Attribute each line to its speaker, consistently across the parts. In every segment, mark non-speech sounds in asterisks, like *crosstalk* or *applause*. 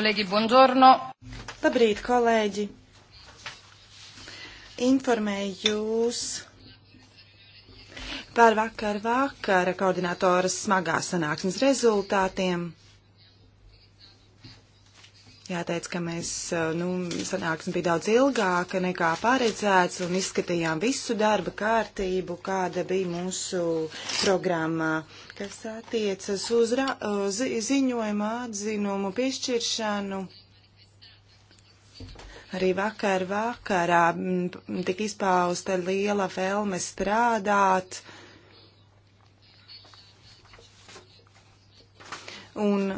Speaker 1: kolēģi, buongiorno. Labrīt, kolēģi. Informēju jūs par vakar vakara koordinatoras smagā sanāksmes rezultātiem. Jāteic, ka mēs, eh, nu, sanāksme bija daudz ilgāka nekā paredzēts un izskatījām visu darba kārtību, kāda bija mūsu programmā, kas attiecas uz ra, zi, ziņojumu atzinumu piešķiršanu. Arī vakar vakarā tika izpausta liela vēlme strādāt. Un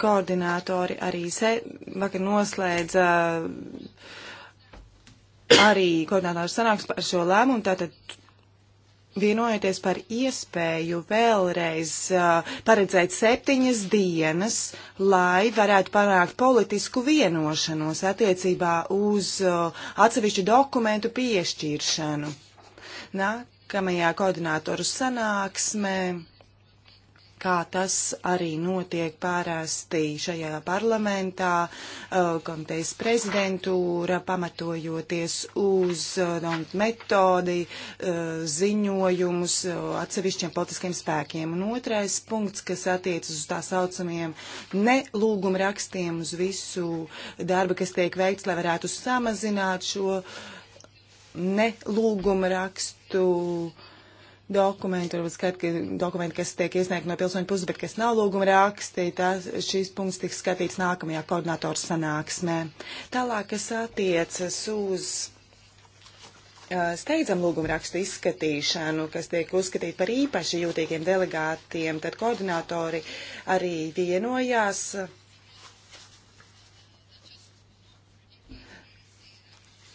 Speaker 1: Koordinātori arī se, vakar noslēdza arī koordinātoru sanāks par šo lēmumu, tātad vienojoties par iespēju vēlreiz uh, paredzēt septiņas dienas, lai varētu panākt politisku vienošanos attiecībā uz uh, atsevišķu dokumentu piešķiršanu. Nākamajā koordinātoru sanāksmē kā tas arī notiek pārāstī šajā parlamentā, komitejas prezidentūra, pamatojoties uz metodi, ziņojumus atsevišķiem politiskiem spēkiem. Un otrais punkts, kas attiecas uz tā saucamiem nelūguma rakstiem, uz visu darbu, kas tiek veikts, lai varētu samazināt šo nelūguma rakstu dokumenti, varbūt skatīt dokumenti, kas tiek iesniegti no pilsoņu puses, bet kas nav lūguma rakstī, tās, šīs punkts tiks skatīts nākamajā koordinātoru sanāksmē. Tālāk, kas attiecas uz steidzam lūgumrakstu izskatīšanu, kas tiek uzskatīti par īpaši jūtīgiem delegātiem, tad koordinātori arī vienojās.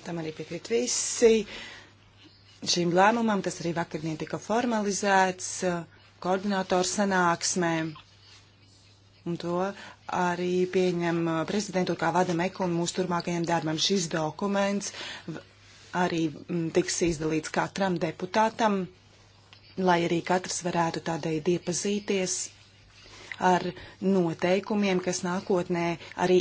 Speaker 1: Tam arī piekrīt visi. Uh, šīm lēmumam. Tas arī vakardien tika formalizēts uh, koordinātoru sanāksmēm. Un to arī pieņem uh, prezidentu kā vada mekunu mūsu turmākajiem darbam. Šis dokuments arī mm, tiks izdalīts katram deputātam, lai arī katrs varētu tādēļ iepazīties ar noteikumiem, kas nākotnē arī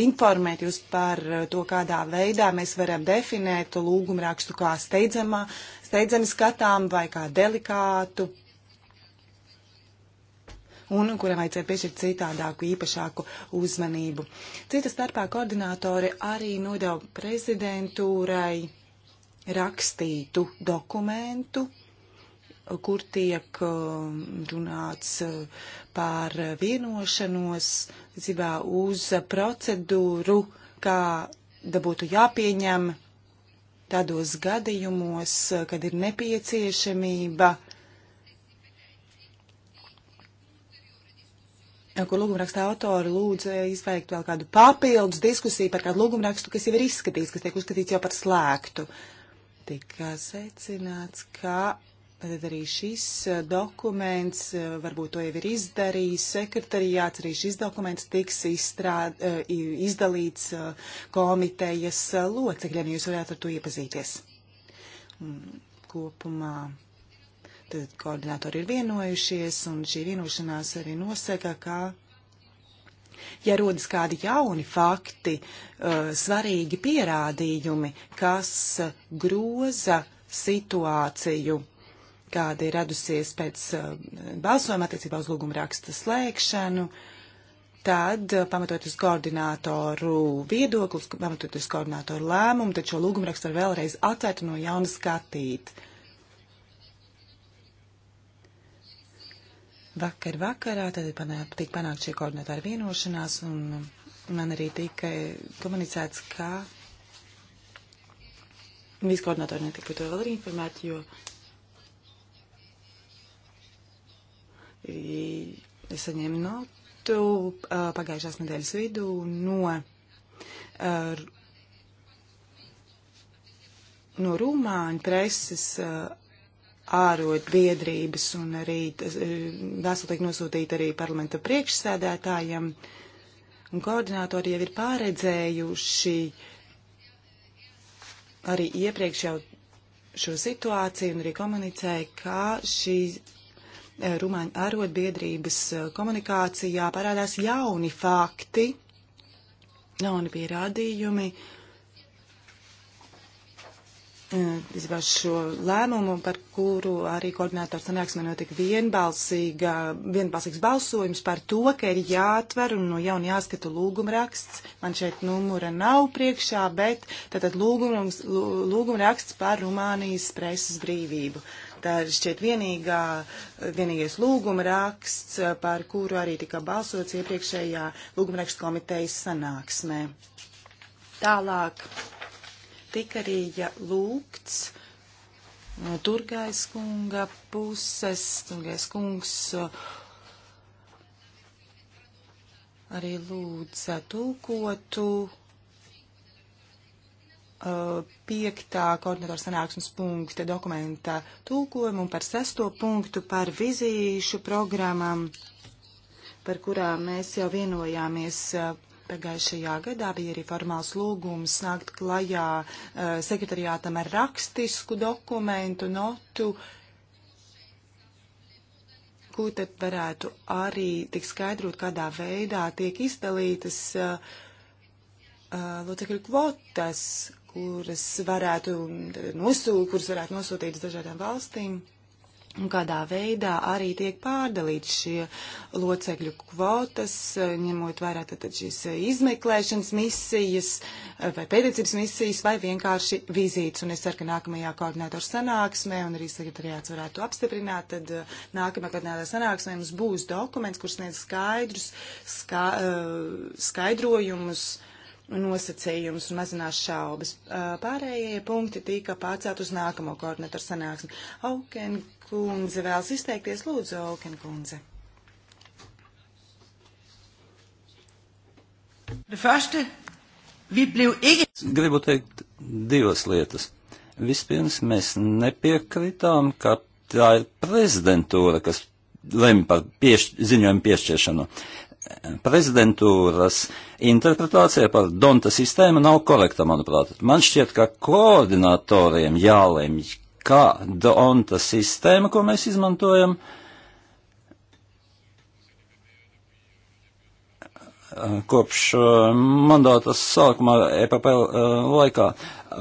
Speaker 1: informēt jūs par e, to, kādā veidā mēs varam definēt lūgumrakstu kā steidzamā, steidzami skatām vai kā delikātu un kuram vajadzēja piešķirt citādāku, īpašāku uzmanību. Cita starpā koordinātori arī nodeva prezidentūrai rakstītu dokumentu, kur tiek e, runāts e, par vienošanos, zībā uz procedūru, kāda būtu jāpieņem tādos gadījumos, kad ir nepieciešamība. ko lūgumraksta autori lūdz eh, izveikt vēl kādu papildus diskusiju par kādu lūgumrakstu, kas jau ir izskatīts, kas tiek uzskatīts jau par slēgtu. Tika secināts, ka Tad arī šis eh, dokuments, eh, varbūt to jau ir izdarījis sekretariāts, arī šis dokuments tiks izstrād, eh, izdalīts komitejas locekļiem, jūs varētu ar to iepazīties. Kopumā tad koordinātori ir vienojušies, un šī vienošanās arī nosaka, ka, ja rodas kādi jauni fakti, svarīgi pierādījumi, kas groza situāciju kāda ir radusies pēc eh, balsojuma attiecībā uz lūguma raksta slēgšanu, tad, eh, pamatot uz koordinātoru viedoklis, pamatot uz koordinātoru lēmumu, tad šo lūgumu rakstu var vēlreiz atvērt un no jauna skatīt. Vakar vakarā tad panā, tika panākt šie koordinātori vienošanās, un man arī tika komunicēts, ka visi koordinātori netika par to vēl arī informēti, jo Es saņēmu notu pagājušās nedēļas vidū no, no Rumāņu preses ārotbiedrības un arī vēstuli tiek nosūtīta arī parlamenta priekšsēdētājiem. Un koordinātori jau ir pāredzējuši arī iepriekš jau šo situāciju un arī komunicēja, ka šī Rumāņu arotbiedrības eh, komunikācijā parādās jauni fakti, jauni pierādījumi. Eh, Vispār šo lēmumu, par kuru arī koordinātors sanāksmē notika vienbalsīga, vienbalsīgs balsojums par to, ka ir jāatver un no jauna jāskata lūgumraksts. Man šeit numura nav priekšā, bet tātad lūgumraksts lūgum par Rumānijas presas brīvību. Uh, Tā ir šķiet vienīgā, vienīgais lūguma raksts, par kuru arī tika balsots iepriekšējā lūguma rakstu komitejas sanāksmē. Tālāk tika arī lūgts no Turgais kunga puses, Turgais kungs uh, arī lūdza tulkotu Uh, piektā koordinatora sanāksmes punkta dokumentā tulkojumu un par sesto punktu par vizīšu programmām, par kurām mēs jau vienojāmies uh, pagājušajā gadā. Bija arī formāls lūgums nākt klajā uh, sekretariātam ar rakstisku dokumentu, notu, ko tad varētu arī tik skaidrot, kādā veidā tiek izdalītas uh, Uh, locekļu kvotas, kuras varētu, nosū, kuras varētu nosūtīt uz dažādām valstīm. Un kādā veidā arī tiek pārdalīt šie locekļu kvotas, uh, ņemot vairāk tātad šīs uh, izmeklēšanas misijas vai pēdējās misijas vai vienkārši vizītes. Un es ceru, ka nākamajā koordinātoru sanāksmē un arī sekretariāts varētu apstiprināt, tad nākamajā koordinātoru sanāksmē mums būs dokuments, kurš sniedz skaidrus, ska, skaidrojumus. Uh, nosacījums un mazinās šaubas. Pārējie punkti tika pārcelt uz nākamo koordinatoru sanāksmi. Auken kundze vēlas izteikties. Lūdzu, Auken kundze.
Speaker 2: Gribu teikt divas lietas. Vispirms mēs nepiekritām, ka tā ir prezidentūra, kas lemj par pieš, ziņojumu piešķiršanu prezidentūras interpretācija par Donta sistēmu nav korekta, manuprāt. Man šķiet, ka koordinatoriem jālemj, kā Donta sistēma, ko mēs izmantojam, uh, kopš uh, mandātas sākumā EPP uh, laikā.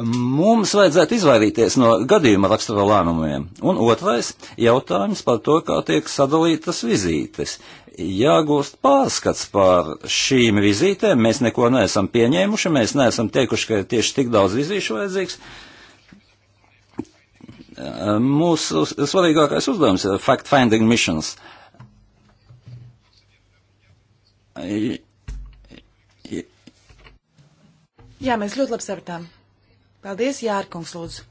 Speaker 2: Mums vajadzētu izvairīties no gadījuma rakstura lēmumiem. Un otrais jautājums par to, kā tiek sadalītas vizītes. Jāgūst pārskats par šīm vizītēm. Mēs neko neesam pieņēmuši, mēs neesam teikuši, ka tieši tik daudz vizīšu vajadzīgs. Mūsu svarīgākais uzdevums ir fact-finding missions
Speaker 1: Jā, mēs ļoti labi sapratām.
Speaker 3: Paldies, Jārkungs, lūdzu.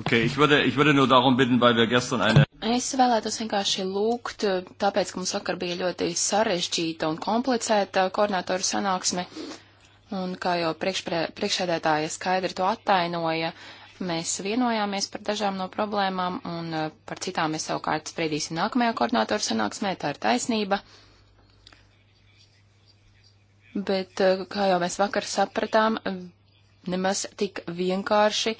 Speaker 2: Okay, ich würde, ich würde nur darum bitten, weil wir gestern eine
Speaker 3: Es vēlētos vienkārši lūgt, tāpēc, ka mums vakar bija ļoti sarežģīta un komplicēta koordinātoru sanāksme, un kā jau priekšsēdētāja skaidri to attainoja, mēs vienojāmies par dažām no problēmām, un eh, par citām mēs savukārt spriedīsim nākamajā koordinātoru sanāksmē, tā ir taisnība. Uh, bet, eh, kā jau mēs vakar sapratām, nemaz tik vienkārši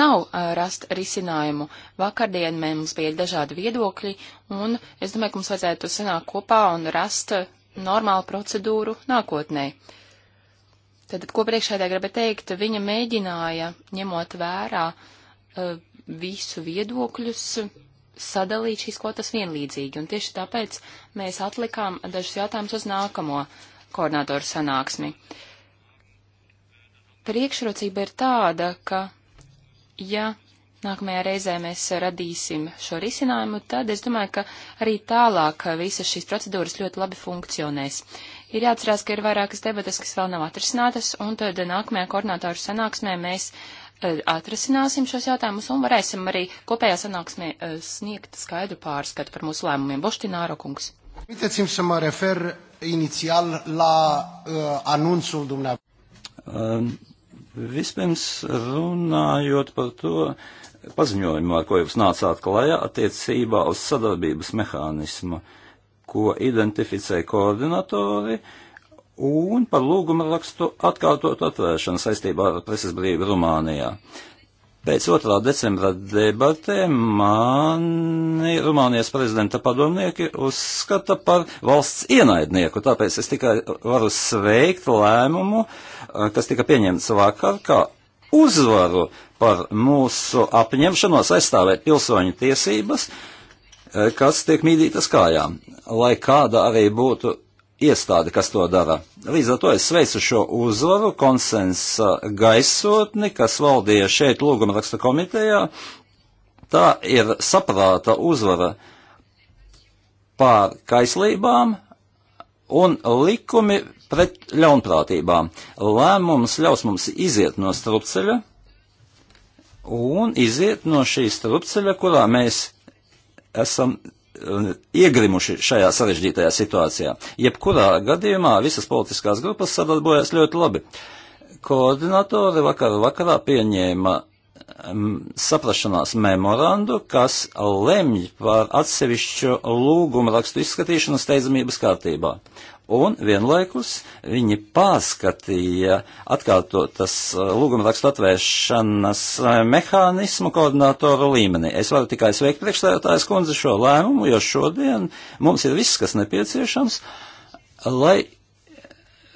Speaker 3: nav eh, rast risinājumu. Vakardien mums bija dažādi viedokļi, un es domāju, ka mums vajadzētu sanākt kopā un rast eh, normālu procedūru nākotnē. Tad, ko priekšēdā gribēja teikt, viņa mēģināja, ņemot vērā visu viedokļus, sadalīt šīs kvotas vienlīdzīgi, un tieši tāpēc mēs atlikām dažus jautājumus uz nākamo koordinātoru sanāksmi. Priekšrocība ir tāda, ka ja nākamajā reizē mēs radīsim šo risinājumu, tad es domāju, ka arī tālāk visas šīs procedūras ļoti labi funkcionēs. Ir jāatcerās, ka ir vairākas debatas, kas vēl nav atrisinātas, un tad nākamajā koordinātoru sanāksmē mēs eh, atrisināsim šos jautājumus un varēsim arī kopējā sanāksmē eh, sniegt skaidru pārskatu par mūsu lēmumiem. Boštināro kungs.
Speaker 2: Permiteți-mi să mă refer inițial la uh, anunțul dumneavoastră. Uh, vispirms runājot par to paziņojumu, ar ko jūs nācāt klajā attiecībā uz sadarbības mehānismu, ko identificē koordinatori un par lūgumu rakstu atkārtot atvēršanu saistībā ar preses brīvu Rumānijā. Pēc 2. decembra debatēm mani Rumānijas prezidenta padomnieki uzskata par valsts ienaidnieku, tāpēc es tikai varu sveikt lēmumu, eh, kas tika pieņemts vakar, kā uzvaru par mūsu apņemšanos aizstāvēt pilsoņu tiesības, eh, kas tiek mīdītas kājām, lai kāda arī būtu iestāde, kas to dara. Līdz ar to es sveicu šo uzvaru, konsensa gaisotni, kas valdīja šeit lūguma raksta komitejā. Tā ir saprāta uzvara pār kaislībām un likumi pret ļaunprātībām. Lēmums ļaus mums iziet no strupceļa un iziet no šīs strupceļa, kurā mēs esam iegrimuši šajā sarežģītajā situācijā. Jebkurā gadījumā visas politiskās grupas sadarbojas ļoti labi. Koordinatori vakar vakarā pieņēma mm, saprašanās memorandu, kas lemj par atsevišķu lūgumu rakstu izskatīšanu steidzamības kārtībā un vienlaikus viņi pārskatīja atkārtotas uh, lūguma rakstu atvēršanas uh, mehānismu koordinātoru līmenī. Es varu tikai sveikt priekšstādātājas kundzi šo lēmumu, jo šodien mums ir viss, kas nepieciešams, lai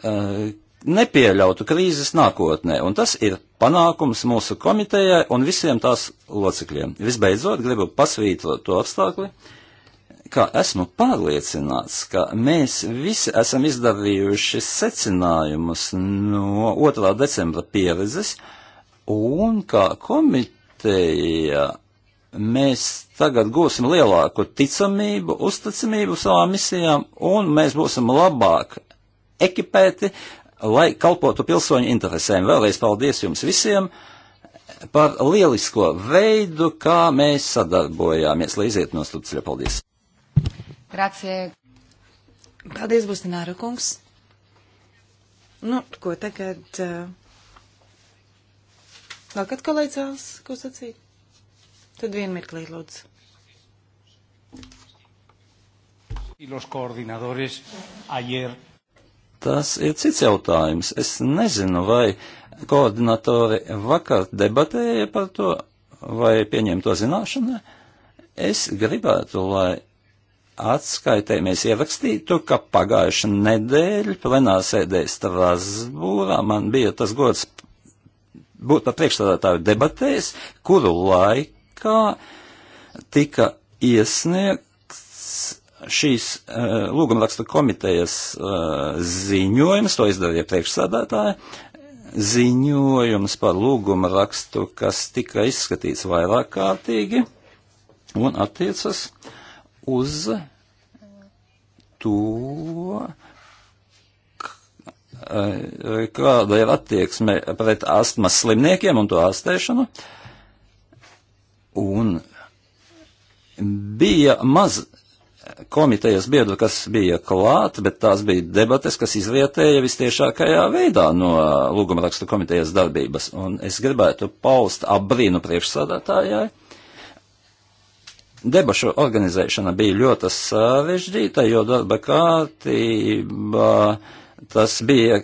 Speaker 2: uh, nepieļautu krīzes nākotnē, un tas ir panākums mūsu komitejai un visiem tās locekļiem. Visbeidzot, gribu pasvītrot to apstākli, uh, ka esmu pārliecināts, ka mēs visi esam izdarījuši secinājumus no 2. decembra pieredzes, un kā komiteja mēs tagad gūsim lielāku ticamību, uzticamību savām misijām, un mēs būsim labāk ekipēti, lai kalpotu pilsoņu interesēm. Vēlreiz paldies jums visiem! par lielisko veidu, kā mēs sadarbojāmies, lai iziet no stūceļa. Paldies!
Speaker 1: Grazie. Paldies, Bustināra kungs. Nu, ko tagad? Uh, vēl kad kolēģis vēlas ko sacīt? Tad vienu mirklī, lūdzu.
Speaker 2: Tas ir cits jautājums. Es nezinu, vai koordinatori vakar debatēja par to, vai pieņēma to zināšanai. Es gribētu, lai atskaitē mēs ierakstītu, ka pagājušā nedēļa plenārsēdē Strasbūrā man bija tas gods būt par priekšstādātāju debatēs, kuru laikā tika iesniegts šīs uh, lūgumrakstu komitejas uh, ziņojums, to izdarīja priekšstādātāja, ziņojums par lūgumrakstu, kas tika izskatīts vairāk kārtīgi un attiecas uh, uz to, eh, kāda ir attieksme pret astmas slimniekiem un to ārstēšanu. Un bija maz komitejas biedru, kas bija klāt, bet tās bija debates, kas izrietēja vistiešākajā veidā no lūguma rakstu komitejas darbības. Un es gribētu paust apbrīnu priekšsādātājai Debašu organizēšana bija ļoti sarežģīta, jo darba kārtība tas bija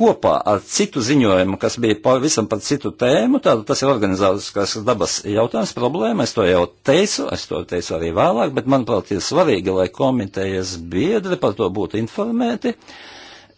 Speaker 2: kopā ar citu ziņojumu, kas bija pavisam par citu tēmu, tātad tas ir organizācijas dabas jautājums, problēma, es to jau teicu, es to teicu arī vēlāk, bet manuprāt ir svarīgi, lai komitejas biedri par to būtu informēti. Uh,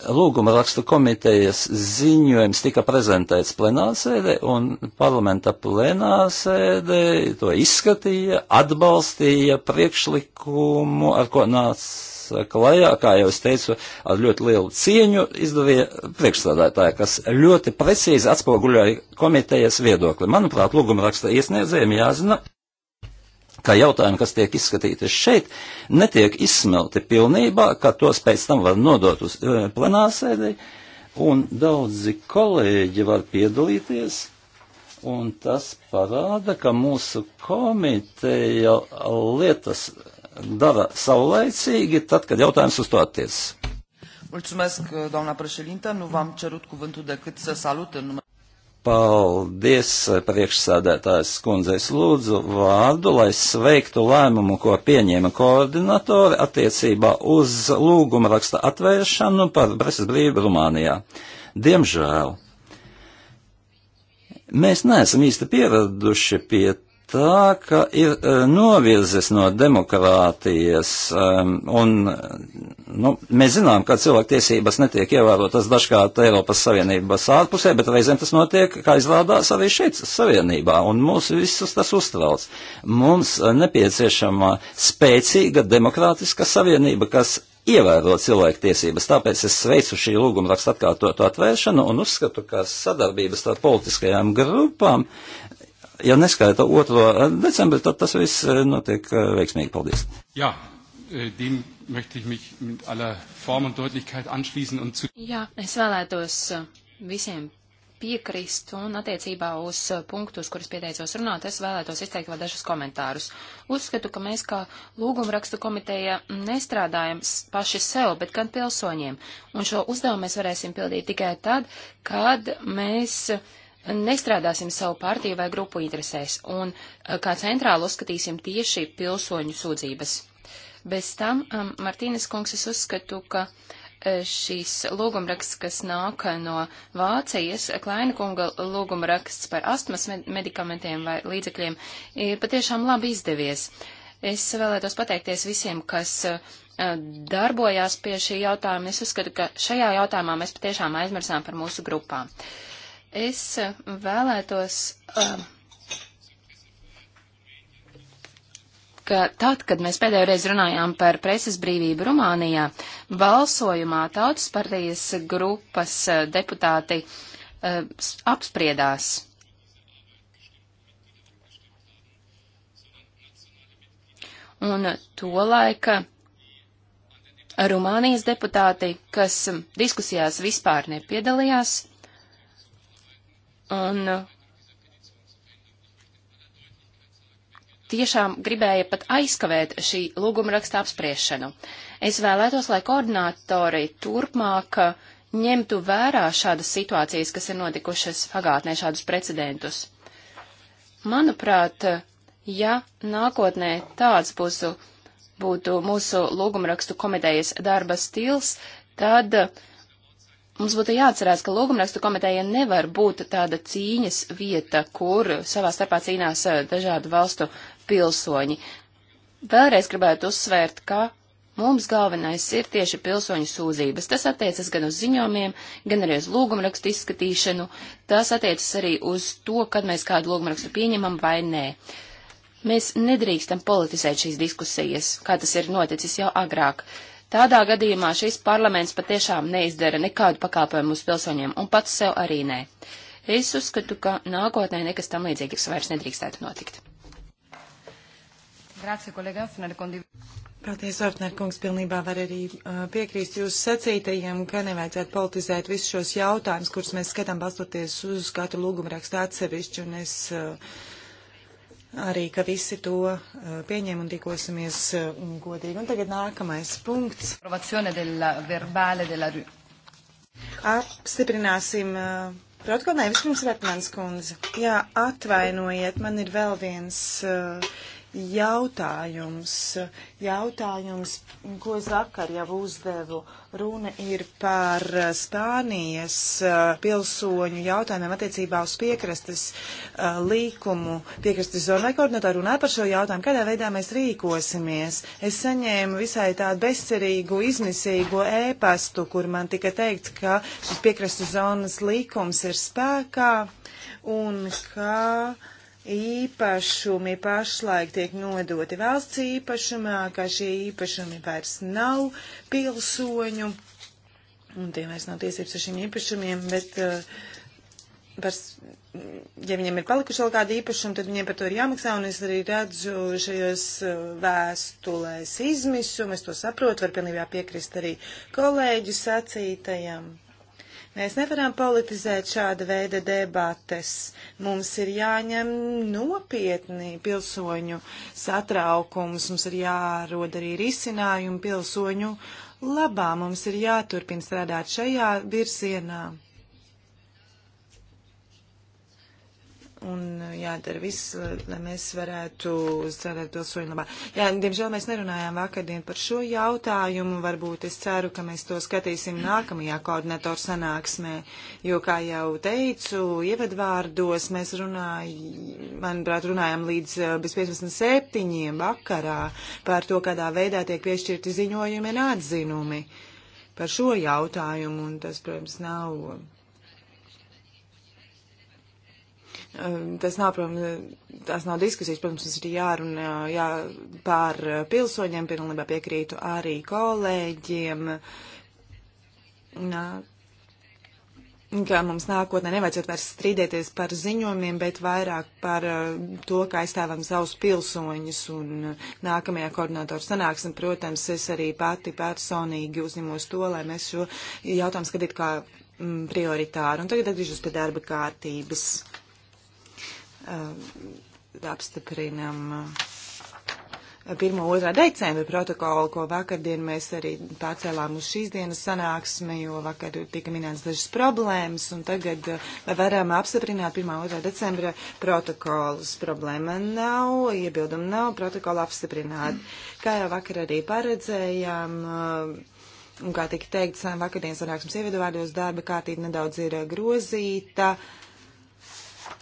Speaker 2: Lūguma rakstu komitejas ziņojums tika prezentēts plenārsēdē, un parlamenta plenārsēdē to izskatīja, atbalstīja priekšlikumu, ar ko nāca klajā, kā jau es teicu, ar ļoti lielu cieņu izdevīja priekšstādātāja, kas ļoti precīzi atspoguļoja komitejas viedokli. Manuprāt, lūguma raksta iesniedzējiem jāzina, ka jautājumi, kas tiek izskatīti šeit, netiek izsmelti pilnībā, ka tos pēc tam var nodot uz eh, plenārsēdē, un daudzi kolēģi var piedalīties, un tas parāda, ka mūsu komiteja lietas dara saulaicīgi, tad, kad jautājums uz to attiecas.
Speaker 4: Mulțumesc, doamna președintă. Nu v-am cerut cuvântul decât să salut în numele.
Speaker 2: Paldies, eh, priekšsādētājs skundzes lūdzu vārdu, lai sveiktu lēmumu, ko pieņēma koordinatori attiecībā uz lūguma raksta atvēršanu par preses brīvu Rumānijā. Diemžēl. Mēs neesam īsti pieraduši pie tā, ka ir e, novirzes no demokrātijas, um, un nu, mēs zinām, ka cilvēktiesības netiek ievērotas dažkārt Eiropas Savienības ārpusē, bet reizēm tas notiek, kā izrādās, arī šeit Savienībā, un mūs visus tas uztrauc. Mums nepieciešama spēcīga demokrātiska savienība, kas ievēro cilvēktiesības. Tāpēc es sveicu šī lūguma rakstu atkārtotu atvēršanu un uzskatu, ka sadarbības starp politiskajām grupām ja neskaita 2. Eh, decembri, tad tas viss eh, notiek eh, veiksmīgi. Paldies!
Speaker 4: Jā. Dem möchte ich mich mit aller Form und Deutlichkeit anschließen und zu.
Speaker 3: Jā, es vēlētos visiem piekrist un attiecībā uz punktus, kurus pieteicos runāt, es vēlētos izteikt vēl dažus komentārus. Uzskatu, ka mēs kā lūgumrakstu komiteja nestrādājam paši sev, bet gan pilsoņiem, un šo uzdevumu mēs varēsim pildīt tikai tad, kad mēs uh, nestrādāsim savu partiju vai grupu interesēs un eh, kā centrālu uzskatīsim tieši pilsoņu sūdzības. Bez tam, um, Martīnes kungs, es uzskatu, ka eh, šīs lūgumraksts, kas nāk eh, no Vācijas, Klaina kunga lūgumraksts par astmas medikamentiem vai līdzekļiem, ir patiešām labi izdevies. Es vēlētos pateikties visiem, kas darbojās pie šī jautājuma. Es uzskatu, ka šajā jautājumā mēs patiešām aizmirsām par mūsu grupām. Uh, Es eh, vēlētos, eh, ka tad, kad mēs pēdējo reizi runājām par preses brīvību Rumānijā, balsojumā Tautas partijas grupas eh, deputāti apspriedās. Un tolaika Rumānijas deputāti, kas diskusijās vispār nepiedalījās, Un uh, tiešām gribēja pat aizkavēt šī lūguma raksta apspriešanu. Es vēlētos, lai koordinātori turpmāk ņemtu vērā šādas situācijas, kas ir notikušas pagātnē, šādus precedentus. Manuprāt, ja nākotnē tāds būs, būtu mūsu lūgumrakstu komitejas darba stils, tad uh, Mums būtu jāatcerās, ka lūgumrakstu komiteja nevar būt tāda cīņas vieta, kur savā starpā cīnās eh, dažādu valstu pilsoņi. Vēlreiz gribētu uzsvērt, ka mums galvenais ir tieši pilsoņu sūdzības. Tas attiecas gan uz ziņojumiem, gan arī uz lūgumrakstu izskatīšanu. Tas attiecas arī uz to, kad mēs kādu lūgumrakstu pieņemam vai nē. Mēs nedrīkstam politizēt šīs diskusijas, kā tas ir noticis jau agrāk. Uh, Tādā gadījumā šis parlaments patiešām neizdara nekādu pakāpojumu uz pilsoņiem, un pats sev arī nē. Es uzskatu, ka nākotnē nekas tam līdzīgs vairs nedrīkstētu notikt.
Speaker 1: Grācija, kolēģi, Afner, kondi. Paldies, Ortner kungs, pilnībā var arī uh, piekrīst jūsu sacītajiem, ka nevajadzētu politizēt visus šos jautājumus, kurus mēs skatām balstoties uz katru lūgumu rakstu atsevišķi, un es uh, arī, ka visi to eh, pieņem un tikosimies eh, godīgi. Un tagad nākamais punkts. Apstiprināsim eh, protokolu. Nē, vispirms Vetmans kundze. Jā, atvainojiet, man ir vēl viens uh, jautājums, jautājums, ko es vakar jau uzdevu. Runa ir par eh, Spānijas eh, pilsoņu jautājumiem attiecībā uz piekrastes eh, līkumu. Piekrastes zonai koordinatāri runāja par šo jautājumu, kādā veidā mēs rīkosimies. Es saņēmu visai tādu bezcerīgu, izmisīgu ēpastu, kur man tika teikt, ka šis piekrastes zonas līkums ir spēkā un ka. Kā īpašumi pašlaik tiek nodoti valsts īpašumā, ka šie īpašumi vairs nav pilsoņu, un tie vairs nav tiesības ar šiem īpašumiem, bet, pars, eh, ja viņiem ir palikuši vēl kādi īpašumi, tad viņiem par to ir jāmaksā, un es arī redzu šajos eh, vēstulēs izmisumu, es to saprotu, var pilnībā piekrist arī kolēģu sacītajam. Mēs nevaram politizēt šāda veida debates. Mums ir jāņem nopietni pilsoņu satraukums, mums ir jārod arī risinājumi pilsoņu labā. Mums ir jāturpina strādāt šajā virzienā. un eh, jādara viss, lai mēs varētu strādāt pilsoņu labā. Jā, diemžēl mēs nerunājām vakardien par šo jautājumu. Varbūt es ceru, ka mēs to skatīsim nākamajā koordinatoru sanāksmē, jo, kā jau teicu, ievadvārdos mēs runājām, manuprāt, runājām līdz eh, bez 15.7. vakarā par to, kādā veidā tiek piešķirti ziņojumi un atzinumi par šo jautājumu, un tas, protams, nav Ehm, tas nav, protams, tās nav diskusijas, protams, tas ir jārunā jā, pār pilsoņiem, pilnībā piekrītu arī kolēģiem. Nā, ka mums nākotnē nevajadzētu vairs strīdēties par ziņojumiem, bet vairāk par eh, to, kā aizstāvam savus pilsoņus. Un eh, nākamajā koordinātoru sanāksmē, protams, es arī pati personīgi uzņemos to, lai mēs šo jautājumu skatītu kā mm, prioritāru. Un tagad atgriežos pie darba kārtības apstiprinam 1. un 2. decembra protokolu, ko vakardien mēs arī pārcēlām uz šīs dienas sanāksmi, jo vakar tika minēts dažas problēmas, un tagad varam apstiprināt 1. un 2. decembra protokolus. Problēma nav, iebildumi nav, protokolu apstiprināt. Kā jau vakar arī paredzējām, un kā tika teikts, vakardienas sanāksmes ievadu vārdos darba kārtība nedaudz ir grozīta. Uh,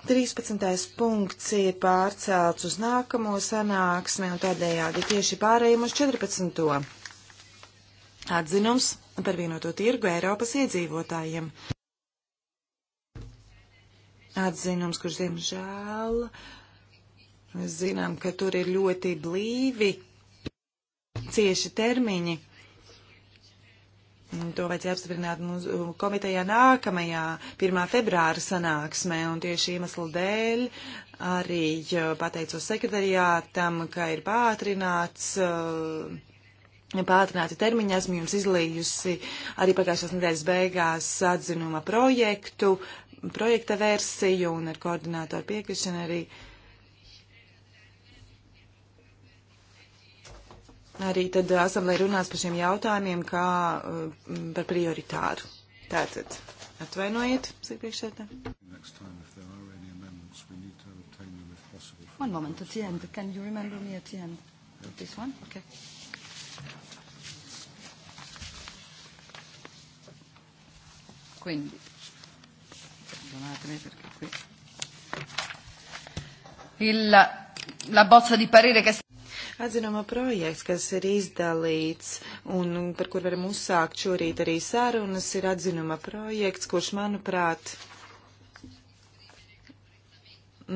Speaker 1: 13. punkts ir pārcelts uz nākamo sanāksmi un tādējādi tieši pārējiem uz 14. atzinums par vienoto tirgu Eiropas iedzīvotājiem. Atzinums, kurš diemžēl zinām, ka tur ir ļoti blīvi cieši termiņi. To vajadzēja apstiprināt mūsu uh, komitejā nākamajā 1. februāra sanāksmē, un tieši iemesla dēļ arī uh, pateicos sekretariātam, ka ir pātrināts. Uh, pātrināti termiņi esmu jums izlījusi arī pagājušās nedēļas beigās atzinuma projektu, projekta versiju un ar koordinātoru piekrišanu arī uh, arī tad asamblē runās par šiem jautājumiem kā par prioritāru.
Speaker 4: Tātad, atvainojiet, saka priekšētā. One moment at the end. Can you remember me at the end? Yeah. This one? Okay. Quindi, perdonatemi perché qui. Il, la bozza di parere che
Speaker 1: atzinuma projekts, kas ir izdalīts un par kur varam uzsākt šorīt arī sarunas, ir atzinuma projekts, kurš, manuprāt,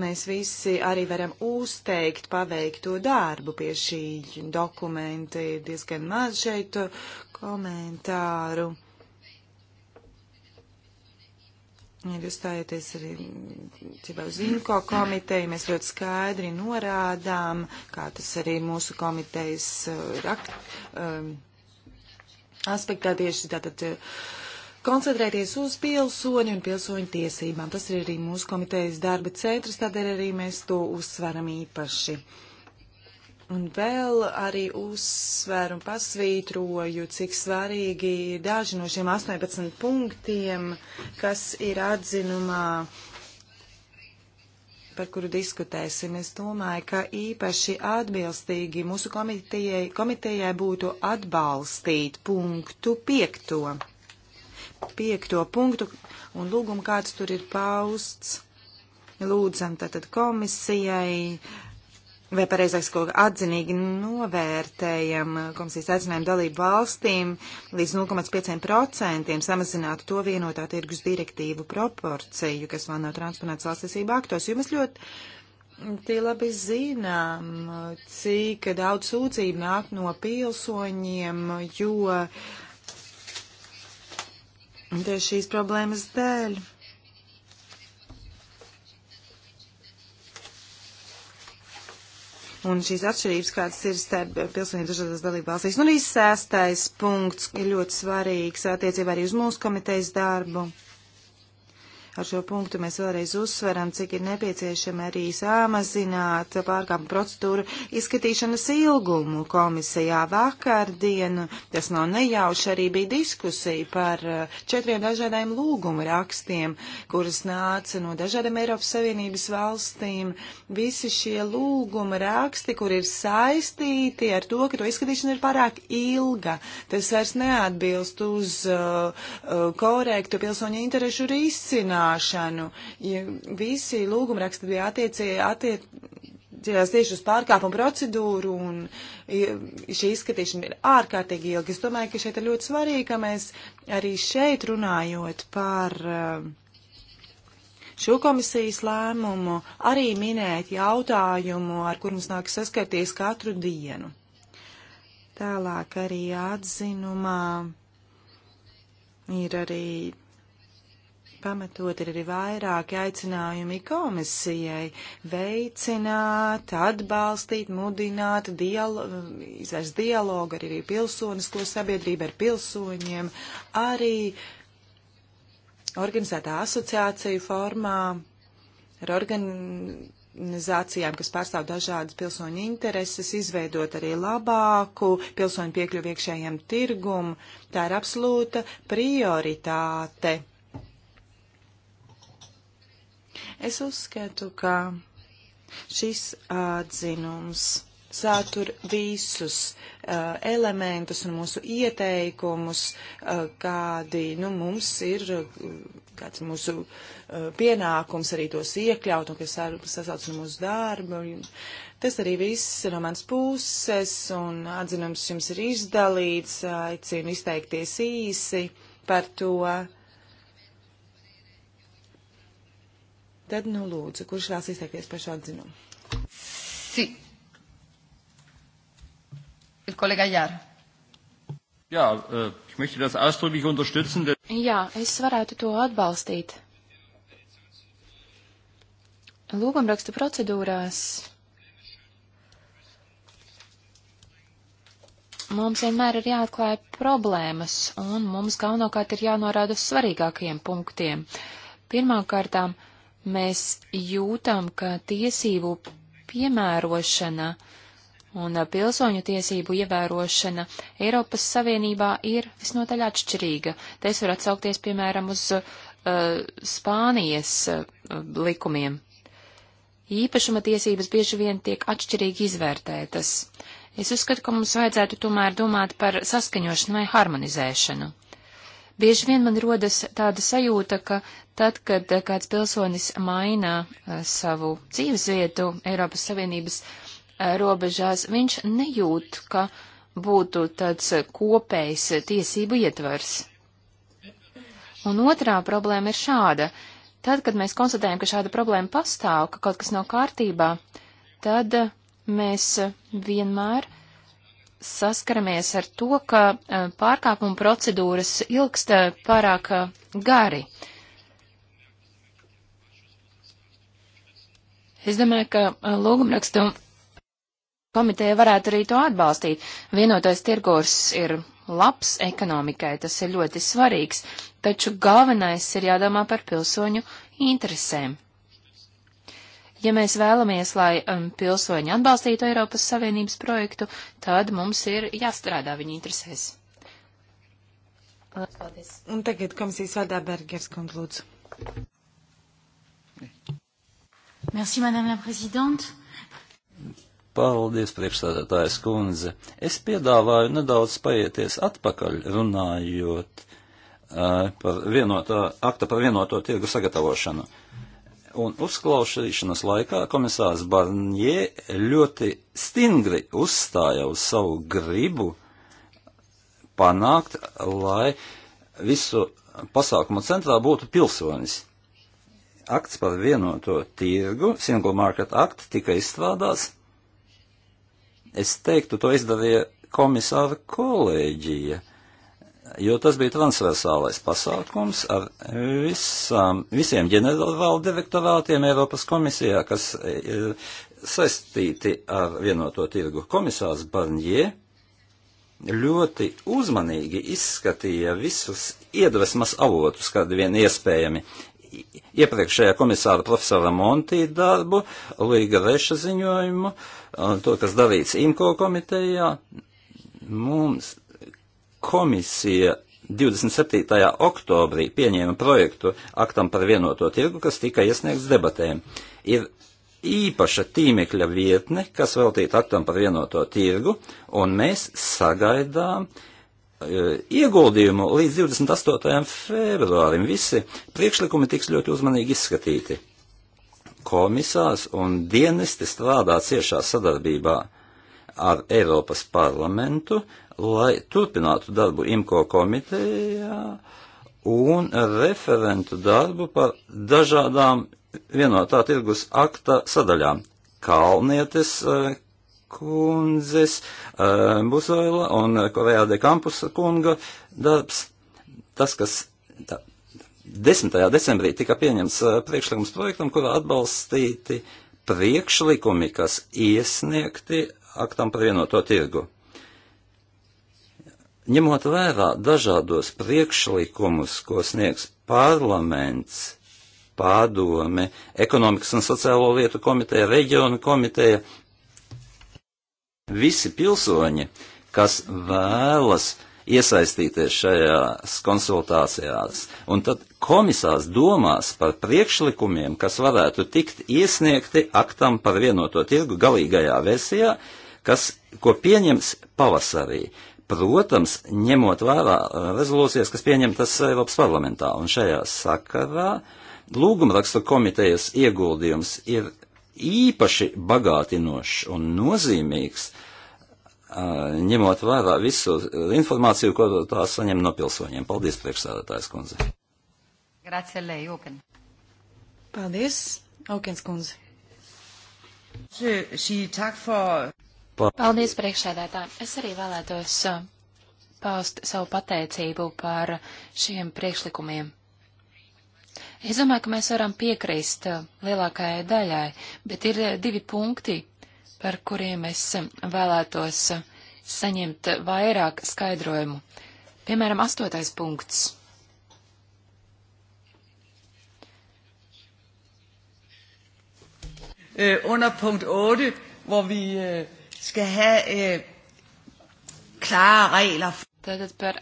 Speaker 1: mēs visi arī varam uzteikt paveikto darbu pie šī dokumenta. Ir diezgan maz šeit komentāru. Ir uzstājoties arī cībā uz INKO komiteju, mēs ļoti skaidri norādām, kā tas arī mūsu komitejas uh, rak, um, aspektā tieši tātad uh, koncentrēties uz pilsoņu un pilsoņu tiesībām. Tas ir arī mūsu komitejas darba centrs, tādēļ arī mēs to uzsveram īpaši. Uh, Un vēl arī uzsveru un pasvītroju, cik svarīgi ir daži no šiem 18 punktiem, kas ir atzinumā, par kuru diskutēsim. Es domāju, ka īpaši atbilstīgi mūsu komitejai, komitejai būtu atbalstīt punktu piekto. Piekto punktu un lūgumu, kāds tur ir pausts. Lūdzam tātad komisijai vai pareizāk sakot, atzinīgi novērtējam komisijas aicinājumu dalību valstīm līdz 0,5% samazināt to vienotā tirgus direktīvu proporciju, kas vēl nav transponēts valstisība aktos, jo mēs ļoti tie labi zinām, cik daudz sūdzību nāk no pilsoņiem, jo tieši šīs problēmas dēļ. un šīs atšķirības, kādas ir starp pilsoniem dažādās dalībvalstīs. Nu, un arī sēstais punkts ir ļoti svarīgs attiecībā arī uz mūsu komitejas darbu. Ar šo punktu mēs vēlreiz uzsveram, cik ir nepieciešama arī samazināt pārkāpumu procedūru izskatīšanas ilgumu komisijā vakardienu. Tas nav nejauši, arī bija diskusija par eh, četriem dažādiem lūgumu rakstiem, kuras nāca no dažādiem Eiropas Savienības valstīm. Visi šie lūguma raksti, kur ir saistīti ar to, ka to izskatīšana ir pārāk ilga. Tas vairs neatbilst uz uh, uh, korektu pilsoņu interešu risinājumu risināšanu. Ja visi lūgumraksti bija attiecie, attiecījās tieši uz pārkāpumu procedūru, un šī izskatīšana ir ārkārtīgi ilga. Es domāju, ka šeit ir ļoti svarīgi, ka mēs arī šeit runājot par e, šo komisijas lēmumu, arī minēt jautājumu, ar kur mums nāk saskarties katru dienu. Tālāk arī atzinumā ir arī Pamatot ir arī vairāki aicinājumi komisijai veicināt, atbalstīt, mudināt, dialo izvērst dialogu ar arī pilsonisko sabiedrību, ar pilsoņiem, arī organizētā asociāciju formā, ar organizācijām, kas pārstāv dažādas pilsoņu intereses, izveidot arī labāku pilsoņu piekļuvi iekšējiem tirgumu. Tā ir absolūta prioritāte Es uzskatu, ka šis atzinums satur visus uh, elementus un mūsu ieteikumus, uh, kādi nu, mums ir, uh, kāds ir mūsu uh, pienākums arī tos iekļaut un kas sasauc ar mūsu darbu. Tas arī viss no mans puses un atzinums jums ir izdalīts, aicinu izteikties īsi par to. Uh, Tad, nu, lūdzu, kurš vēlas izteikties par šo atzinumu? Sí.
Speaker 3: Ir kolēģa Jāra.
Speaker 2: Jā, es eh, möchte das ausdrücklich unterstützen.
Speaker 3: Jā, es varētu to atbalstīt. Lūgumrakstu procedūrās mums vienmēr ir jāatklāj problēmas, un mums galvenokārt ir jānorāda uz svarīgākajiem punktiem. Pirmkārtām, uh, mēs jūtam, ka tiesību piemērošana un pilsoņu tiesību ievērošana Eiropas Savienībā ir visnotaļ atšķirīga. Te es varu atsaukties, piemēram, uz uh, Spānijas uh, likumiem. Īpašuma tiesības bieži vien tiek atšķirīgi izvērtētas. Es uzskatu, ka mums vajadzētu tomēr domāt par saskaņošanu vai harmonizēšanu. Bieži vien man rodas tāda sajūta, ka tad, kad eh, kāds pilsonis maina eh, savu dzīvesvietu Eiropas Savienības eh, robežās, viņš nejūt, ka būtu tāds kopējs tiesību ietvars. Un otrā problēma ir šāda. Tad, kad mēs konstatējam, ka šāda problēma pastāv, ka kaut kas nav kārtībā, tad mēs vienmēr uh, saskaramies ar to, ka e, pārkāpuma procedūras ilgst e, pārāk e, gari. Es domāju, ka lūgumrakstu komiteja varētu arī to atbalstīt. Vienotais tirgors ir labs ekonomikai, tas ir ļoti svarīgs, taču galvenais ir jādomā par pilsoņu interesēm. Ja mēs vēlamies, lai um, pilsoņi atbalstītu Eiropas Savienības projektu, tad mums ir jāstrādā viņu interesēs. Paldies. Un tagad komisijas vārdā Bergers kundz lūdzu.
Speaker 4: Merci, madame la présidente.
Speaker 2: Paldies, priekšstādātājs kundze. Es piedāvāju nedaudz paieties atpakaļ runājot uh, par vienotā, akta par vienoto tirgu sagatavošanu. Un uzklausīšanas laikā komisārs Barnie ļoti stingri uzstāja uz savu gribu panākt, lai visu pasākumu centrā būtu pilsonis. Akts par vienoto tirgu, Single Market Act, tika izstrādās. Es teiktu, to izdarīja komisāra kolēģija jo tas bija transversālais pasākums ar visām, visiem ģenerālvaldu direktorātiem Eiropas komisijā, kas ir e, saistīti ar vienoto tirgu. Komisārs Barņie ļoti uzmanīgi izskatīja visus iedvesmas avotus, kādi vien iespējami. Iepriekšējā komisāra profesora Montī darbu, Līga Reša ziņojumu, to, kas darīts IMKO komitejā, mums komisija 27. oktobrī pieņēma projektu aktam par vienoto tirgu, kas tika iesniegts debatēm. Ir īpaša tīmekļa vietne, kas veltīta aktam par vienoto tirgu, un mēs sagaidām e, ieguldījumu līdz 28. februārim. Visi priekšlikumi tiks ļoti uzmanīgi izskatīti. Komisārs un dienesti strādā ciešā sadarbībā ar Eiropas parlamentu, lai turpinātu darbu IMCO komitejā un referentu darbu par dažādām vienotā tirgus akta sadaļām. Kalnietes eh, kundzes, eh, Busoila un Korejā de Kampusa kunga darbs. Tas, kas 10. decembrī tika pieņemts eh, priekšlikums projektam, kurā atbalstīti priekšlikumi, kas iesniegti aktam par vienoto tirgu. Ņemot vērā dažādos priekšlikumus, ko sniegs parlaments, pārdome, ekonomikas un sociālo lietu komiteja, reģionu komiteja, visi pilsoņi, kas vēlas iesaistīties šajās konsultācijās, un tad komisārs domās par priekšlikumiem, kas varētu tikt iesniegti aktam par vienoto tirgu galīgajā versijā, uh, kas, ko pieņems pavasarī. Protams, ņemot vērā uh, rezolūcijas, kas pieņemtas Eiropas parlamentā. Un šajā sakarā lūgumrakstu komitejas ieguldījums ir īpaši bagātinošs un nozīmīgs, uh, ņemot vērā visu informāciju, ko tā saņem no pilsoņiem. Paldies, priekšsēdētājs kundze.
Speaker 4: Grazie, Lei, Oken. Paldies, Okens kundze. Šī tak for par. Paldies, priekšsēdētāji.
Speaker 3: Es arī vēlētos uh, paust savu pateicību par šiem priekšlikumiem. Es domāju, ka mēs varam piekrist uh, lielākajai daļai, bet ir uh, divi punkti, par kuriem es um, vēlētos saņemt vairāk skaidrojumu. Piemēram, astotais punkts.
Speaker 4: Uh, under punkt 8, hvor vi uh, skal have øh, klare regler. Tātad par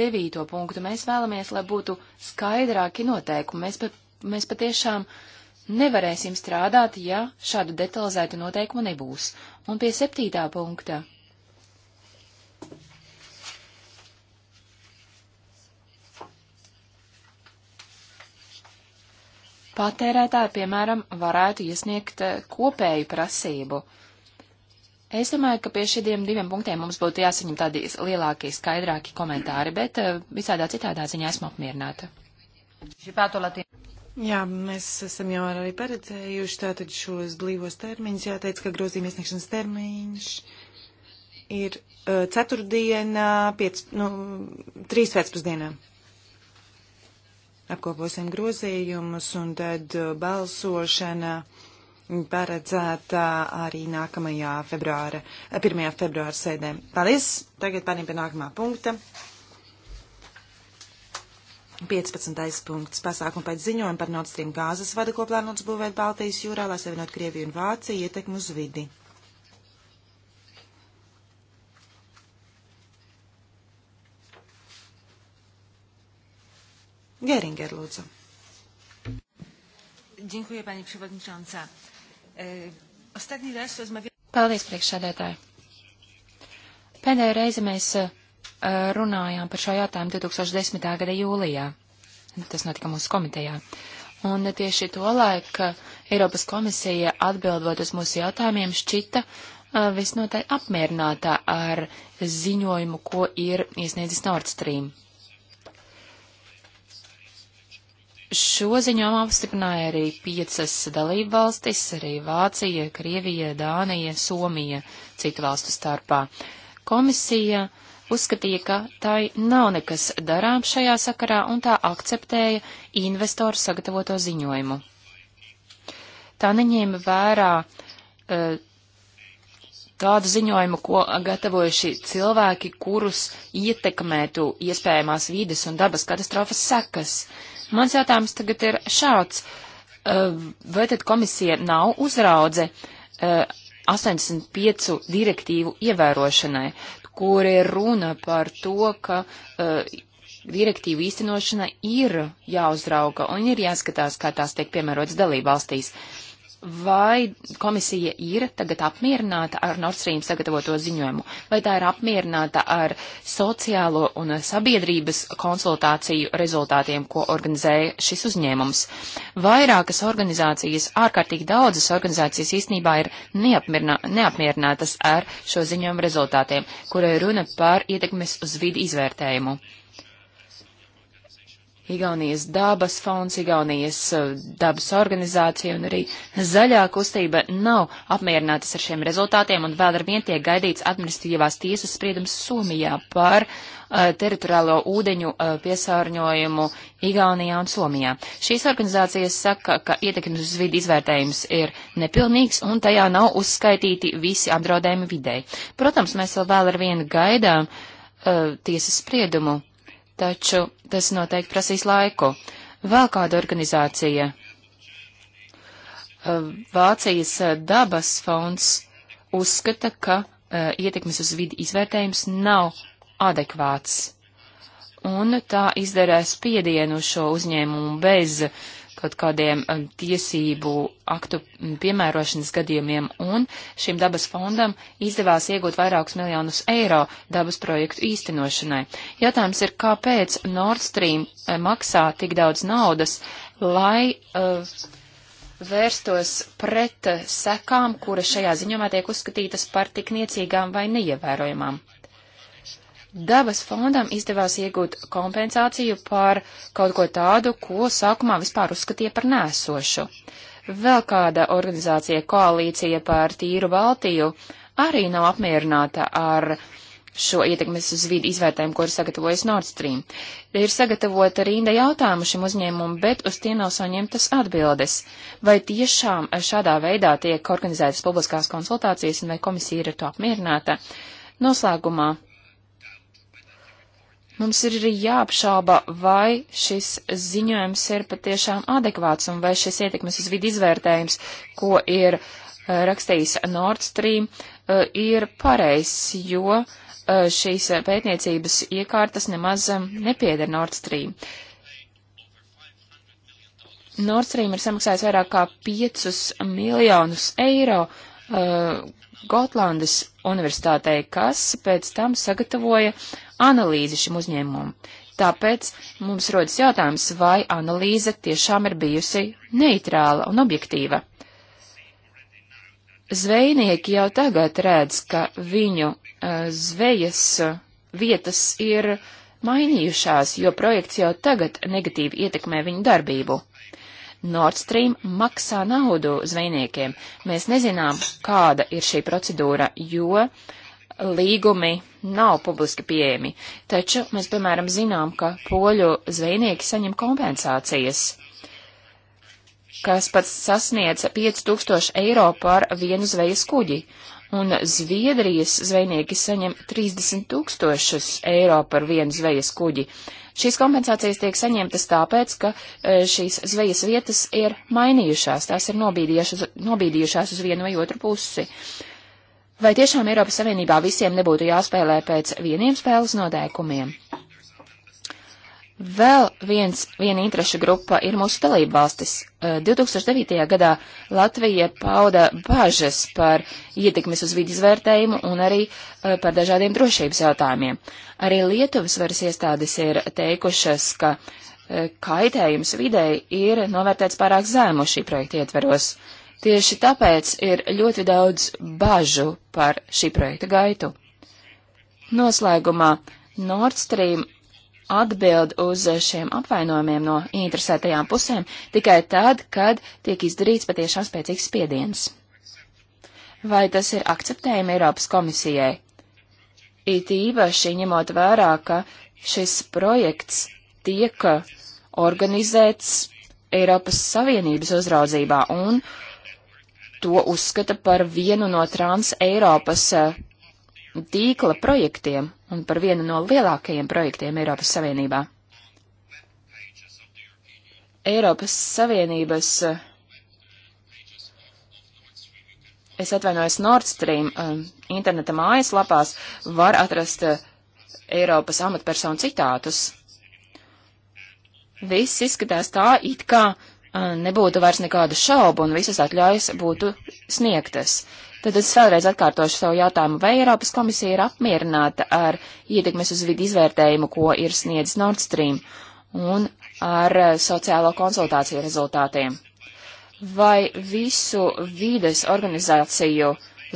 Speaker 3: devīto punktu mēs vēlamies, lai būtu skaidrāki noteikumi. Mēs, pa, mēs patiešām nevarēsim strādāt, ja šādu detalizētu noteikumu nebūs. Un pie septītā punkta patērētāji, piemēram, varētu iesniegt eh, kopēju prasību. Es domāju, ka pie šiem diviem punktiem mums būtu jāsaņem tādi lielākie, skaidrāki komentāri, bet eh, visādā citādā ziņā esmu apmierināta. Jā, mēs
Speaker 1: esam jau arī paredzējuši tātad šos blīvos termiņus. Jāteic, ka grozījuma iesniegšanas termiņš ir uh, eh, ceturtdiena, piec, nu, trīs pēcpusdienā apkoposim grozījumus un tad uh, balsošana paredzēta arī nākamajā februāra, 1. Eh, februāra sēdē. Paldies! Tagad pārējiem pie nākamā punkta. 15. punkts. Pasākumu pēc ziņojuma par Nord Stream gāzes vadu, ko plānots būvēt Baltijas jūrā, lai savienot Krieviju un Vāciju ietekmu uz vidi. Geringer, lūdzu.
Speaker 4: Dziękuję, pani przewodnicząca. E, ostatni raz rozmawiam...
Speaker 3: Paldies, priekšsēdētāji. Pēdējo reizi mēs e, runājām par šo jautājumu 2010. gada jūlijā. Tas notika mūsu komitejā. Un tieši to laika e, Eiropas komisija atbildot uz mūsu jautājumiem šķita uh, visnotaļ apmierinātā ar ziņojumu, ko ir iesniedzis Nord Stream. Šo ziņojumu apstiprināja arī piecas dalībvalstis, arī Vācija, Krievija, Dānija, Somija, citu valstu starpā. Komisija uzskatīja, ka tai nav nekas darām šajā sakarā un tā akceptēja investoru sagatavoto ziņojumu. Tā neņēma vērā uh, tādu ziņojumu, ko gatavojuši cilvēki, kurus ietekmētu iespējamās vides un dabas katastrofas sekas. Uh, Mans jautājums tagad ir šāds. Eh, vai tad komisija nav uzraudze 85 eh, direktīvu ievērošanai, kur ir runa par to, ka eh, direktīvu īstenošana ir jāuzrauga un ir jāskatās, kā tās tiek piemērotas dalībvalstīs. valstīs? vai komisija ir tagad apmierināta ar Nord Stream sagatavoto ziņojumu, vai tā ir apmierināta ar sociālo un sabiedrības konsultāciju rezultātiem, ko organizēja šis uzņēmums. Vairākas organizācijas, ārkārtīgi daudzas organizācijas īstenībā ir neapmierinā, neapmierinātas ar šo ziņojumu rezultātiem, kura ir runa par ietekmes uz vidi izvērtējumu. Igaunijas dabas fonds, Igaunijas uh, dabas organizācija un arī zaļā kustība nav apmierinātas ar šiem rezultātiem un vēl ar vien tiek gaidīts administratīvās tiesas spriedums Somijā par uh, teritoriālo ūdeņu uh, piesārņojumu Igaunijā un Somijā. Šīs organizācijas saka, ka ietekmes uz vidi izvērtējums ir nepilnīgs un tajā nav uzskaitīti visi apdraudējumi videi. Protams, mēs vēl ar vienu gaidām uh, tiesas spriedumu taču tas noteikti prasīs laiku. Vēl kāda organizācija eh, Vācijas eh, dabas fonds uzskata, ka uh, ietekmes uz vidi izvērtējums nav adekvāts. Un tā izdarē spiedienu šo uzņēmumu bez kaut kādiem eh, tiesību aktu piemērošanas gadījumiem, un šim dabas fondam izdevās iegūt vairākus miljonus eiro dabas projektu īstenošanai. Jautājums ir, kāpēc Nord Stream eh, maksā tik daudz naudas, lai uh, vērstos pret sekām, kuras šajā ziņumā tiek uzskatītas par tik niecīgām vai neievērojamām. Dabas fondam izdevās iegūt kompensāciju par kaut ko tādu, ko sākumā vispār uzskatīja par nēsošu. Vēl kāda organizācija koalīcija par tīru Baltiju arī nav apmierināta ar šo ietekmes uz vidi izvērtējumu, ko ir sagatavojis Nord Stream. Ir sagatavota rinda jautājumu šim uzņēmumam, bet uz tiem nav saņemtas atbildes. Vai tiešām šādā veidā tiek organizētas publiskās konsultācijas un vai komisija ir ar to apmierināta? Noslēgumā Mums ir arī jāapšauba, vai šis ziņojums ir patiešām adekvāts un vai šis ietekmes uz vidi izvērtējums, ko ir eh, rakstījis Nord Stream, eh, ir pareizs, jo eh, šīs pētniecības iekārtas nemaz nepieder Nord Stream. Nord Stream ir samaksājis vairāk kā 5 miljonus eiro uh, Gotlandes universitātei, kas pēc tam sagatavoja analīzi šim uzņēmumam. Tāpēc mums rodas jautājums, vai analīze tiešām ir bijusi neitrāla un objektīva. Zvejnieki jau tagad redz, ka viņu uh, zvejas eh, vietas ir mainījušās, jo projekts jau tagad negatīvi ietekmē viņu darbību. Nord Stream maksā naudu zvejniekiem. Mēs nezinām, kāda ir šī procedūra, jo uh, līgumi nav publiski pieejami, taču mēs, piemēram, zinām, ka poļu zvejnieki saņem kompensācijas, kas pats sasniedz 5000 eiro par vienu zvejas kuģi, un Zviedrijas zvejnieki saņem 30 tūkstošus eiro par vienu zvejas kuģi. Šīs kompensācijas tiek saņemtas tāpēc, ka e, šīs zvejas vietas ir mainījušās, tās ir nobīdījušās, nobīdījušās uz vienu vai otru pusi. Uh, Vai tiešām Eiropas Savienībā visiem nebūtu jāspēlē pēc vieniem spēles noteikumiem? Vēl viens, viena interešu grupa ir mūsu dalība valstis. 2009. gadā Latvija pauda bažas par ietekmes uz vidas vērtējumu un arī par dažādiem drošības jautājumiem. Arī Lietuvas varas iestādes ir teikušas, ka kaitējums videi ir novērtēts pārāk zēmu šī projekta ietveros. Uh, Tieši tāpēc ir ļoti daudz bažu par šī projekta gaitu. Noslēgumā Nord Stream atbild uz šiem apvainojumiem no interesētajām pusēm tikai tad, kad tiek izdarīts patiešām spēcīgs spiediens. Vai tas ir akceptējami Eiropas komisijai? It īpaši ņemot vērā, ka šis projekts tiek organizēts Eiropas Savienības uzraudzībā un uh, to uzskata par vienu no Trans-Eiropas eh, tīkla projektiem un par vienu no lielākajiem projektiem Eiropas Savienībā. Eiropas Savienības, eh, es atvainojos, Nord Stream eh, interneta mājaslapās var atrast Eiropas amatpersonu citātus. Viss izskatās tā, it kā uh, nebūtu vairs nekādu šaubu un visas atļaujas būtu sniegtas. Tad es vēlreiz atkārtošu savu jautājumu, vai Eiropas komisija ir apmierināta ar ietekmes uz vidi izvērtējumu, ko ir sniedzis Nord Stream, un ar eh, sociālo konsultāciju rezultātiem. Vai visu vides organizāciju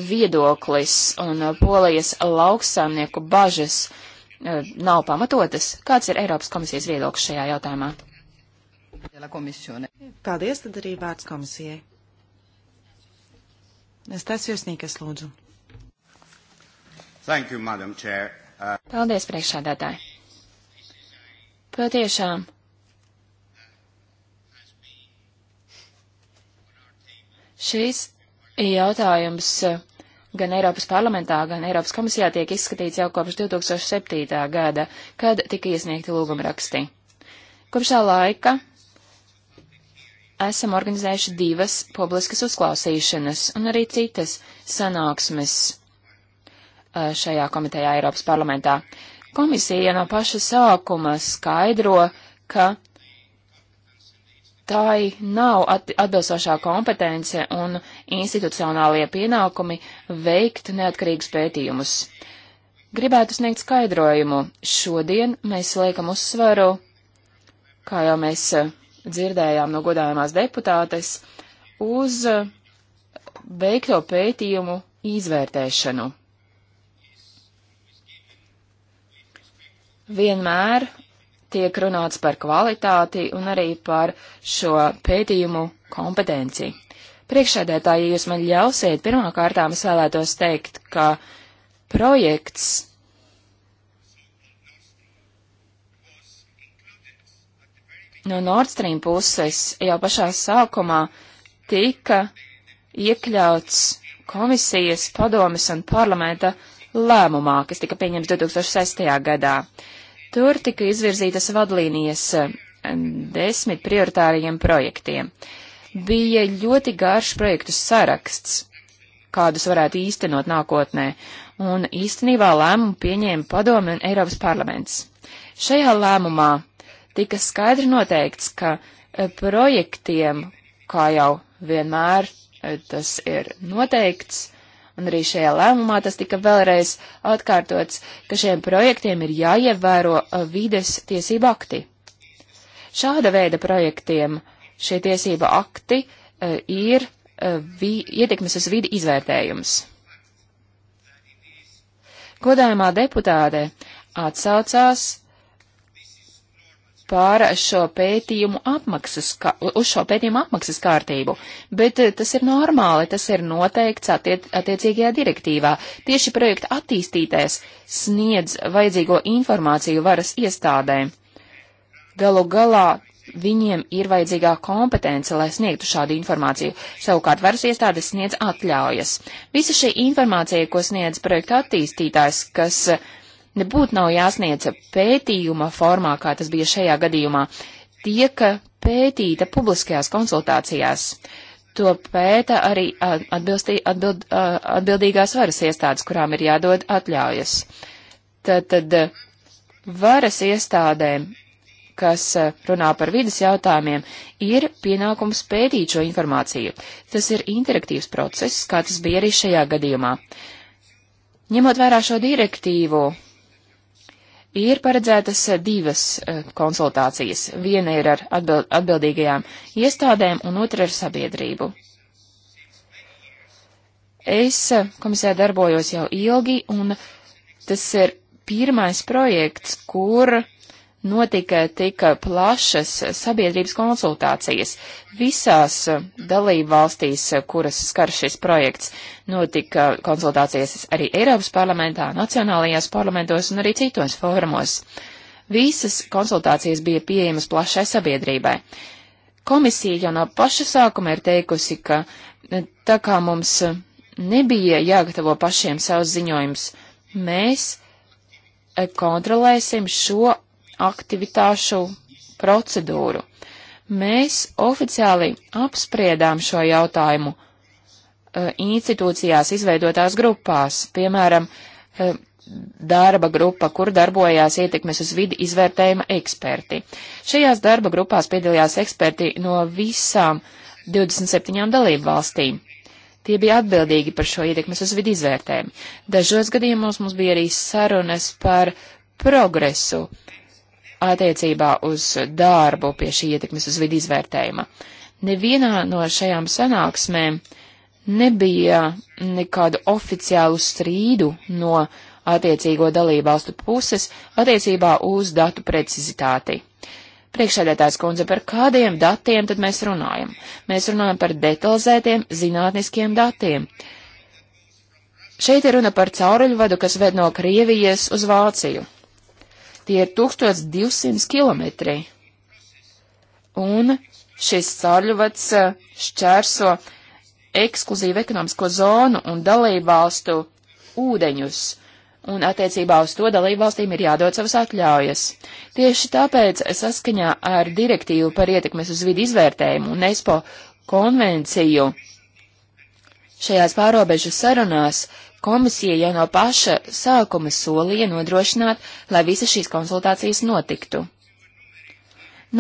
Speaker 3: viedoklis un eh, polijas lauksaimnieku bažas eh, nav pamatotas? Kāds ir Eiropas komisijas viedoklis šajā jautājumā?
Speaker 4: Paldies, tad arī
Speaker 1: vārds komisijai. Stāsts Nīkas, lūdzu.
Speaker 3: Thank you, Madam Chair. Uh... Paldies, priekšādātāji. Patiešām. Šīs jautājums uh, gan Eiropas parlamentā, gan Eiropas komisijā tiek izskatīts jau kopš 2007. gada, kad tika iesniegti lūgumraksti. Kopš tā laika esam organizējuši divas publiskas uzklausīšanas un arī citas sanāksmes šajā komitejā Eiropas parlamentā. Komisija no paša sākuma skaidro, ka tai nav at atbilstošā kompetence un institucionālie pienākumi veikt neatkarīgus pētījumus. Gribētu sniegt skaidrojumu. Šodien mēs liekam uzsvaru, kā jau mēs dzirdējām no godājumās deputātes, uz eh, veikto pētījumu izvērtēšanu. Vienmēr tiek runāts par kvalitāti un arī par šo pētījumu kompetenci. Priekšēdētāji, ja jūs man ļausiet, pirmkārtām es vēlētos teikt, ka projekts no Nord Stream puses jau pašā sākumā tika iekļauts komisijas, padomes un parlamenta lēmumā, kas tika pieņemts 2006. gadā. Tur tika izvirzītas vadlīnijas eh, desmit prioritāriem projektiem. Bija ļoti garš projektu saraksts, kādus varētu īstenot nākotnē, un īstenībā lēmumu pieņēma padomi un Eiropas parlaments. Šajā lēmumā tika skaidri noteikts, ka e, projektiem, kā jau vienmēr e, tas ir noteikts, un arī šajā lēmumā tas tika vēlreiz atkārtots, ka šiem projektiem ir jāievēro e, vides tiesība akti. Šāda veida projektiem šie tiesība akti ir vi, ietekmes uz vidi izvērtējums. Godājumā deputāte atsaucās par šo pētījumu apmaksas, kā, uz šo pētījumu apmaksas kārtību, bet eh, tas ir normāli, tas ir noteikts attiec, attiecīgajā direktīvā. Tieši projekta attīstītājs sniedz vajadzīgo informāciju varas iestādēm. Galu galā viņiem ir vajadzīgā kompetence, lai sniegtu šādu informāciju. Savukārt varas iestādes sniedz atļaujas. Visa šī informācija, ko sniedz projekta attīstītājs, kas uh, nebūtu nav jāsniedz pētījuma formā, kā tas bija šajā gadījumā, tiek pētīta publiskajās konsultācijās. To pēta arī atbilstī, atbild, atbildīgās varas iestādes, kurām ir jādod atļaujas. Tad, tad varas iestādēm, kas runā par vidas jautājumiem, ir pienākums pētīt šo informāciju. Tas ir interaktīvs process, kā tas bija arī šajā gadījumā. Ņemot vērā šo direktīvu, ir paredzētas divas e, konsultācijas. Viena ir ar atbild, atbildīgajām iestādēm un otra ar sabiedrību. Es e, komisijā darbojos jau ilgi, un tas ir pirmais projekts, kur notika tik plašas sabiedrības konsultācijas. Visās eh, dalību valstīs, eh, kuras skar šis projekts, notika konsultācijas arī Eiropas parlamentā, nacionālajās parlamentos un arī citos fórumos. Visas konsultācijas bija pieejamas plašai sabiedrībai. Komisija jau no paša sākuma ir teikusi, ka eh, tā kā mums nebija jāgatavo pašiem savus ziņojumus, mēs kontrolēsim šo aktivitāšu procedūru. Mēs oficiāli apspriedām šo jautājumu uh, institūcijās izveidotās grupās, piemēram, uh, darba grupa, kur darbojās ietekmes uz vidi izvērtējuma eksperti. Šajās darba grupās piedalījās eksperti no visām 27 dalību valstīm. Tie bija atbildīgi par šo ietekmes uz vidi izvērtējumu. Dažos gadījumos mums bija arī sarunas par progresu, uh, attiecībā uz darbu pie šī ietekmes uz vidu izvērtējuma. Nevienā no šajām sanāksmēm nebija nekādu oficiālu strīdu no attiecīgo dalībvalstu puses attiecībā uz datu precizitāti. Priekšsēdētājs kundze, par kādiem datiem tad mēs runājam? Mēs runājam par detalizētiem zinātniskiem datiem. Šeit ir runa par cauruļvadu, kas ved no Krievijas uz Vāciju. Tie ir 1200 kilometri. Un šis caurļuvads e, šķērso ekskluzīvu ekonomisko zonu un dalībvalstu ūdeņus, un attiecībā uz to dalībvalstīm ir jādod savas atļaujas. Tieši tāpēc saskaņā ar direktīvu par ietekmes uz vidi izvērtējumu un ESPO konvenciju šajās pārobežu sarunās komisija jau no paša sākuma solīja nodrošināt, lai visas šīs konsultācijas notiktu.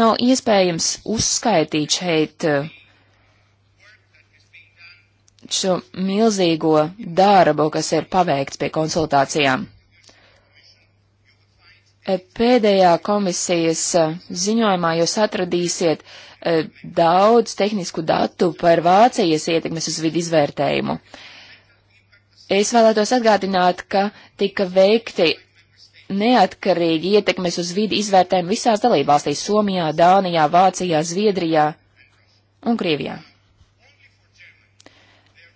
Speaker 3: Nav iespējams uzskaitīt šeit eh, šo milzīgo darbu, kas ir paveikts pie konsultācijām. Eh, pēdējā komisijas eh, ziņojumā jūs atradīsiet daudz tehnisku datu par Vācijas ietekmes uz vidu izvērtējumu. Es vēlētos atgādināt, ka tika veikti neatkarīgi ietekmes uz vidi izvērtējumi visās dalībvalstīs - Somijā, Dānijā, Vācijā, Zviedrijā un Krievijā.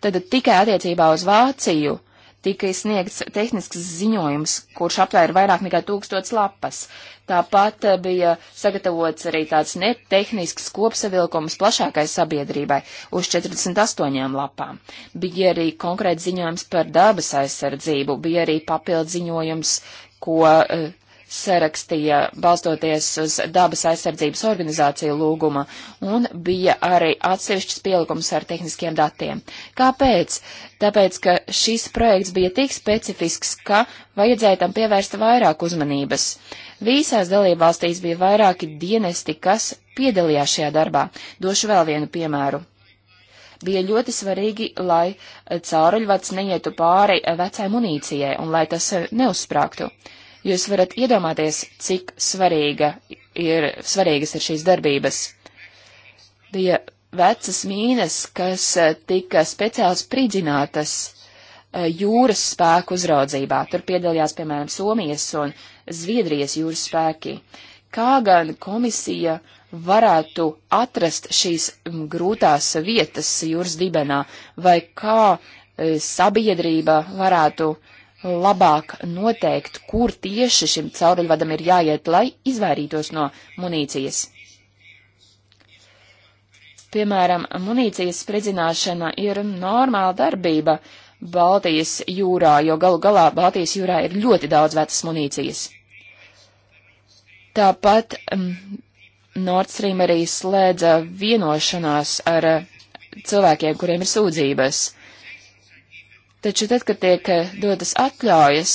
Speaker 3: Tad tikai attiecībā uz Vāciju tika izsniegts tehnisks ziņojums, kurš aptvēra vairāk nekā tūkstots lapas. Tāpat eh, bija sagatavots arī tāds netehnisks kopsavilkums plašākai sabiedrībai uz 48 lapām. Bija arī konkrēts ziņojums par dabas aizsardzību, bija arī papildziņojums, ko uh, sarakstīja balstoties uz dabas aizsardzības organizāciju lūguma, un bija arī atsevišķs pielikums ar tehniskiem datiem. Kāpēc? Tāpēc, ka šis projekts bija tik specifisks, ka vajadzēja tam pievērst vairāk uzmanības. Visās dalībvalstīs bija vairāki dienesti, kas piedalījās šajā darbā. Došu vēl vienu piemēru. Bija ļoti svarīgi, lai cauruļvats neietu pāri vecai munīcijai un lai tas neuzsprāgtu. Jūs varat iedomāties, cik svarīga ir, svarīgas ir šīs darbības. Bija vecas mīnas, kas eh, tika speciāli spridzinātas eh, jūras spēku uzraudzībā. Tur piedalījās, piemēram, Somijas un Zviedrijas jūras spēki. Kā gan komisija varētu atrast šīs mm, grūtās vietas jūras dibenā, vai kā eh, sabiedrība varētu uh, labāk noteikt, kur tieši šim cauruļvadam ir jāiet, lai izvairītos no munīcijas. Piemēram, munīcijas spridzināšana ir normāla darbība Baltijas jūrā, jo galu galā Baltijas jūrā ir ļoti daudz vecas munīcijas. Tāpat mm, Nord Stream arī slēdza vienošanās ar cilvēkiem, kuriem ir sūdzības. Taču tad, kad tiek eh, dotas atļaujas,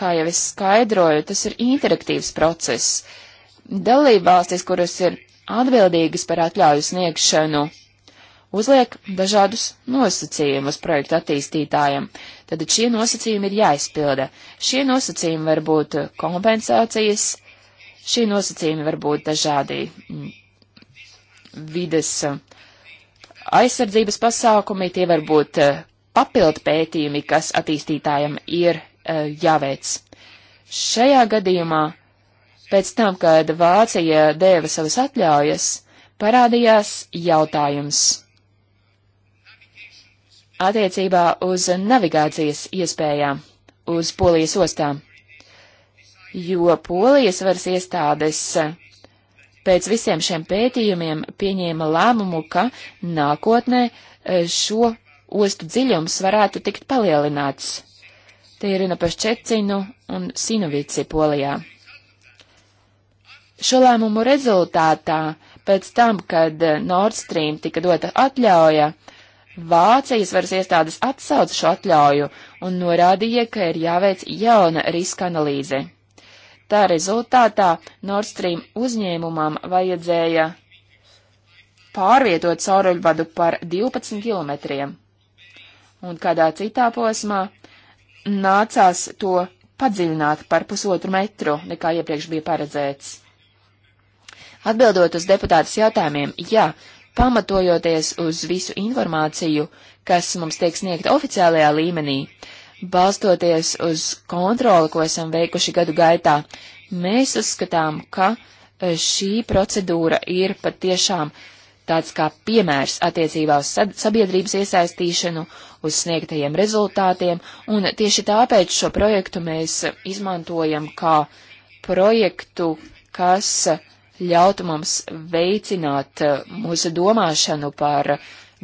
Speaker 3: kā jau es skaidroju, tas ir interaktīvs process. Dalībvalstis, kuras ir atbildīgas par atļauju sniegšanu, uzliek dažādus nosacījumus projektu attīstītājiem. Tad šie nosacījumi ir jāizpilda. Šie nosacījumi var būt kompensācijas, šie nosacījumi var būt dažādi mm, vides eh, aizsardzības pasākumi, tie var būt eh, papildu pētījumi, kas attīstītājam ir uh, jāveic. Šajā gadījumā, pēc tam, kad Vācija deva savas atļaujas, parādījās jautājums attiecībā uz navigācijas iespējām uz Polijas ostām, jo Polijas varas iestādes eh, pēc visiem šiem pētījumiem pieņēma lēmumu, ka nākotnē eh, šo ostu dziļums varētu tikt palielināts. Te ir runa par Ščecinu un Sinovici polijā. Šo lēmumu rezultātā, pēc tam, kad Nord Stream tika dota atļauja, Vācijas varas iestādes atsauca šo atļauju un norādīja, ka ir jāveic jauna riska analīze. Tā rezultātā Nord Stream uzņēmumam vajadzēja pārvietot sauruļvadu par 12 kilometriem un kādā citā posmā nācās to padziļināt par pusotru metru, nekā iepriekš bija paredzēts. Atbildot uz deputātas jautājumiem, jā, pamatojoties uz visu informāciju, kas mums tiek sniegta oficiālajā līmenī, balstoties uz kontroli, ko esam veikuši gadu gaitā, mēs uzskatām, ka šī procedūra ir patiešām uh, tāds kā piemērs attiecībā uz sabiedrības iesaistīšanu, uz sniegtajiem rezultātiem, un tieši tāpēc šo projektu mēs izmantojam kā projektu, kas ļautu mums veicināt eh, mūsu domāšanu par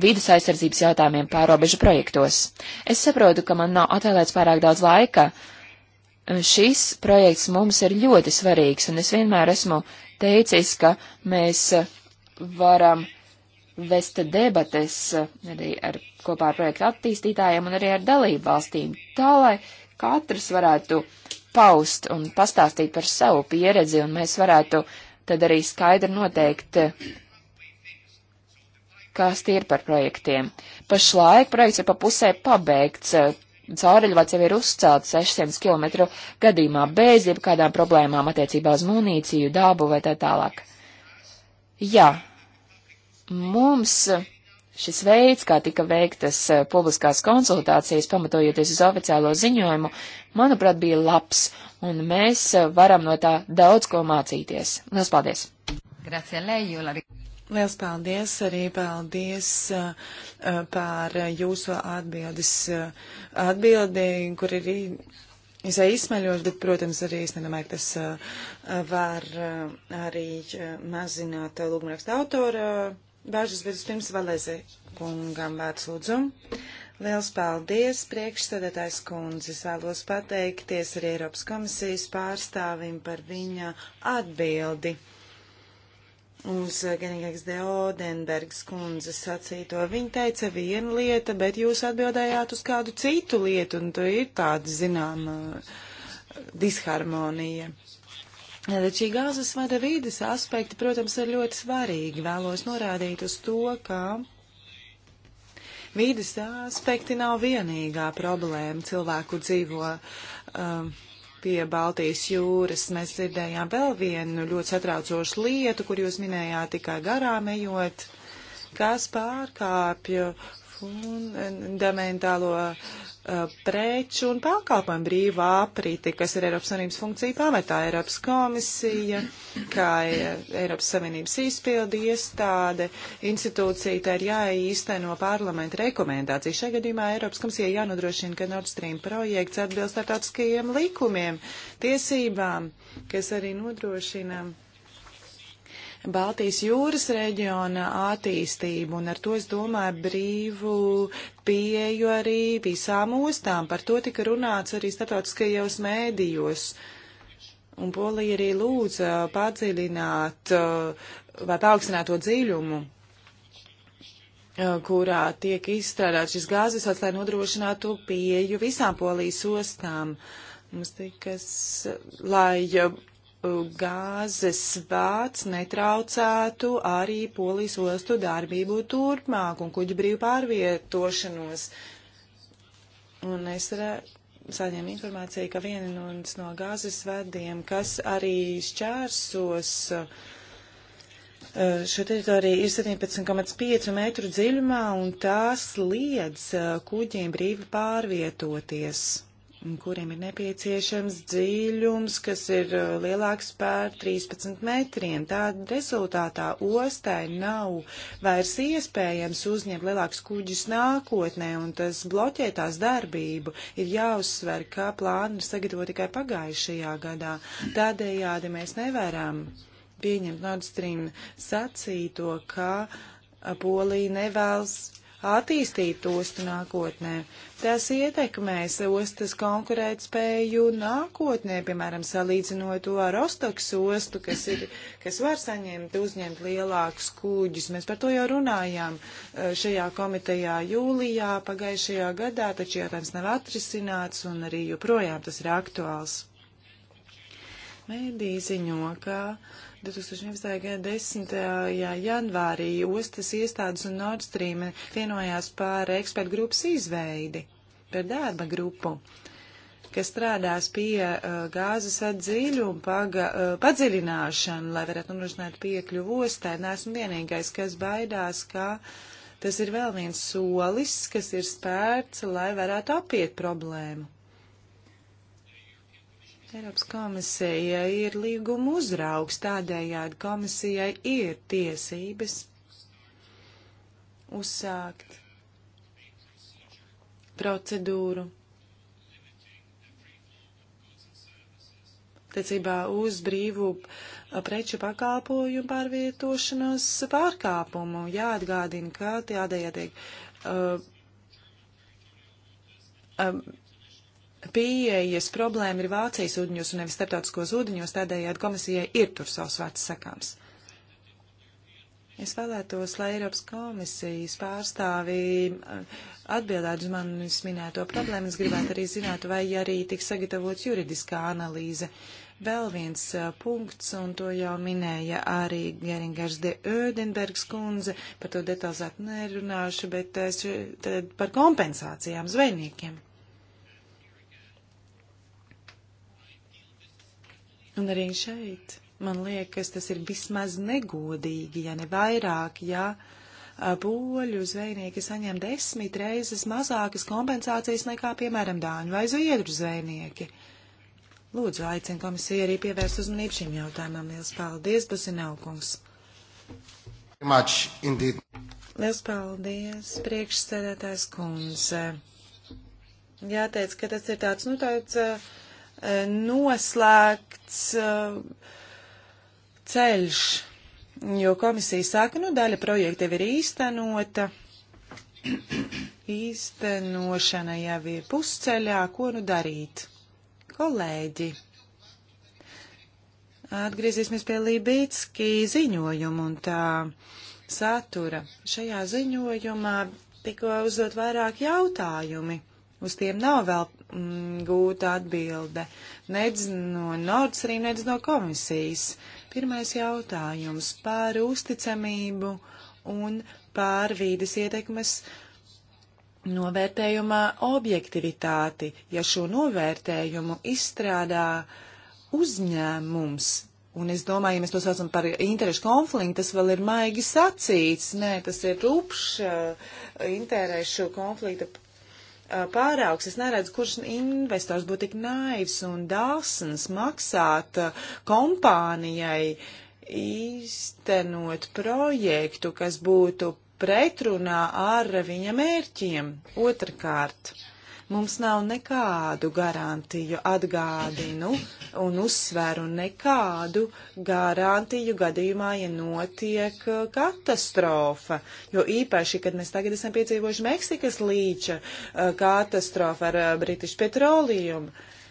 Speaker 3: vidas aizsardzības jautājumiem pārobežu projektos. Es saprotu, ka man nav atvēlēts pārāk daudz laika. Šis projekts mums ir ļoti svarīgs, un es vienmēr esmu teicis, ka mēs varam vest debates arī ar, kopā ar projektu attīstītājiem un arī ar dalību valstīm, tā lai katrs varētu paust un pastāstīt par savu pieredzi, un mēs varētu tad arī skaidri noteikt, kas tie ir par projektiem. Pašlaik projekts ir pa pusē pabeigts. Caureļvats jau ir uzcelts 600 km gadījumā bez jebkādām problēmām attiecībā uz munīciju, dabu vai tā tālāk. Jā, Mums šis veids, kā tika veiktas eh, publiskās konsultācijas, pamatojoties uz oficiālo ziņojumu, manuprāt, bija labs, un mēs eh, varam no tā daudz ko mācīties. Lielas paldies!
Speaker 1: Lielas paldies arī paldies uh, par jūsu atbildes, uh, atbildi, kur ir visai izsmeļoši, bet, protams, arī es nedomāju, ka tas uh, var arī mazināt lūgumraksta autora bažas, bet vispirms Valēzē kungam vārds lūdzu. Liels paldies, priekšsēdētājs kundze. Es vēlos pateikties arī Eiropas komisijas pārstāvim par viņa atbildi uz Genīgais de Odenbergs kundzes sacīto. Viņa teica vienu lietu, bet jūs atbildējāt uz kādu citu lietu, un tur ir tāda zināma disharmonija. Šī gāzes vada vīdes aspekti, protams, ir ļoti svarīgi. Vēlos norādīt uz to, ka vīdes aspekti nav vienīgā problēma. Cilvēku dzīvo um, pie Baltijas jūras. Mēs dzirdējām vēl vienu ļoti satraucošu lietu, kur jūs minējāt tikai garām ejot, kas pārkāpju fundamentālo uh, preču un pakalpojumu brīvā aprīti, kas ir Eiropas Savienības funkcija pamatā. Eiropas komisija, kā uh, Eiropas Savienības izpildi iestāde, institūcija, tā ir jāīsteno parlamenta rekomendācija. Šajā gadījumā Eiropas komisija jānodrošina, ka Nord Stream projekts atbilst starptautiskajiem likumiem, tiesībām, kas arī nodrošina Baltijas jūras reģiona attīstību, un ar to es domāju brīvu pieju arī visām ostām. Par to tika runāts arī statautiskajos mēdījos. Un Polija arī lūdza padziļināt eh, vai paaugstināt to dziļumu, eh, kurā tiek izstrādāts šis gāzes, lai nodrošinātu pieju visām Polijas ostām. Mums tikas, lai eh, gāzes vāts netraucētu arī polijas ostu darbību turpmāk un kuģu brīvu pārvietošanos. Un es saņēmu informāciju, ka viena no, no gāzes vediem, kas arī šķērsos eh, šo teritoriju, ir 17,5 metru dziļumā un tās liedz eh, kuģiem brīvi pārvietoties kuriem ir nepieciešams dziļums, kas ir uh, lielāks par 13 metriem. Tāda rezultātā ostai nav vairs iespējams uzņemt lielākus kuģus nākotnē, un tas bloķē tās darbību. Ir jāuzsver, ka plāni ir sagatavoti tikai pagājušajā gadā. Tādējādi mēs nevaram pieņemt Nord Stream sacīto, ka uh, Polija nevēlas attīstīt ostu nākotnē. Tas ietekmēs ostas konkurētspēju nākotnē, piemēram, salīdzinot to ar Ostoks ostu, kas, ir, kas var saņemt, uzņemt lielākus kūģus. Mēs par to jau runājām eh, šajā komitejā jūlijā pagājušajā gadā, taču jautājums nav atrisināts un arī joprojām tas ir aktuāls. Mēdī ziņo, ka 2011. gada 10. janvārī ostas iestādes un Nord Stream vienojās par ekspertu grupas izveidi, par darba grupu, kas strādās pie uh, gāzes atdziļuma paga, uh, padziļināšana, lai varētu nodrošināt piekļuvu ostai. Nesmu vienīgais, kas baidās, ka tas ir vēl viens solis, kas ir spērts, lai varētu apiet problēmu. Eiropas komisija ir līguma uzraugs, tādējādi komisijai ir tiesības uzsākt procedūru attiecībā uz brīvu preču pakalpojumu pārvietošanos pārkāpumu. Jāatgādina, ka tādējādi tiek. Uh, um, pieejas problēma ir Vācijas ūdeņos un nevis starptautiskos ūdeņos, tādējādi komisijai ir tur savs vārds sakāms. Es vēlētos, lai Eiropas komisijas pārstāvī uh, atbildētu uz manis minēto problēmu. Es gribētu arī zināt, vai arī tiks sagatavots juridiskā analīze. Vēl viens uh, punkts, un to jau minēja arī Geringers de Ödenbergs kundze, par to detalizēti nerunāšu, bet uh, es, par kompensācijām zvejniekiem. Un arī šeit, man liekas, tas ir vismaz negodīgi, ja ne vairāk, ja poļu zvejnieki saņem desmit reizes mazākas kompensācijas nekā, piemēram, dāņu vai zviedru zvejnieki. Lūdzu, aicinu komisiju arī pievērst uzmanību šim jautājumam. Lielas paldies, Basinaukungs.
Speaker 2: Lielas
Speaker 1: paldies, priekšsēdētājs kundze. Jāteic, ka tas ir tāds, nu, tāds. Uh, noslēgts eh, ceļš, jo komisija saka, nu, daļa projekta jau ir īstenota, *clears throat* īstenošana jau ir pusceļā, ko nu darīt? Kolēģi! Atgriezīsimies pie Lībītski ziņojuma un tā satura. Šajā ziņojumā tikko uzdot vairāk jautājumi. Uz tiem nav vēl mm, gūta atbilde, nedz no Nords, arī nedz no komisijas. Pirmais jautājums par uzticamību un par vīdes ietekmes novērtējumā objektivitāti, ja šo novērtējumu izstrādā uzņēmums. Un es domāju, ja mēs to saucam par interešu konfliktu, tas vēl ir maigi sacīts. Nē, tas ir rupšs eh, interešu konflikta Uh, pāraugs. Es neredzu, kurš investors būtu tik naivs un dāsns maksāt uh, kompānijai īstenot projektu, kas būtu pretrunā ar viņa mērķiem. Otrakārt. Mums nav nekādu garantiju atgādinu un uzsveru nekādu garantiju gadījumā, ja notiek uh, katastrofa. Jo īpaši, kad mēs tagad esam piedzīvojuši Meksikas līča uh, katastrofu ar uh, British Petroleum, uh,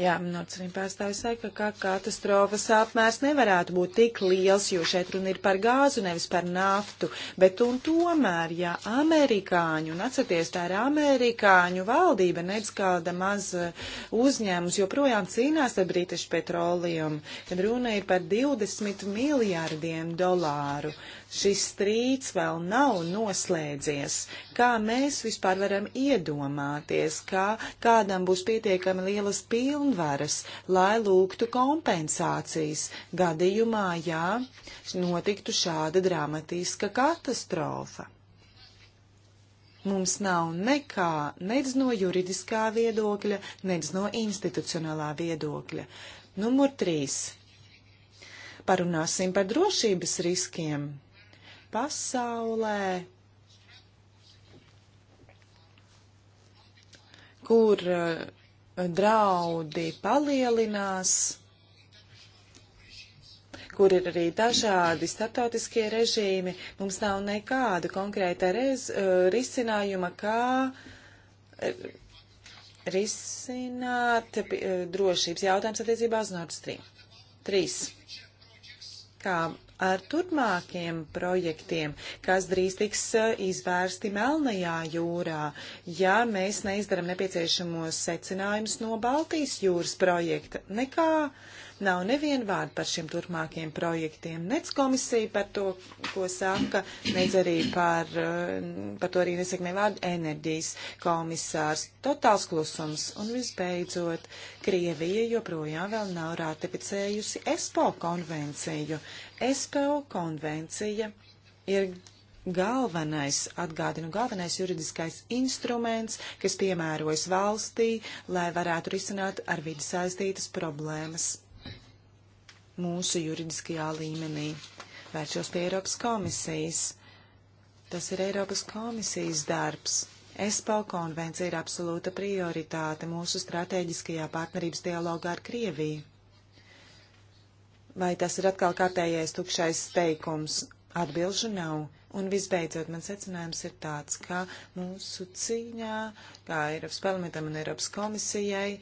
Speaker 1: Jā, Nordsrīna pārstāvis saka, ka katastrofas apmērs nevarētu būt tik liels, jo šeit runa ir par gāzu, nevis par naftu. Bet un tomēr, ja amerikāņu, un atcerieties, tā ir amerikāņu valdība, nedz kāda maz eh, uzņēmums, joprojām cīnās ar British Petroleum, kad runa ir par 20 miljārdiem dolāru. Uh, Šis strīds vēl nav noslēdzies. Kā mēs vispār varam iedomāties, kā kādam būs pietiekami lielas pilnvaras, lai lūgtu kompensācijas gadījumā, ja notiktu šāda dramatiska katastrofa? Mums nav nekā, nedz no juridiskā viedokļa, nedz no institucionālā viedokļa. Numur trīs. Parunāsim par drošības riskiem pasaulē, kur eh, draudi palielinās, kur ir arī dažādi startautiskie režīmi, mums nav nekāda konkrēta rez, eh, risinājuma, kā eh, risināt drošības jautājums attiecībā uz Nord Stream. 3. Kā ar turpmākiem projektiem, kas drīz tiks eh, izvērsti Melnajā jūrā, ja mēs neizdaram nepieciešamos secinājumus no Baltijas jūras projekta. Nekā Nav neviena vārda par šiem turpmākiem projektiem. Nec komisija par to, ko saka, nec arī par, eh, par to arī nesaka nevārdu enerģijas komisārs. Totāls klusums. Un visbeidzot, Krievija joprojām vēl nav ratificējusi ESPO konvenciju. ESPO konvencija ir galvenais, atgādinu, galvenais juridiskais instruments, kas piemērojas valstī, lai varētu risināt ar vidi saistītas problēmas mūsu juridiskajā līmenī. Vēršos pie Eiropas komisijas. Tas ir Eiropas komisijas darbs. ESPO konvencija ir absolūta prioritāte mūsu strateģiskajā partnerības dialogā ar Krieviju. Vai tas ir atkal kārtējais tukšais teikums? Atbilžu nav. Un visbeidzot, man secinājums ir tāds, ka mūsu cīņā, kā Eiropas parlamentam un Eiropas komisijai,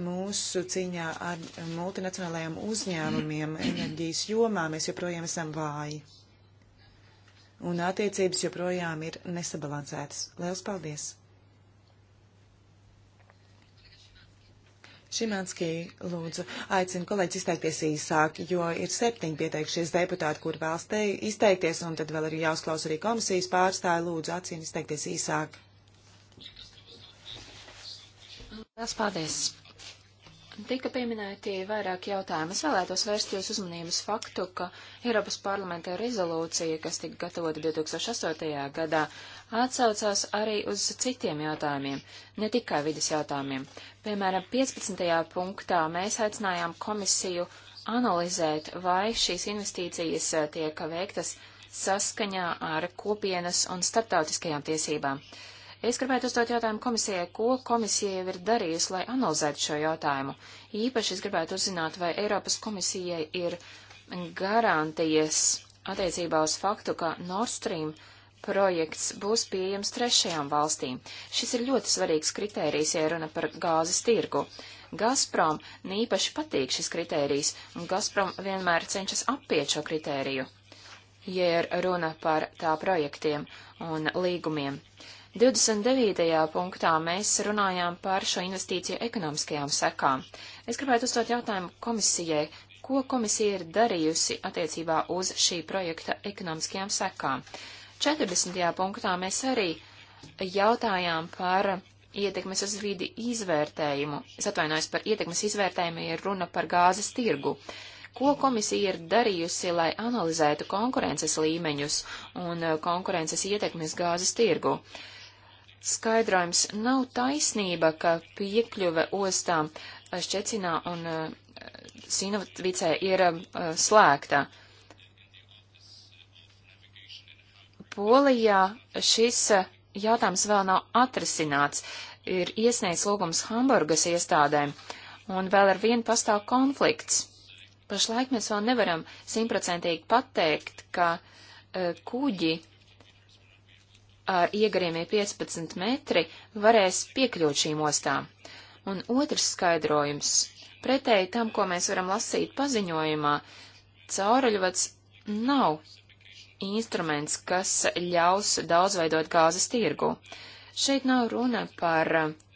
Speaker 1: mūsu cīņā ar multinacionālajiem uzņēmumiem enerģijas jomā mēs joprojām esam vāji. Un attiecības joprojām ir nesabalansētas. Liels paldies! Šimanskī lūdzu aicinu kolēģis izteikties īsāk, jo ir septiņi pieteikšies deputāti, kur vēlas te izteikties, un tad vēl ir jāuzklaus arī komisijas pārstāja. Lūdzu, acīm izteikties īsāk.
Speaker 3: Liels paldies! Tika pieminēti vairāki jautājumi. Es vēlētos vērst jūs uzmanību uz faktu, ka Eiropas parlamenta rezolūcija, kas tika gatavota 2008. gadā, atsaucās arī uz citiem jautājumiem, ne tikai vidas jautājumiem. Piemēram, 15. punktā mēs aicinājām komisiju analizēt, vai šīs investīcijas eh, tiek veiktas saskaņā ar kopienas un starptautiskajām tiesībām. Uh, Es gribētu uzdot jautājumu komisijai, ko komisija jau ir darījusi, lai analizētu šo jautājumu. Īpaši es gribētu uzzināt, vai Eiropas komisijai ir garantijas attiecībā uz faktu, ka Nord Stream projekts būs pieejams trešajām valstīm. Šis ir ļoti svarīgs kritērijs, ja runa par gāzes tirgu. Gazprom īpaši patīk šis kritērijs, un Gazprom vienmēr cenšas apiet šo kritēriju, ja ir runa par tā projektiem un līgumiem. 29. punktā mēs runājām par šo investīciju ekonomiskajām sekām. Es gribētu uzdot jautājumu komisijai, ko komisija ir darījusi attiecībā uz šī projekta ekonomiskajām sekām. 40. punktā mēs arī jautājām par ietekmes uz vidi izvērtējumu. Es atvainojos par ietekmes izvērtējumu, ja runa par gāzes tirgu. Ko komisija ir darījusi, lai analizētu konkurences līmeņus un eh, konkurences ietekmes gāzes tirgu? skaidrojums. Nav taisnība, ka piekļuve ostām eh, Šķecinā un eh, Sinovicē ir eh, slēgta. Polijā šis jautājums vēl nav atrisināts. Ir iesniegts lūgums Hamburgas iestādēm, un vēl ar vienu pastāv konflikts. Pašlaik mēs vēl nevaram simtprocentīgi pateikt, ka uh, kuģi ar iegariem ir 15 metri, varēs piekļūt šīm ostām. Un otrs skaidrojums. Pretēji tam, ko mēs varam lasīt paziņojumā, cauruļvads nav instruments, kas ļaus daudzveidot gāzes tirgu. Šeit nav runa par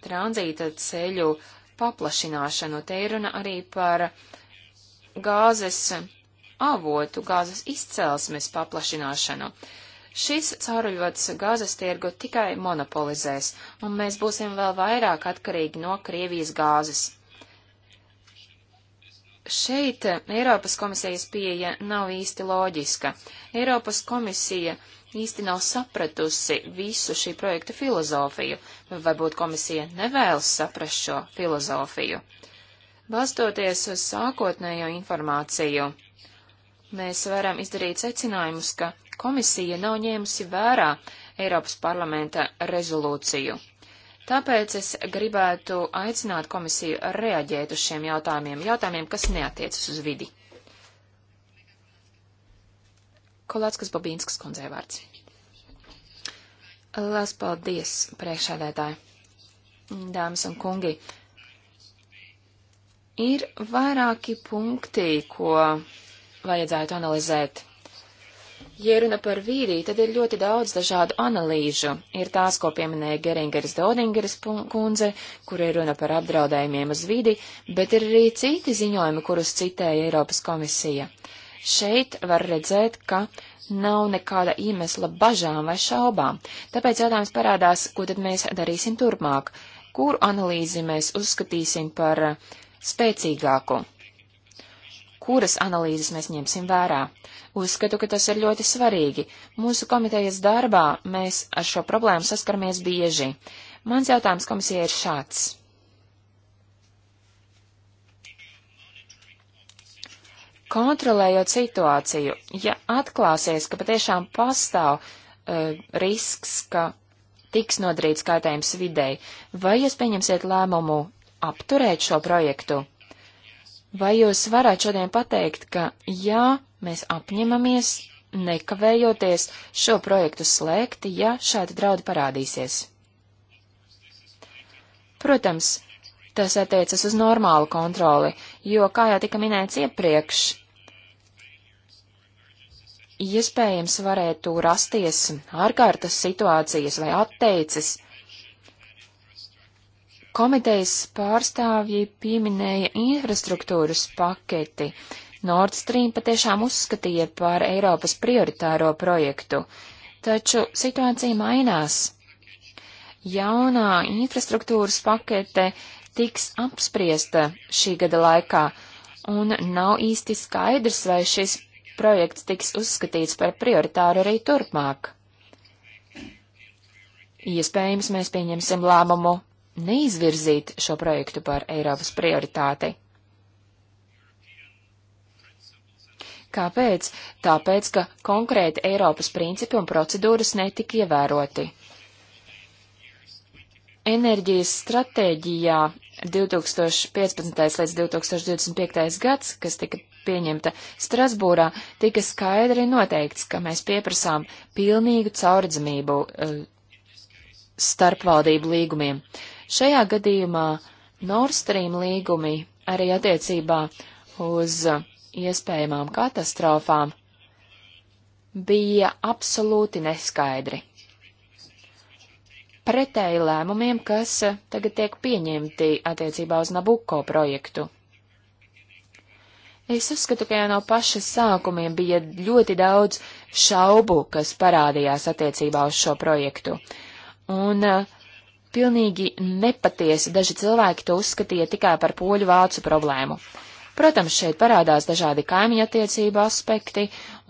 Speaker 3: tranzīta ceļu paplašināšanu, te ir runa arī par gāzes avotu, gāzes izcelsmes paplašināšanu. Šis cauruļots gāzes tirgu tikai monopolizēs, un mēs būsim vēl vairāk atkarīgi no Krievijas gāzes. Šeit Eiropas komisijas pieeja nav īsti loģiska. Eiropas komisija īsti nav sapratusi visu šī projekta filozofiju, vai varbūt komisija nevēlas saprast šo filozofiju. Balstoties uz sākotnējo informāciju, mēs varam izdarīt secinājumus, ka Komisija nav ņēmusi vērā Eiropas parlamenta rezolūciju. Tāpēc es gribētu aicināt komisiju reaģēt uz šiem jautājumiem, jautājumiem, kas neatiecas uz vidi. Kolāckas Bobīnskas kundzei vārds. Lās paldies, priekšādētāji. Dāmas un kungi, ir vairāki punkti, ko vajadzētu analizēt Ja runa par vīrī, tad ir ļoti daudz dažādu analīžu. Ir tās, ko pieminēja Geringeris Dodingeris kundze, kur ir runa par apdraudējumiem uz vidi, bet ir arī citi ziņojumi, kurus citēja Eiropas komisija. Šeit var redzēt, ka nav nekāda iemesla bažām vai šaubām, tāpēc jautājums parādās, ko tad mēs darīsim turpmāk, kuru analīzi mēs uzskatīsim par spēcīgāku kuras analīzes mēs ņemsim vērā. Uzskatu, ka tas ir ļoti svarīgi. Mūsu komitejas darbā mēs ar šo problēmu saskaramies bieži. Mans jautājums komisijai ir šāds. Kontrolējot situāciju, ja atklāsies, ka patiešām pastāv uh, risks, ka tiks nodarīts kaitējums videi, vai jūs pieņemsiet lēmumu apturēt šo projektu? Vai jūs varētu šodien pateikt, ka jā, mēs apņemamies nekavējoties šo projektu slēgt, ja šādi draudi parādīsies? Protams, tas attiecas uz normālu kontroli, jo, kā jau tika minēts iepriekš, iespējams varētu rasties ārkārtas situācijas vai atteicis, Komitejas pārstāvji pieminēja infrastruktūras paketi. Nord Stream patiešām uzskatīja par Eiropas prioritāro projektu, taču situācija mainās. Jaunā infrastruktūras pakete tiks apspriesta šī gada laikā, un nav īsti skaidrs, vai šis projekts tiks uzskatīts par prioritāru arī turpmāk. Iespējams, mēs pieņemsim lēmumu neizvirzīt šo projektu par Eiropas prioritāti. Kāpēc? Tāpēc, ka konkrēti Eiropas principi un procedūras netika ievēroti. Enerģijas stratēģijā 2015. līdz 2025. gads, kas tika pieņemta Strasbūrā, tika skaidri noteikts, ka mēs pieprasām pilnīgu caurdzamību eh, starpvaldību līgumiem. Uh, Šajā gadījumā Nord Stream līgumi arī attiecībā uz iespējamām katastrofām bija absolūti neskaidri. Pretēji lēmumiem, kas tagad tiek pieņemti attiecībā uz Nabuko projektu. Es uzskatu, ka jau no paša sākumiem bija ļoti daudz šaubu, kas parādījās attiecībā uz šo projektu. Un uh, pilnīgi nepatiesi daži cilvēki to uzskatīja tikai par poļu vācu problēmu. Protams, šeit parādās dažādi kaimiņu attiecību aspekti,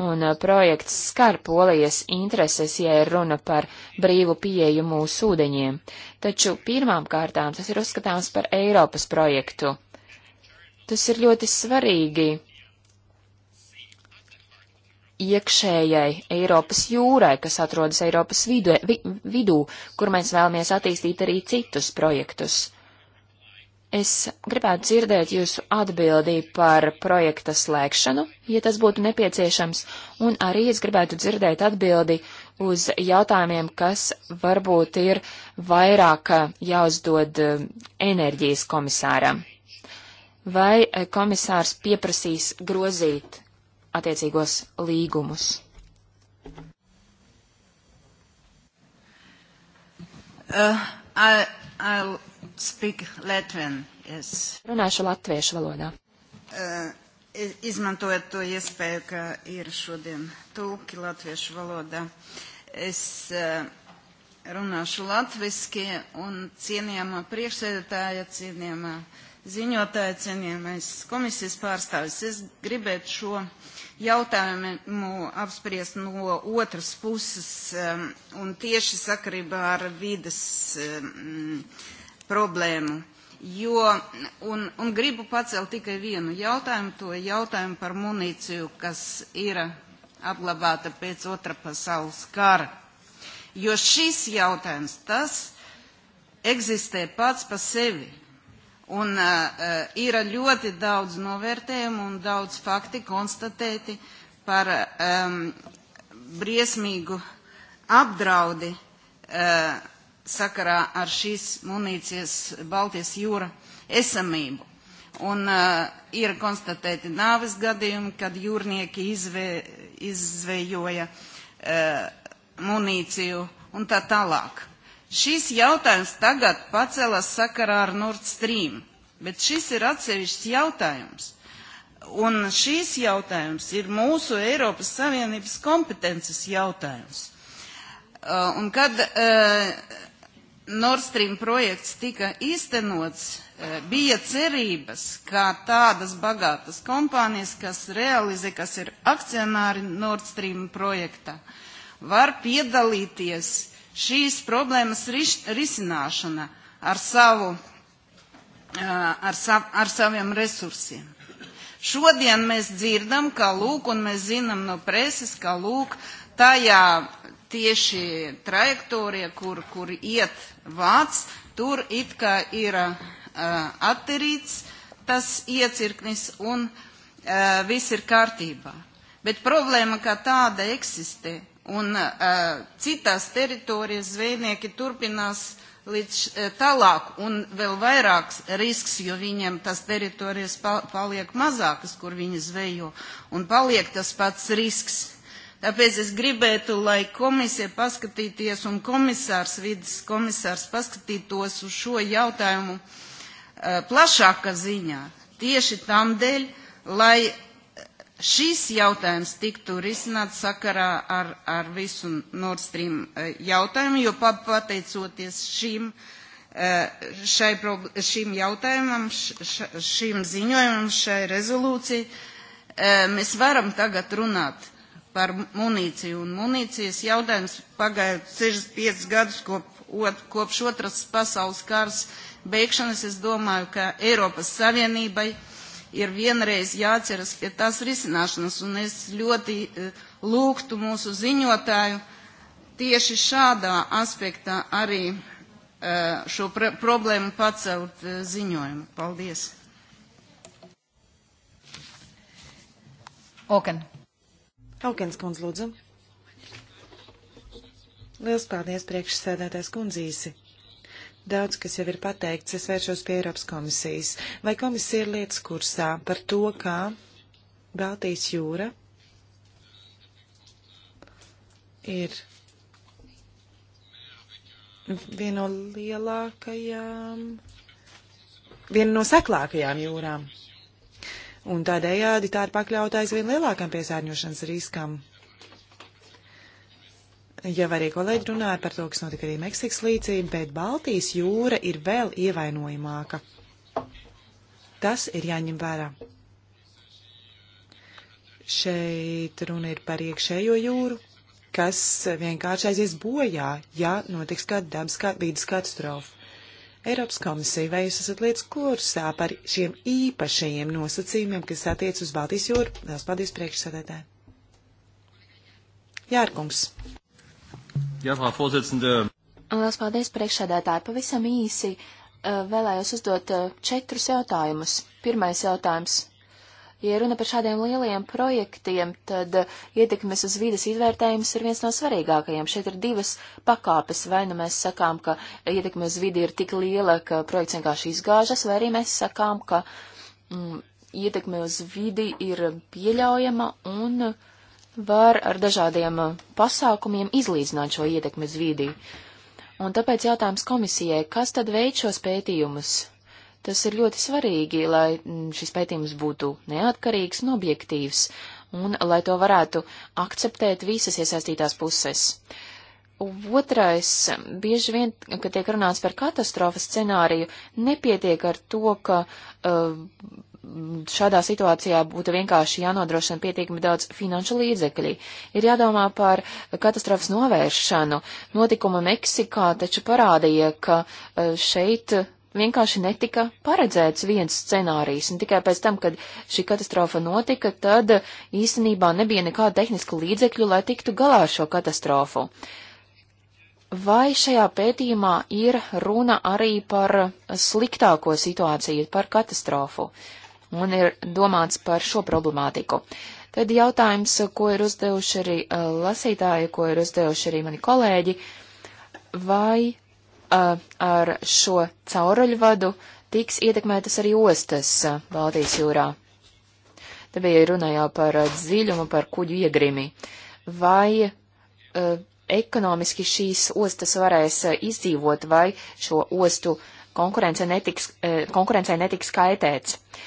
Speaker 3: un uh, projekts skar polijas intereses, ja ir runa par brīvu pieeju mūsu ūdeņiem. Taču pirmām kārtām tas ir uzskatāms par Eiropas projektu. Tas ir ļoti svarīgi iekšējai Eiropas jūrai, kas atrodas Eiropas vidu, vi, vidū, kur mēs vēlamies attīstīt arī citus projektus. Es gribētu dzirdēt jūsu atbildi par projekta slēgšanu, ja tas būtu nepieciešams, un arī es gribētu dzirdēt atbildi uz jautājumiem, kas varbūt ir vairāk jāuzdod um, enerģijas komisāram. Vai eh, komisārs pieprasīs grozīt attiecīgos līgumus.
Speaker 4: Uh, I, I'll speak Latvian, yes. Runāšu latviešu valodā. Uh, izmantojot to iespēju, ka ir šodien tulki latviešu valodā, es uh, runāšu latviski un cienījamā priekšsēdētāja, cienījamā ziņotāja, cienījamais komisijas pārstāvis. Es gribētu šo uh, jautājumu apspriest no otras puses um, un tieši sakarībā ar vidas um, problēmu. Jo, un, un gribu pacelt tikai vienu jautājumu, to jautājumu par munīciju, kas ir apglabāta pēc otra pasaules kara. Jo šis jautājums, tas eksistē pats pa sevi Un uh, uh, ir ļoti daudz novērtējumu un daudz fakti konstatēti par um, briesmīgu apdraudi uh, sakarā ar šīs munīcijas Baltijas jūra esamību. Un uh, ir konstatēti nāves gadījumi, kad jūrnieki izvē, izzvejoja uh, munīciju un tā tālāk. Šis jautājums tagad pacelas sakarā ar Nord Stream, bet šis ir atsevišķs jautājums. Un šīs jautājums ir mūsu Eiropas Savienības kompetences jautājums. Uh, un kad uh, Nord Stream projekts tika īstenots, uh, bija cerības, ka tādas bagātas kompānijas, kas realizē, kas ir akcionāri Nord Stream projekta, var piedalīties Šīs problēmas riš, risināšana ar, savu, ar, sav, ar saviem resursiem. Šodien mēs dzirdam, ka lūk, un mēs zinām no preses, ka lūk, tajā tieši trajektorija, kur, kur iet vārds, tur it kā ir uh, atterīts tas iecirknis un uh, viss ir kārtībā. Bet problēma kā tāda eksistē. Uh, un uh, citās teritorijas zvejnieki turpinās līdz uh, tālāk un vēl vairāks risks, jo viņiem tas teritorijas pa paliek mazākas, kur viņi zvejo, un paliek tas pats risks. Tāpēc es gribētu, lai komisija paskatīties un komisārs, vidas komisārs paskatītos uz šo jautājumu uh, plašāka ziņā, tieši tam dēļ, lai šīs jautājums tiktu risināts sakarā ar, ar visu Nord Stream e, jautājumu, jo pateicoties šīm, e, šai, šīm jautājumam, š, šīm ziņojumam, šai rezolūcijai, e, mēs varam tagad runāt par munīciju un munīcijas jautājums pagāja 65 gadus kop, ot, kopš otras pasaules kāras beigšanas. Es domāju, ka Eiropas Savienībai uh, ir vienreiz jāceras pie tās risināšanas, un es ļoti eh, lūgtu mūsu ziņotāju tieši šādā aspektā arī eh, šo pr problēmu pacelt eh, ziņojumu. Paldies! Oken. Aukens kundz, lūdzu.
Speaker 1: Liels paldies priekšsēdētājs kundzīsi. Daudz, kas jau ir pateikts, es vēršos pie Eiropas komisijas. Vai komisija ir lietas kursā par to, kā Baltijas jūra ir viena no lielākajām, viena no seklākajām jūrām? Un tādējādi tā ir pakļauta aizvien lielākam piesārņošanas riskam. Jau arī kolēģi runāja par to, kas notika arī Meksikas līcī, bet Baltijas jūra ir vēl ievainojamāka. Tas ir jāņem vērā. Šeit runa ir par iekšējo jūru, kas vienkārši aizies bojā, ja notiks kāda dabas kā, vidas katastrofa. Eiropas komisija, vai jūs esat lietas kursā par šiem īpašajiem nosacījumiem, kas attiec uz Baltijas jūru? Lielas paldies priekšsēdētājai.
Speaker 3: Jārkungs.
Speaker 2: Jā, Frau Vorsitzende.
Speaker 3: Lielas paldies priekšsēdētāji. Pavisam īsi eh, vēlējos uzdot eh, četrus jautājumus. Pirmais jautājums. Ja runa par šādiem lieliem projektiem, tad eh, ietekmes uz vides izvērtējums ir viens no svarīgākajiem. Šeit ir divas pakāpes. Vai nu mēs sakām, ka ietekme uz vidi ir tik liela, ka projekts vienkārši izgāžas, vai arī mēs sakām, ka mm, ietekme uz vidi ir pieļaujama un uh, var ar dažādiem uh, pasākumiem izlīdzināt šo ietekmi uz vidi. Un tāpēc jautājums komisijai, kas tad veid šos pētījumus? Tas ir ļoti svarīgi, lai mm, šis pētījums būtu neatkarīgs un objektīvs, un lai to varētu akceptēt visas iesaistītās puses. Otrais, bieži vien, kad tiek runāts par katastrofas scenāriju, nepietiek ar to, ka uh, šādā situācijā būtu vienkārši jānodrošina pietiekami daudz finanšu līdzekļi. Ir jādomā par katastrofas novēršanu. Notikuma Meksikā taču parādīja, ka e, šeit vienkārši netika paredzēts viens scenārijs, un tikai pēc tam, kad šī katastrofa notika, tad īstenībā nebija nekāda tehniska līdzekļu, lai tiktu galā ar šo katastrofu. Vai šajā pētījumā ir runa arī par sliktāko situāciju, par katastrofu? Uh, un ir domāts par šo problemātiku. Tad jautājums, ko ir uzdevuši arī lasītāji, ko ir uzdevuši arī mani kolēģi, vai ar šo cauruļvadu tiks ietekmētas arī ostas Baltijas jūrā. Te bija runa jau par dziļumu, par kuģu iegrimi. Vai uh, ekonomiski šīs ostas varēs izdzīvot, vai šo ostu konkurence netiks, uh, konkurencei netiks kaitēts? Uh,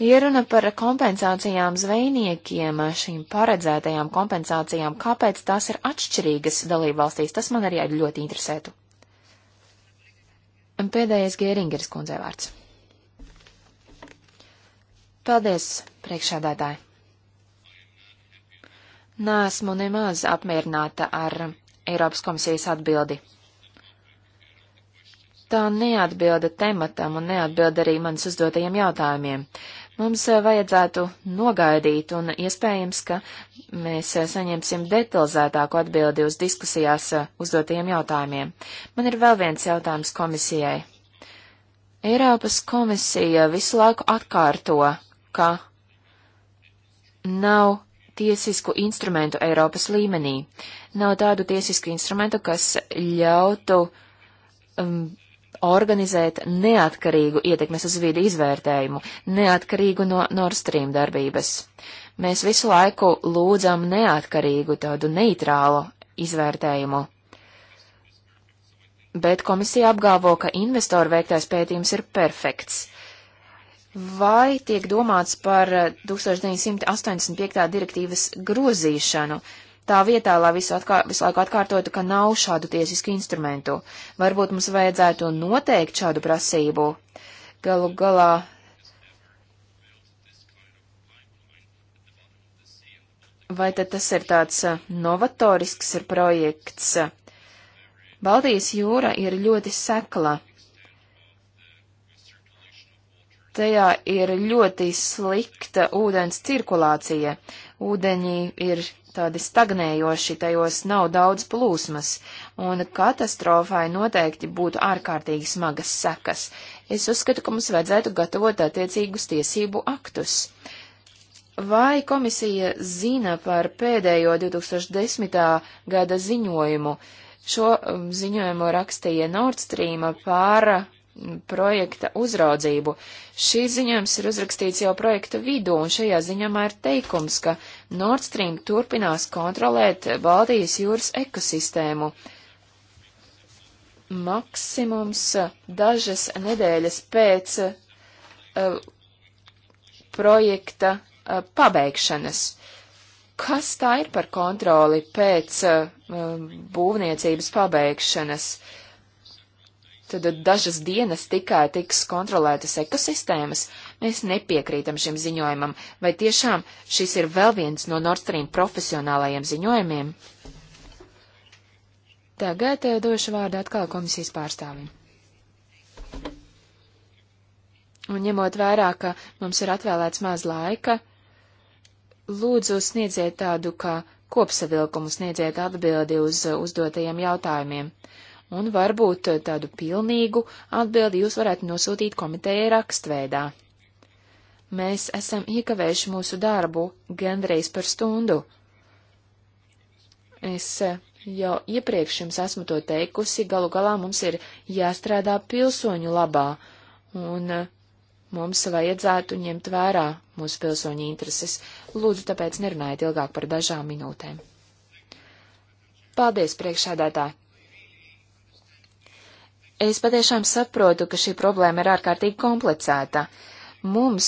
Speaker 3: Ja runa par kompensācijām zvejniekiem, šīm paredzētajām kompensācijām, kāpēc tās ir atšķirīgas dalībvalstīs, tas man arī ļoti interesētu. Pēdējais Gēringeris kundzei vārds. Paldies, priekšādātāji. Nāsmu nemaz apmierināta ar Eiropas komisijas atbildi. Tā neatbilda tematam un neatbilda arī manas uzdotajiem jautājumiem. Uh, Mums eh, vajadzētu nogaidīt, un iespējams, ka mēs eh, saņemsim detalizētāku atbildi uz diskusijās eh, uzdotajiem jautājumiem. Man ir vēl viens jautājums komisijai. Eiropas komisija visu laiku atkārto, ka nav tiesisku instrumentu Eiropas līmenī. Nav tādu tiesisku instrumentu, kas ļautu um, organizēt neatkarīgu ietekmes uz vidi izvērtējumu, neatkarīgu no Nord Stream darbības. Mēs visu laiku lūdzam neatkarīgu tādu neitrālu izvērtējumu. Bet komisija apgalvo, ka investoru veiktais pētījums ir perfekts. Vai tiek domāts par 1985. direktīvas grozīšanu? Uh, tā vietā, lai visu, atkār, visu laiku atkārtotu, ka nav šādu tiesisku instrumentu. Varbūt mums vajadzētu noteikt šādu prasību. Galu galā vai tad tas ir tāds uh, novatorisks ir projekts? Baltijas jūra ir ļoti sekla. Tajā ir ļoti slikta ūdens cirkulācija. Ūdeņi ir tādi stagnējoši, tajos nav daudz plūsmas, un katastrofai noteikti būtu ārkārtīgi smagas sekas. Es uzskatu, ka mums vajadzētu gatavot attiecīgus tiesību aktus. Vai komisija zina par pēdējo 2010. gada ziņojumu? Šo um, ziņojumu rakstīja Nord Stream par projekta uzraudzību. Šīs ziņojums ir uzrakstīts jau projekta vidū, un šajā ziņojumā ir teikums, ka Nord Stream turpinās kontrolēt Baltijas jūras ekosistēmu. Maksimums eh, dažas nedēļas pēc uh, projekta uh, pabeigšanas. Kas tā ir par kontroli pēc uh, būvniecības pabeigšanas? Uh, tad dažas dienas tikai tiks kontrolētas ekosistēmas, mēs nepiekrītam šim ziņojumam, vai tiešām šis ir vēl viens no Nord Stream profesionālajiem ziņojumiem. Tagad eh, došu vārdu atkal komisijas pārstāvim. Un ņemot vērā, ka mums ir atvēlēts maz laika, lūdzu sniedziet tādu kā kopsavilkumu, sniedziet atbildi uz eh, uzdotajiem jautājumiem. Uh, un varbūt eh, tādu pilnīgu atbildi jūs varētu nosūtīt komitejai rakstveidā. Mēs esam iekavējuši mūsu darbu gandrīz par stundu. Es eh, jau iepriekš jums esmu to teikusi, galu galā mums ir jāstrādā pilsoņu labā, un eh, mums vajadzētu ņemt vērā mūsu pilsoņu intereses. Lūdzu, tāpēc nerunājiet ilgāk par dažām minūtēm. Paldies, priekšādātāji! Es patiešām saprotu, ka šī problēma ir ārkārtīgi komplicēta. Mums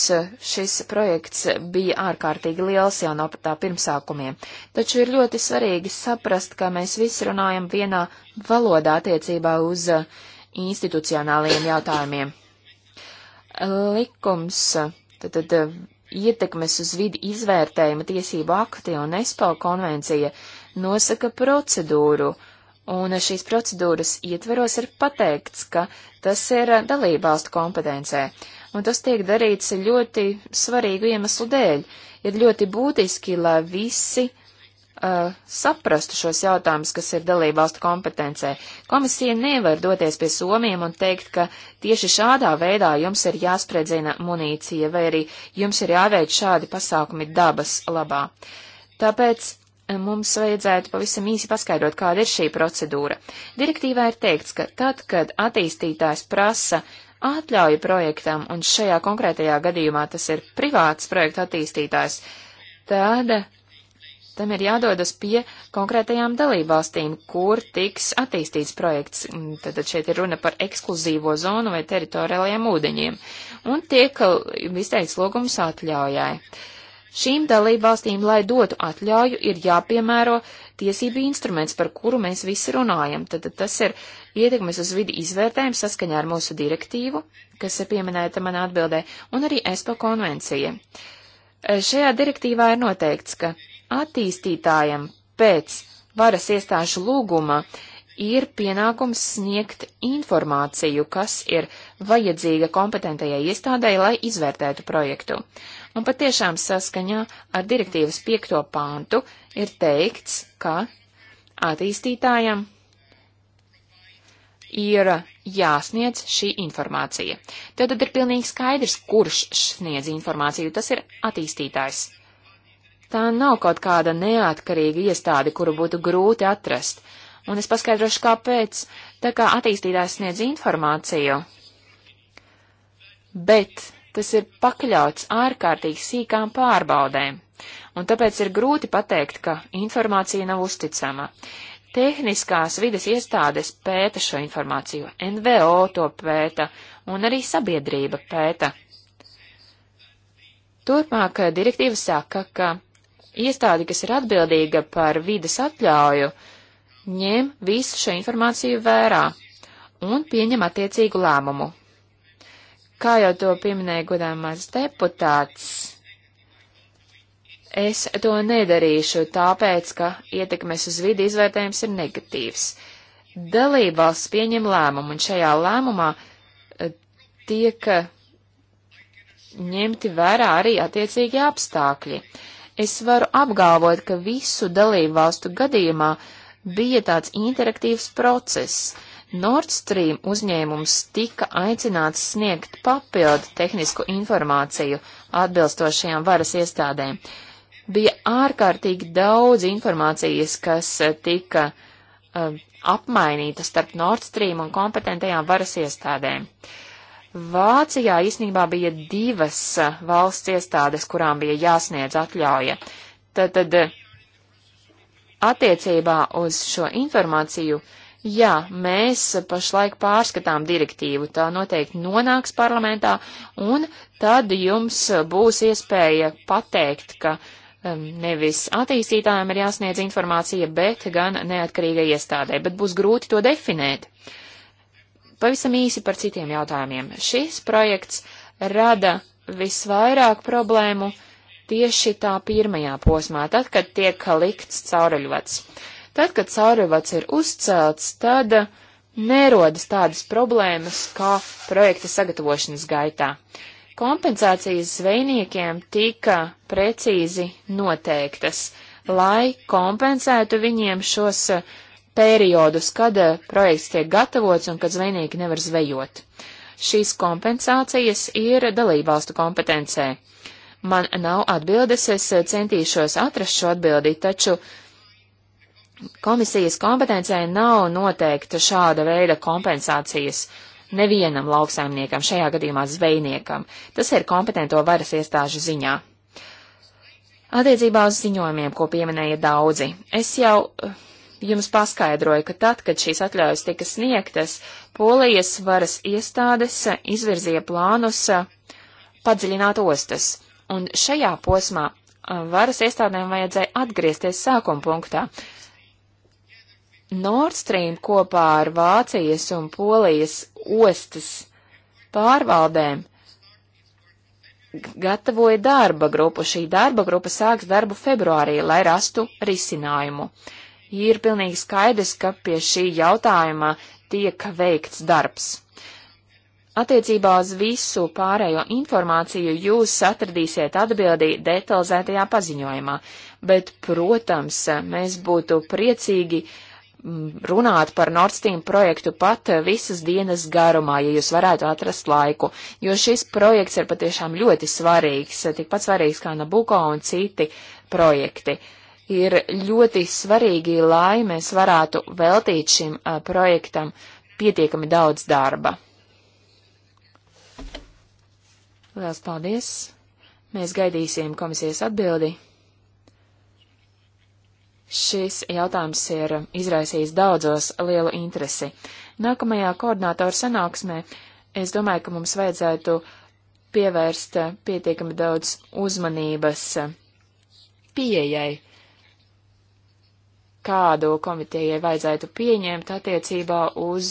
Speaker 3: šis projekts bija ārkārtīgi liels jau no tā pirmsākumiem, taču ir ļoti svarīgi saprast, ka mēs visi runājam vienā valodā attiecībā uz institucionālajiem jautājumiem. Likums, tad, tad ietekmes uz vidi izvērtējuma tiesību akti un ESPO konvencija nosaka procedūru, uh, Un šīs procedūras ietveros ir pateikts, ka tas ir eh, dalībvalstu kompetencē, un tas tiek darīts ļoti svarīgu iemeslu dēļ. Ir ļoti būtiski, lai visi uh, saprastu šos jautājumus, kas ir dalībvalstu kompetencē. Komisija nevar doties pie Somiem un teikt, ka tieši šādā veidā jums ir jāspriedzina munīcija vai arī jums ir jāveic šādi pasākumi dabas labā. Tāpēc mums vajadzētu pavisam īsi paskaidrot, kāda ir šī procedūra. Direktīvā ir teikts, ka tad, kad attīstītājs prasa atļauju projektam, un šajā konkrētajā gadījumā tas ir privāts projekta attīstītājs, tad tam ir jādodas pie konkrētajām dalībvalstīm, kur tiks attīstīts projekts. Tad šeit ir runa par ekskluzīvo zonu vai teritoriālajiem ūdeņiem. Un tiek izteikts lūgums atļaujai. Uh, Šīm dalībvalstīm, lai dotu atļauju, ir jāpiemēro tiesību instruments, par kuru mēs visi runājam. Tad tas ir ietekmes uz vidi izvērtējums saskaņā ar mūsu direktīvu, kas ir pieminēta manā atbildē, un arī ESPO konvencija. E, šajā direktīvā ir noteikts, ka attīstītājam pēc varas iestāžu lūguma ir pienākums sniegt informāciju, kas ir vajadzīga kompetentajai iestādēji, lai izvērtētu projektu. Un patiešām saskaņā ar direktīvas piekto pāntu ir teikts, ka attīstītājam ir jāsniedz šī informācija. Tad, tad ir pilnīgi skaidrs, kurš sniedz informāciju. Tas ir attīstītājs. Tā nav kaut kāda neatkarīga iestāde, kuru būtu grūti atrast. Un es paskaidrošu, kāpēc. Tā kā attīstītājs sniedz informāciju, bet tas ir pakļauts ārkārtīgi sīkām pārbaudēm, un tāpēc ir grūti pateikt, ka informācija nav uzticama. Tehniskās vides iestādes pēta šo informāciju, NVO to pēta, un arī sabiedrība pēta. Turpmāk eh, direktīva saka, ka iestādi, kas ir atbildīga par vides atļauju, ņem visu šo informāciju vērā un pieņem attiecīgu lēmumu. Kā jau to pieminēja godāmās deputāts, es to nedarīšu tāpēc, ka ietekmes uz vidi izvērtējums ir negatīvs. Dalībvalsts pieņem lēmumu, un šajā lēmumā eh, tiek eh, ņemti vērā arī attiecīgi apstākļi. Es varu apgalvot, ka visu dalībvalstu gadījumā bija tāds interaktīvs process. Nord Stream uzņēmums tika aicināts sniegt papildu tehnisku informāciju atbilstošajām varas iestādēm. Bija ārkārtīgi daudz informācijas, kas eh, tika uh, apmainīta starp Nord Stream un kompetentajām varas iestādēm. Vācijā īsnībā bija divas eh, valsts iestādes, kurām bija jāsniedz atļauja. Tad, tad attiecībā uz šo informāciju uh, Jā, mēs pašlaik pārskatām direktīvu, tā noteikti nonāks parlamentā, un tad jums būs iespēja pateikt, ka um, nevis attīstītājiem ir jāsniedz informācija, bet gan neatkarīgai iestādē, bet būs grūti to definēt. Pavisam īsi par citiem jautājumiem. Šis projekts rada visvairāk problēmu tieši tā pirmajā posmā, tad, kad tiek likts caureļvats. Uh, Tad, kad caurvats ir uzcelts, tad uh, nerodas tādas problēmas kā projekta sagatavošanas gaitā. Kompensācijas zvejniekiem tika precīzi noteiktas, lai kompensētu viņiem šos uh, periodus, kad uh, projekts tiek gatavots un kad zvejnieki nevar zvejot šīs kompensācijas ir dalībvalstu kompetencē. Man nav atbildes, es centīšos atrast šo atbildi, taču Komisijas kompetencē nav noteikta šāda veida kompensācijas nevienam lauksaimniekam, šajā gadījumā zvejniekam. Tas ir kompetento varas iestāžu ziņā. Attiecībā uz ziņojumiem, ko pieminēja daudzi, es jau eh, jums paskaidroju, ka tad, kad šīs atļaujas tika sniegtas, polijas varas iestādes izvirzīja plānus eh, padziļināt ostas, un šajā posmā eh, varas iestādēm vajadzēja atgriezties sākuma punktā, Nord Stream kopā ar Vācijas un Polijas ostas pārvaldēm gatavoja darba grupu. Šī darba grupa sāks darbu februārī, lai rastu risinājumu. Ir pilnīgi skaidrs, ka pie šī jautājuma tiek veikts darbs. Attiecībā uz visu pārējo informāciju jūs atradīsiet atbildi detalizētajā paziņojumā, bet, protams, mēs būtu priecīgi, runāt par Nord Stream projektu pat visas dienas garumā, ja jūs varētu atrast laiku, jo šis projekts ir patiešām ļoti svarīgs, tikpat svarīgs kā Nabuko un citi projekti. Ir ļoti svarīgi, lai mēs varētu veltīt šim a, projektam pietiekami daudz darba. Lielas paldies! Mēs gaidīsim komisijas atbildi. Šis jautājums ir izraisījis daudzos lielu interesi. Nākamajā koordinātoru sanāksmē es domāju, ka mums vajadzētu pievērst pietiekami daudz uzmanības pieejai, kādu komitejai vajadzētu pieņemt attiecībā uz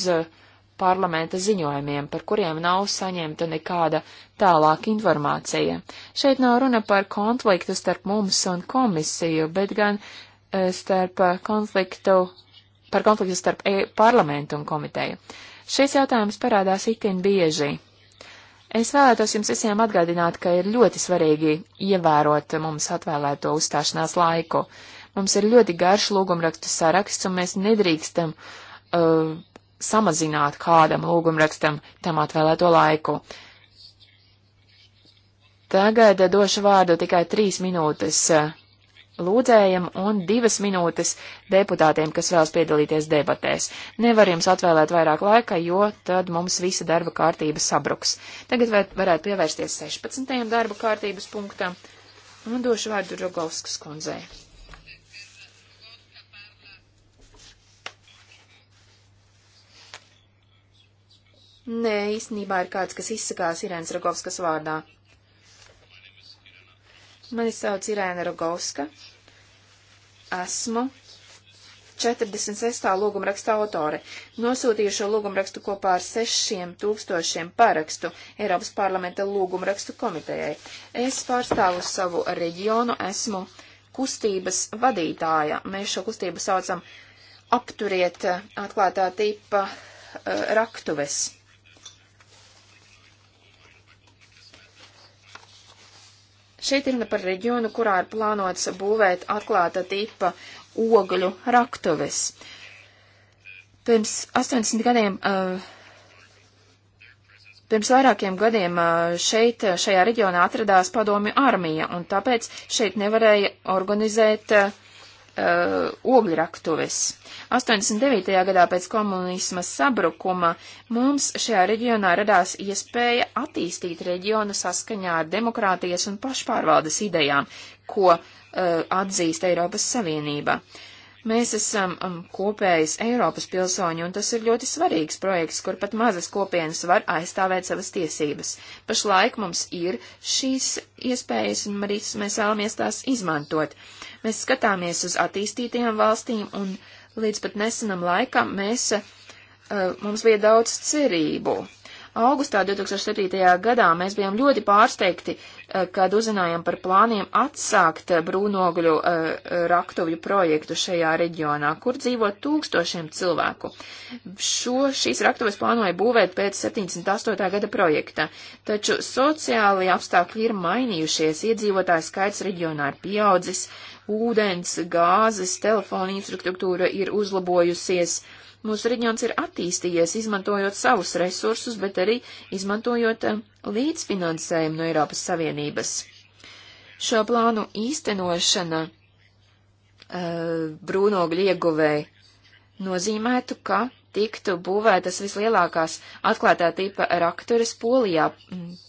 Speaker 3: parlamenta ziņojumiem, par kuriem nav saņemta nekāda tālāka informācija. Šeit nav runa par konfliktu starp mums un komisiju, bet gan starp eh, konfliktu, par konfliktu starp e parlamentu un komiteju. Šis jautājums parādās itin bieži. Es vēlētos jums visiem atgādināt, ka ir ļoti svarīgi ievērot mums atvēlēto uzstāšanās laiku. Mums ir ļoti garš lūgumrakstu saraksts, un mēs nedrīkstam uh, samazināt kādam lūgumrakstam tam atvēlēto laiku. Tagad eh, došu vārdu tikai trīs minūtes uh, lūdzējam un divas minūtes deputātiem, kas vēlas piedalīties debatēs. Nevar jums atvēlēt vairāk laika, jo tad mums visa darba kārtība sabruks. Tagad varētu pievērsties 16. darba kārtības punktam un došu vārdu Rogovskas kundzei. Nē, īstenībā ir kāds, kas izsakās Irēnas Rogovskas vārdā. Mani sauc Irēna Rogovska. Esmu 46. lūgumraksta autore. Nosūtīju šo lūgumrakstu kopā ar 6000 parakstu Eiropas parlamenta lūgumrakstu komitejai. Es pārstāvu savu reģionu, esmu kustības vadītāja. Mēs šo kustību saucam apturiet atklātā tipa uh, raktuves. Šeit ir ne par reģionu, kurā ir plānots būvēt atklāta tipa ogļu raktuves. Pirms 80 gadiem uh, Pirms vairākiem gadiem eh, šeit, eh, šajā reģionā atradās padomju armija, un tāpēc šeit nevarēja organizēt uh, uh, ogļraktuves. 89. gadā pēc komunisma sabrukuma mums šajā reģionā radās iespēja attīstīt reģionu saskaņā ar demokrātijas un pašpārvaldes idejām, ko uh, atzīst Eiropas Savienība. Uh, Mēs esam um, kopējas Eiropas pilsoņi, un tas ir ļoti svarīgs projekts, kur pat mazas kopienas var aizstāvēt savas tiesības. Pašlaik mums ir šīs iespējas, un arī mēs vēlamies tās izmantot. Mēs skatāmies uz attīstītajām valstīm, un līdz pat nesenam laikam mēs, uh, mums bija daudz cerību. Augustā 2007. gadā mēs bijām ļoti pārsteigti Eh, kad uzzinājām par plāniem atsākt eh, brūnogļu eh, raktuvju projektu šajā reģionā, kur dzīvo tūkstošiem cilvēku. Šo šīs raktuves plānoja būvēt pēc 78. gada projekta, taču sociālie apstākļi ir mainījušies, iedzīvotāju skaits reģionā ir pieaudzis, ūdens, gāzes, telefona infrastruktūra ir uzlabojusies Mūsu reģions ir attīstījies, izmantojot savus resursus, bet arī izmantojot eh, līdzfinansējumu no Eiropas Savienības. Šo plānu īstenošana eh, brūnogļu ieguvēji nozīmētu, ka tiktu būvētas vislielākās atklātā tipa rakturis Polijā,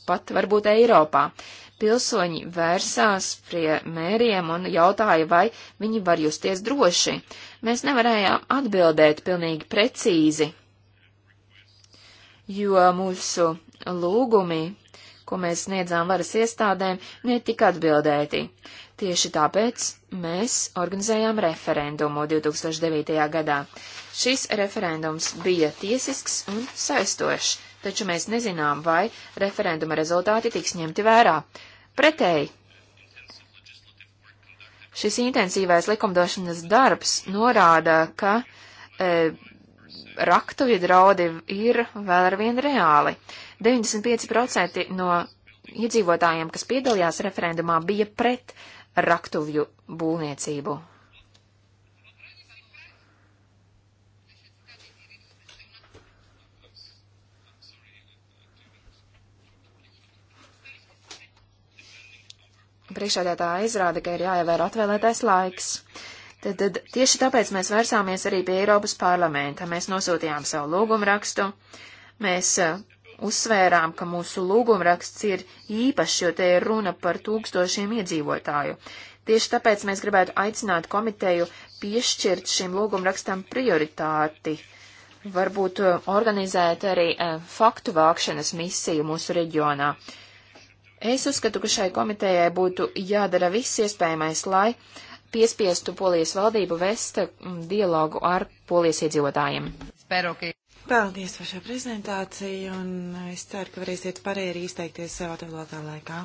Speaker 3: pat varbūt Eiropā. Uh, pilsoņi vērsās pie mēriem un jautāja, vai viņi var justies droši. Mēs nevarējām atbildēt pilnīgi precīzi, jo mūsu lūgumi, ko mēs sniedzām varas iestādēm, netika atbildēti. Tieši tāpēc mēs organizējām referendumu 2009. gadā. Šis referendums bija tiesisks un saistošs, taču mēs nezinām, vai referenduma rezultāti tiks ņemti vērā. Pretēji, šis intensīvais likumdošanas darbs norāda, ka e, raktuvi draudi ir vēl ar vienu reāli. 95% no iedzīvotājiem, kas piedalījās referendumā, bija pret raktuvju būvniecību priekšādētāja izrāda, ka ir jāievēr atvēlētais laiks. Tad, tad tieši tāpēc mēs vērsāmies arī pie Eiropas parlamenta. Mēs nosūtījām savu lūgumrakstu, mēs uh, uzsvērām, ka mūsu lūgumraksts ir īpašs, jo te ir runa par tūkstošiem iedzīvotāju. Tieši tāpēc mēs gribētu aicināt komiteju piešķirt šim lūgumrakstam prioritāti, varbūt eh, organizēt arī uh, faktu vākšanas misiju mūsu reģionā. Uh, Es uzskatu, ka šai komitejai būtu jādara viss iespējamais, lai piespiestu polijas valdību vest mm, dialogu ar polijas iedzīvotājiem.
Speaker 1: Spēru, ka... Paldies par šo prezentāciju, un es ceru, ka varēsiet pareizi izteikties sev atvēlētā laikā.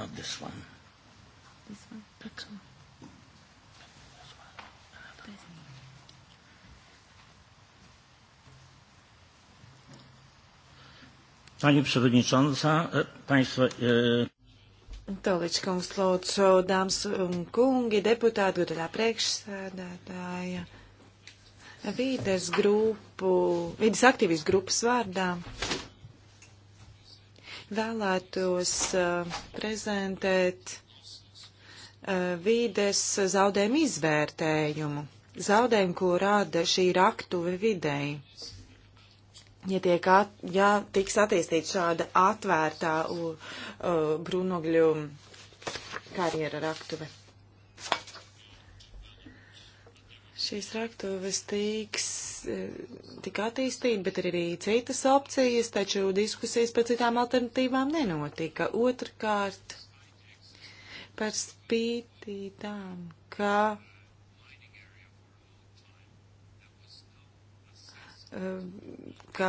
Speaker 4: Not this one. This one. That's one.
Speaker 2: Pani Przewodnicząca, e, Państwo. E...
Speaker 4: Toliņš kungs
Speaker 1: lūdzu, dāmas un kungi, deputāti, gudrā priekšsēdētāja, vīdes grupu, vīdes aktīvis grupas vārdā. Vēlētos uh, prezentēt uh, vīdes zaudējumu izvērtējumu, zaudējumu, ko rada šī raktuve videi ja, tiek at, ja tiks attīstīta šāda atvērtā uh, brūnogļu karjera raktuve. Šīs raktuves tiks e, tik attīstīt, bet ir arī citas opcijas, taču diskusijas par citām alternatīvām nenotika. Otrkārt, par spītī tām, ka ka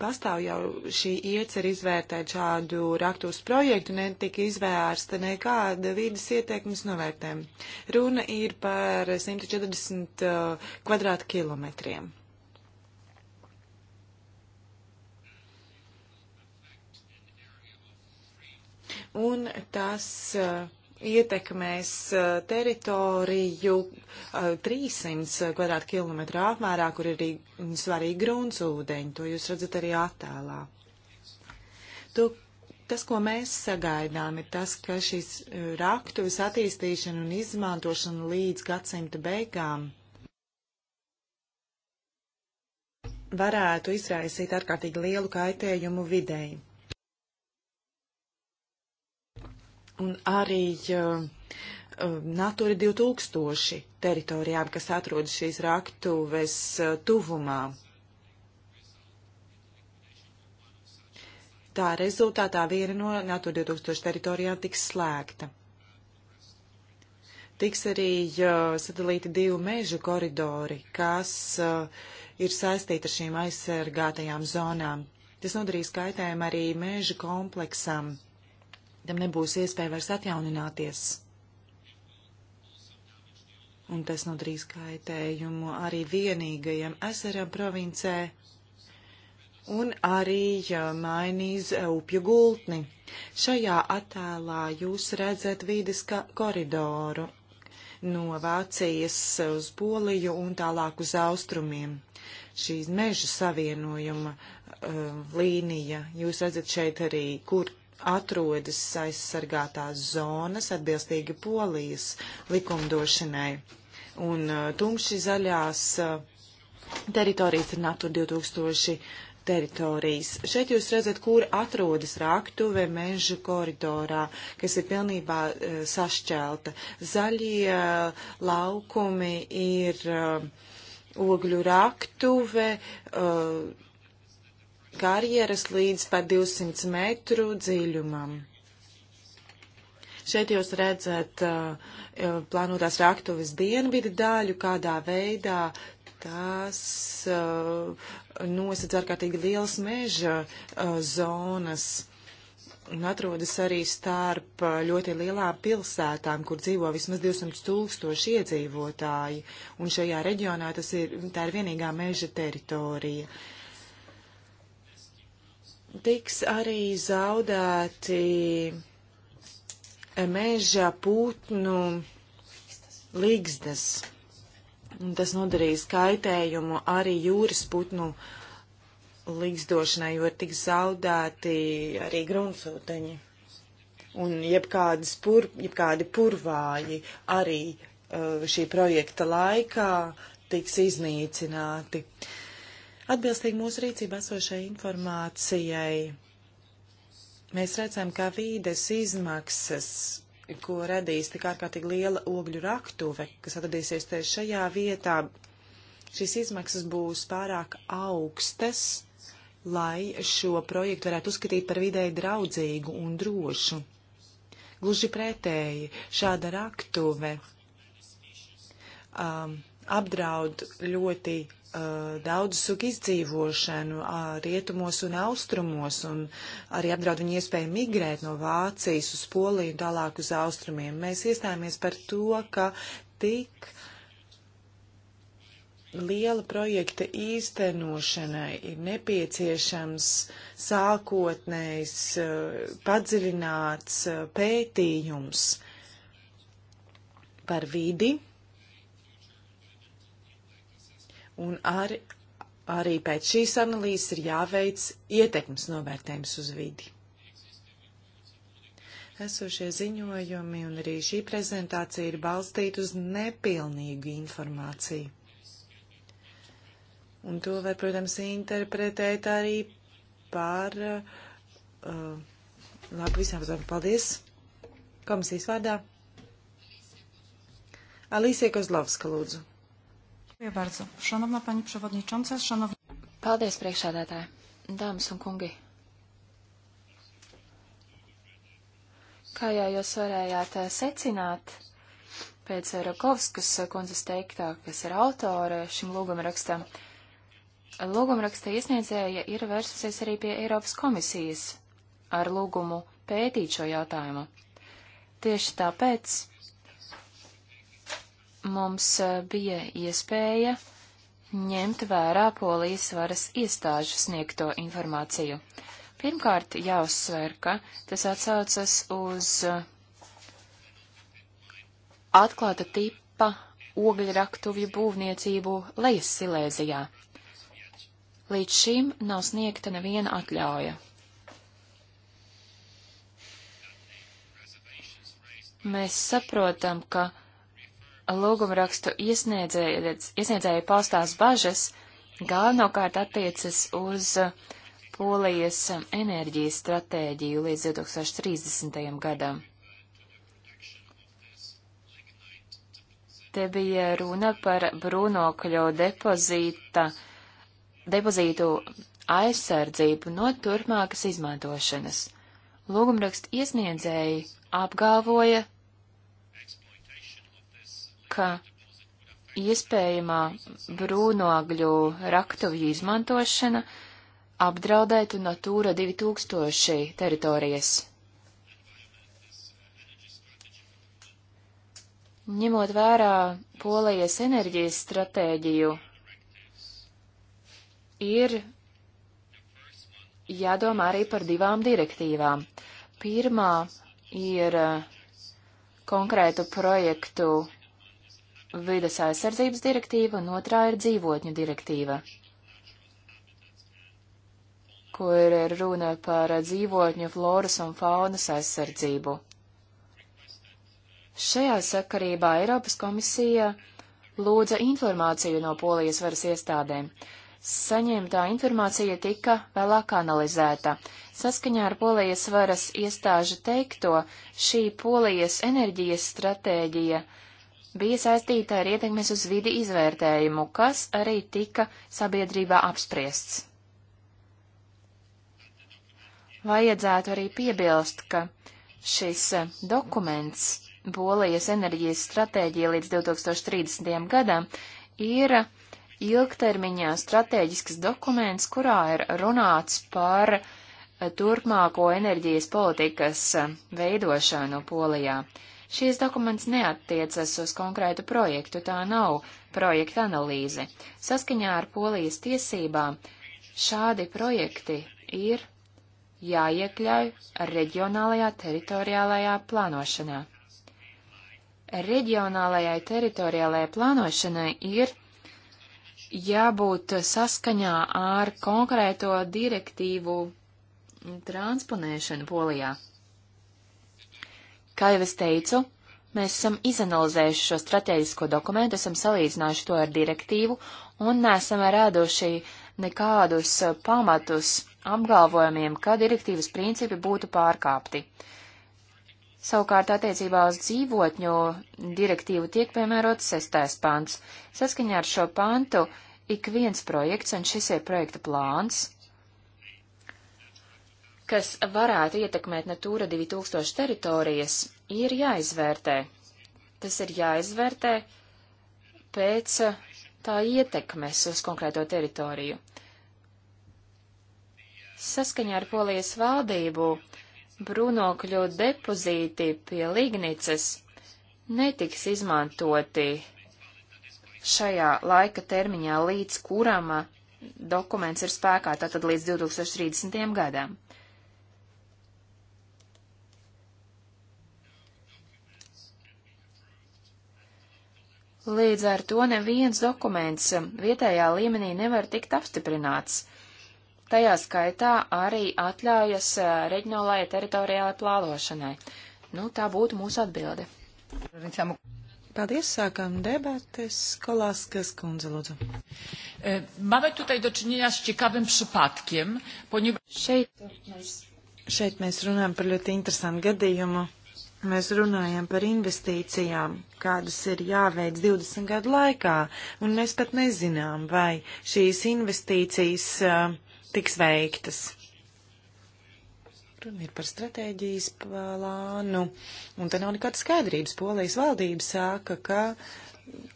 Speaker 1: pastāv jau šī iecer izvērtēt šādu raktūras projektu, netika izvērsta nekāda vīdes ieteikums novērtēm. Runa ir par 140 uh, kvadrātkilometriem. Un tas uh, ietekmēs uh, teritoriju 300 uh, uh, kvadrātkilometru apmērā, kur ir arī svarīgi grunts ūdeņi. To jūs redzat arī attēlā. To, tas, ko mēs sagaidām, ir tas, ka šīs raktuves attīstīšana un izmantošana līdz gadsimta beigām varētu izraisīt ārkārtīgi lielu kaitējumu videi. un arī uh, Natūra 2000 teritorijām, kas atrodas šīs raktuves uh, tuvumā. Tā rezultātā viena no Natūra 2000 teritorijām tiks slēgta. Tiks arī uh, sadalīti divi mežu koridori, kas uh, ir saistīti ar šīm aizsargātajām zonām. Tas nodarīs kaitējumu arī meža kompleksam tam nebūs iespēja vairs atjaunināties. Un tas nodarīs kaitējumu arī vienīgajam eseram provincē un arī mainīs e, upju gultni. Šajā attēlā jūs redzat vīdes koridoru no Vācijas uz Poliju un tālāk uz austrumiem. Šī meža savienojuma uh, līnija, jūs redzat šeit arī, kur atrodas aizsargātās zonas atbilstīgi polijas likumdošanai. Un uh, tumši zaļās uh, teritorijas ir Natura 2000 teritorijas. Šeit jūs redzat, kur atrodas raktuve meža koridorā, kas ir pilnībā uh, sašķelta. Zaļie uh, laukumi ir uh, ogļu raktuve. Uh, karjeras līdz pat 200 metru dziļumam. Šeit jūs redzat uh, uh plānotās raktuves dienvidu daļu, kādā veidā tās uh, nosedz ārkārtīgi liels meža uh, zonas un atrodas arī starp uh, ļoti lielām pilsētām, kur dzīvo vismaz 200 tūkstoši iedzīvotāji, un šajā reģionā tas ir, tā ir vienīgā meža teritorija. Uh, tiks arī zaudēti meža putnu līgzdas. Tas nodarīs kaitējumu arī jūras putnu līgzdošanai, jo tiks zaudēti arī gruntsūteņi. Un jebkādas pur, jebkādi purvāji arī uh, šī projekta laikā tiks iznīcināti. Uh, Atbilstīgi mūsu rīcībā esošai informācijai, mēs redzam, ka vīdes izmaksas, ko radīs tik ārkārtīgi liela ogļu raktuve, kas atradīsies tieši šajā vietā, šīs izmaksas būs pārāk augstas, lai šo projektu varētu uzskatīt par vidēji draudzīgu un drošu. Gluži pretēji, šāda raktuve um, apdraud ļoti uh, daudzu sugu izdzīvošanu uh, rietumos un austrumos, un arī apdraud viņu iespēju migrēt no Vācijas uz Poliju un tālāk uz austrumiem. Mēs iestājāmies par to, ka tik liela projekta īstenošanai ir nepieciešams sākotnējs, uh, padziļināts uh, pētījums par vidi Un ar, arī pēc šīs analīzes ir jāveic ietekmes novērtējums uz vidi. Esošie ziņojumi un arī šī prezentācija ir balstīta uz nepilnīgu informāciju. Un to var, protams, interpretēt arī par uh, labu visām uzvaru. Paldies! Komisijas vārdā. Alīsija Kozlovska, lūdzu.
Speaker 3: Paldies, priekšādātāji, dāmas un kungi. Kā jau jūs varējāt eh, secināt, pēc Rakovskas eh, kundzes teiktā, kas ir autore šim lūgumrakstam, lūgumraksta iesniedzēja ir vērsusies arī pie Eiropas komisijas ar lūgumu pētīt šo jautājumu. Tieši tāpēc mums e, bija iespēja ņemt vērā polijas varas iestāžu sniegto informāciju. Pirmkārt, jāuzsver, ka tas atsaucas uz e, atklāta tipa ogļraktuvju būvniecību lejas Silēzijā. Līdz šim nav sniegta neviena atļauja. Mēs saprotam, ka lūgumrakstu iesniedzēji, iesniedzēji paustās bažas galvenokārt attiecas uz Polijas enerģijas stratēģiju līdz 2030. gadam. Te bija runa par brūnokļu depozīta, depozītu aizsardzību no turpmākas izmantošanas. Lūgumrakst iesniedzēji apgalvoja, ka iespējamā brūnogļu raktuvju izmantošana apdraudētu Natūra 2000 teritorijas. Ņemot vērā polijas enerģijas stratēģiju, ir jādomā arī par divām direktīvām. Pirmā ir uh, konkrētu projektu vides aizsardzības direktīva, un otrā ir dzīvotņu direktīva, kur ir runa par dzīvotņu floras un faunas aizsardzību. Šajā sakarībā Eiropas komisija lūdza informāciju no polijas varas iestādēm. Saņemtā informācija tika vēlāk analizēta. Saskaņā ar polijas varas iestāžu teikto, šī polijas enerģijas stratēģija uh, bija saistīta ar ietekmes uz vidi izvērtējumu, kas arī tika sabiedrībā apspriests. Vajadzētu arī piebilst, ka šis eh, dokuments Polijas enerģijas stratēģija līdz 2030. gadam ir ilgtermiņā stratēģisks dokuments, kurā ir runāts par eh, turpmāko enerģijas politikas eh, veidošanu Polijā. Šīs dokuments neattiecas uz konkrētu projektu, tā nav projekta analīze. Saskaņā ar polijas tiesībām šādi projekti ir jāiekļauj reģionālajā teritoriālajā plānošanā. Reģionālajai teritoriālajai plānošanai ir jābūt saskaņā ar konkrēto direktīvu transponēšanu polijā. Kā jau es teicu, mēs esam izanalizējuši šo strateģisko dokumentu, esam salīdzinājuši to ar direktīvu un neesam rāduši nekādus pamatus apgalvojumiem, ka direktīvas principi būtu pārkāpti. Savukārt attiecībā uz dzīvotņu direktīvu tiek piemērots sestais pants. Saskaņā ar šo pantu ik viens projekts, un šis ir projekta plāns, kas varētu ietekmēt Natūra 2000 teritorijas, ir jāizvērtē. Tas ir jāizvērtē pēc tā ietekmes uz konkrēto teritoriju. Saskaņā ar polijas valdību brūnokļu depozīti pie Lignices netiks izmantoti šajā laika termiņā, līdz kuram dokuments ir spēkā, tātad līdz 2030. gadam. Līdz ar to neviens dokuments um, vietējā līmenī nevar tikt apstiprināts. Tajā skaitā arī atļaujas uh, reģionālajai teritoriālai plānošanai. Nu, tā būtu mūsu atbilde.
Speaker 1: Paldies, sākam debates. Kolāskas kundze, lūdzu.
Speaker 3: E, mamy tutaj do czynienia z ciekawym przypadkiem, ponieważ... Šeit mēs, šeit mēs
Speaker 1: runājam par ļoti interesantu gadījumu. Mēs runājam par investīcijām, kādas ir jāveic 20 gadu laikā, un mēs pat nezinām, vai šīs investīcijas uh, tiks veiktas. Runa ir par stratēģijas plānu, un te nav nekāda skaidrības. Polijas valdība sāka, ka,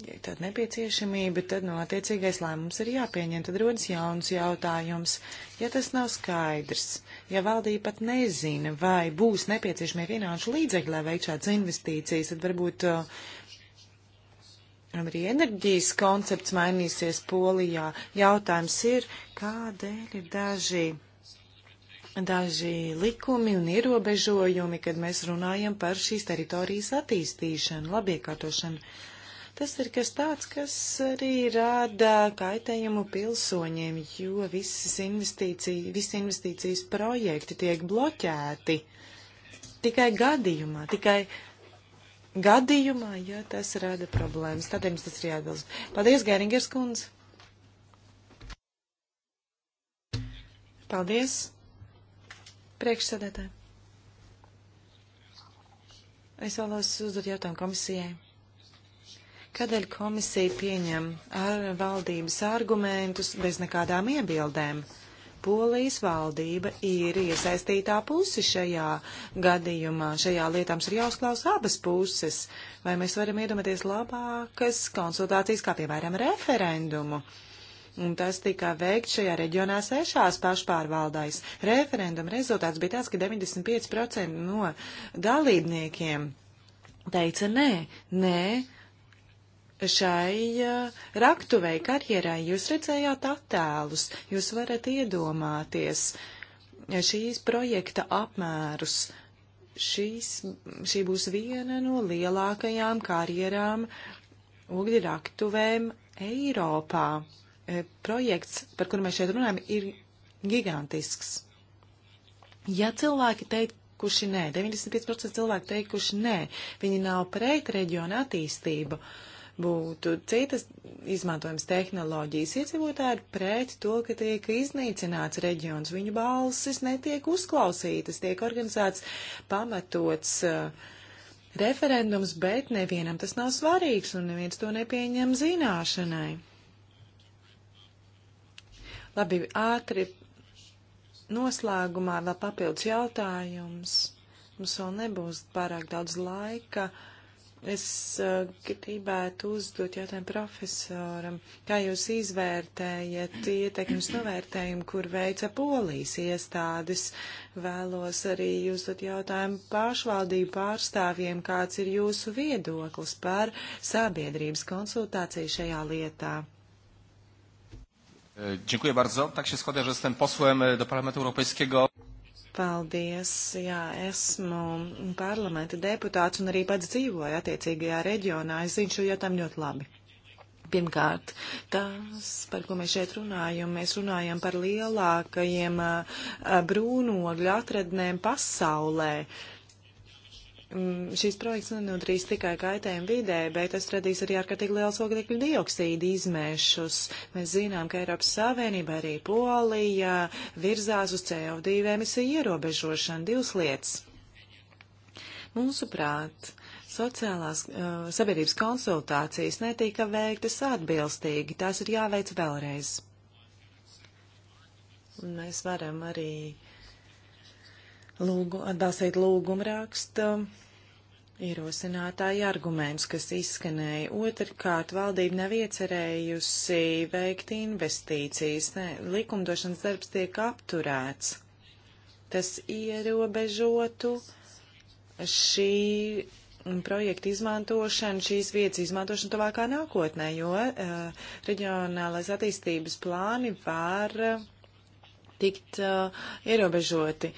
Speaker 1: ja tāda nepieciešamība, tad no nu, attiecīgais lēmums ir jāpieņem, tad rodas jauns jautājums, ja tas nav skaidrs. Uh, Ja valdība pat nezina, vai būs nepieciešamie finanšu līdzekļi, lai veiktu šādas investīcijas, tad varbūt uh, arī enerģijas koncepts mainīsies Polijā. Jautājums ir, kādēļ ir daži daži likumi un ierobežojumi, kad mēs runājam par šīs teritorijas attīstīšanu, labiekārtošanu. Tas ir kas tāds, kas arī rāda kaitējumu pilsoņiem, jo visas investīcija, visi investīcijas projekti tiek bloķēti tikai gadījumā, tikai gadījumā, ja tas rada problēmas. Tādēļ mums tas ir jāatbilst. Paldies, Gēringers kundze! Paldies, priekšsēdētāji! Es vēlos uzdot jautājumu komisijai. Kādēļ komisija pieņem ar valdības argumentus bez nekādām iebildēm? Polijas valdība ir iesaistītā pusi šajā gadījumā. Šajā lietā mums ir jāuzklaus abas puses. Vai mēs varam iedomāties labākas konsultācijas, kā piemēram referendumu? Un tas tika veikts šajā reģionā sešās pašpārvaldājas. Referenduma rezultāts bija tāds, ka 95% no dalībniekiem teica nē, nē šai uh, raktuvei karjerai. Jūs redzējāt attēlus, jūs varat iedomāties šīs projekta apmērus. Šīs, šī būs viena no lielākajām karjerām ogļu raktuvēm Eiropā. E, projekts, par kuru mēs šeit runājam, ir gigantisks. Ja cilvēki teikt, teikuši nē, 95% cilvēku teikuši nē, viņi nav pret reģionu attīstību. Uh, būtu citas izmantojums tehnoloģijas. Iedzīvotāji ir pret to, ka tiek iznīcināts reģions, viņu balsis netiek uzklausītas, tiek organizēts pamatots uh, referendums, bet nevienam tas nav svarīgs un neviens to nepieņem zināšanai. Labi, ātri noslēgumā vēl papildus jautājums. Mums vēl nebūs pārāk daudz laika. Uh, Es uh, gribētu uzdot jautājumu profesoram, kā jūs izvērtējat ietekmes novērtējumu, kur veica polijas iestādes. Vēlos arī jūs dot jautājumu pašvaldību pārstāvjiem, kāds ir jūsu viedoklis par sabiedrības konsultāciju šajā lietā.
Speaker 2: Dziękuję bardzo. Tak się składa, że jestem posłem e, do Parlamentu Europejskiego.
Speaker 1: Paldies, jā, esmu parlamenta deputāts un arī pats dzīvoju attiecīgajā reģionā. Es zinu šo jautājumu ļoti labi. Pirmkārt, tas, par ko mēs šeit runājam, mēs runājam par lielākajiem brūnogļu atradnēm pasaulē. Uh, Mm, šīs projekts nenodarīs tikai kaitējumu vidē, bet tas radīs arī ārkārtīgi liels oglekļu dioksīdu izmēšus. Mēs zinām, ka Eiropas Savienība arī Polija virzās uz CO2 emisiju ierobežošanu divas lietas. Mūsuprāt, sociālās uh, sabiedrības konsultācijas netika veiktas atbilstīgi, tās ir jāveic vēlreiz. Un mēs varam arī lūgu, atbalstīt lūgumu rakstu ierosinātāji arguments, kas izskanēja. Otrkārt, valdība nav iecerējusi veikt investīcijas, ne, likumdošanas darbs tiek apturēts. Tas ierobežotu šī projekta izmantošanu, šīs vietas izmantošanu tuvākā nākotnē, jo uh, reģionālais attīstības plāni var uh, tikt uh, ierobežoti.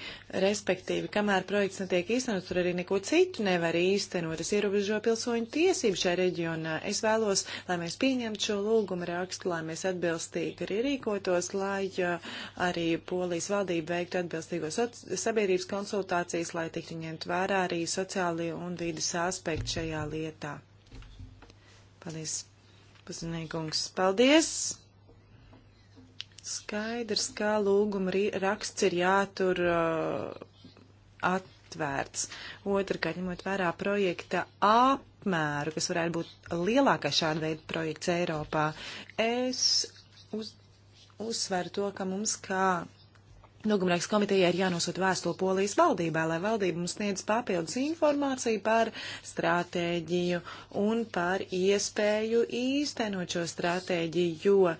Speaker 1: Respektīvi, kamēr projekts netiek īstenots, tur arī neko citu nevar īstenot. Tas ierobežo pilsoņu tiesību šajā reģionā. Es vēlos, lai mēs pieņemtu šo lūgumu rakstu, lai mēs atbilstīgi arī rīkotos, lai uh, arī polijas valdība veiktu atbilstīgos sabiedrības konsultācijas, lai tiktu ņemt vērā arī sociālie un vīdes aspekti šajā lietā. Paldies, pusinīgums. Paldies! Skaidrs, kā lūguma raksts ir jātur uh, atvērts. Otrakārt, ņemot vērā projekta apmēru, kas varētu būt lielākais šāda veida projekts Eiropā, es uz, uzsveru to, ka mums kā Nogumrēks komiteja ir jānosūt vēstuli Polijas valdībā, lai valdība mums sniedz papildus informāciju par stratēģiju un par iespēju īstenot šo stratēģiju, jo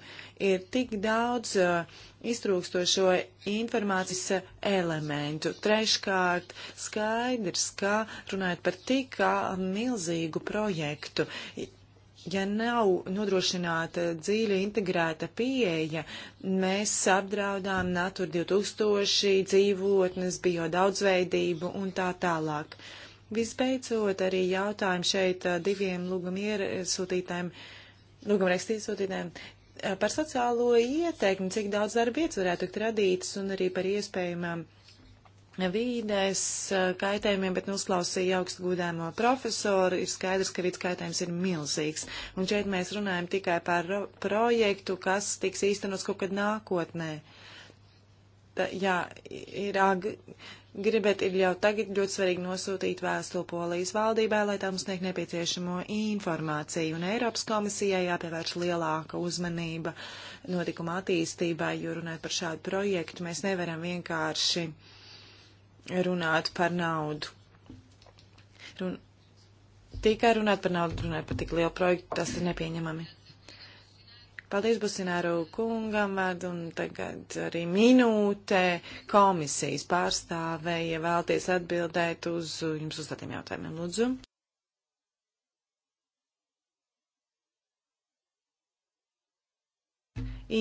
Speaker 1: ir tik daudz uh, iztrūkstošo informācijas uh, elementu. Treškārt, skaidrs, ka runājot par tik uh, milzīgu projektu, ja nav nodrošināta dziļa integrēta pieeja, mēs apdraudām Natura 2000, dzīvotnes, biodaudzveidību un tā tālāk. Visbeidzot, arī jautājumu šeit diviem lūgumiesūtītājiem, lūgumrakstiesūtītājiem par sociālo ieteikumu, cik daudz darba vietas varētu tikt radītas un arī par iespējamām vīdēs eh, kaitējumiem, bet nu uzklausīja augstu gudāmo profesoru, ir skaidrs, ka vidas kaitējums ir milzīgs. Un šeit mēs runājam tikai par projektu, kas tiks īstenots kaut kad nākotnē. Tā, jā, ir agri, gribēt ir jau tagad ļoti svarīgi nosūtīt vēstuli Polijas valdībai, lai tā mums sniegt nepieciešamo informāciju. Un Eiropas komisijai jāpievērš lielāka uzmanība notikuma attīstībai, jo runāt par šādu projektu mēs nevaram vienkārši uh, runāt par naudu. Run Tikai runāt par naudu, runāt par tik lielu projektu, tas ir nepieņemami. Paldies Busināru kungam, un tagad arī minūte komisijas pārstāvēja ja vēlties atbildēt uz jums uzdotiem jautājumiem. Lūdzu.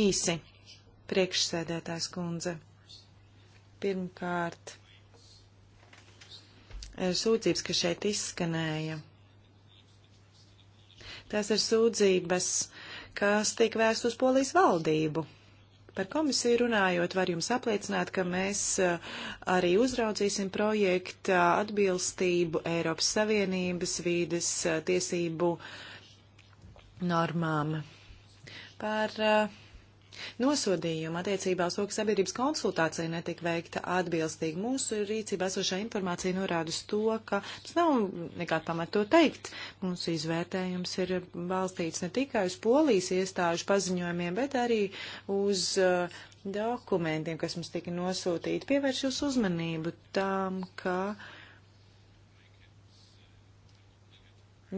Speaker 1: Īsi, priekšsēdētājs kundze. Pirmkārt Eh, sūdzības, kas šeit izskanēja. Tās ir sūdzības, kas tiek vērst uz polijas valdību. Par komisiju runājot, var jums apliecināt, ka mēs eh, arī uzraudzīsim projekta atbilstību Eiropas Savienības vīdes eh, tiesību normām. Par uh, Nosodījuma attiecībā uz to, ka sabiedrības konsultācija netika veikta atbilstīgi. Mūsu rīcībā esošā informācija norāda uz to, ka tas nav nekāda pamata to teikt. Mūsu izvērtējums ir balstīts ne tikai uz polijas iestāžu paziņojumiem, bet arī uz uh, dokumentiem, kas mums tika nosūtīti. Pievērš jūs uzmanību tam, ka.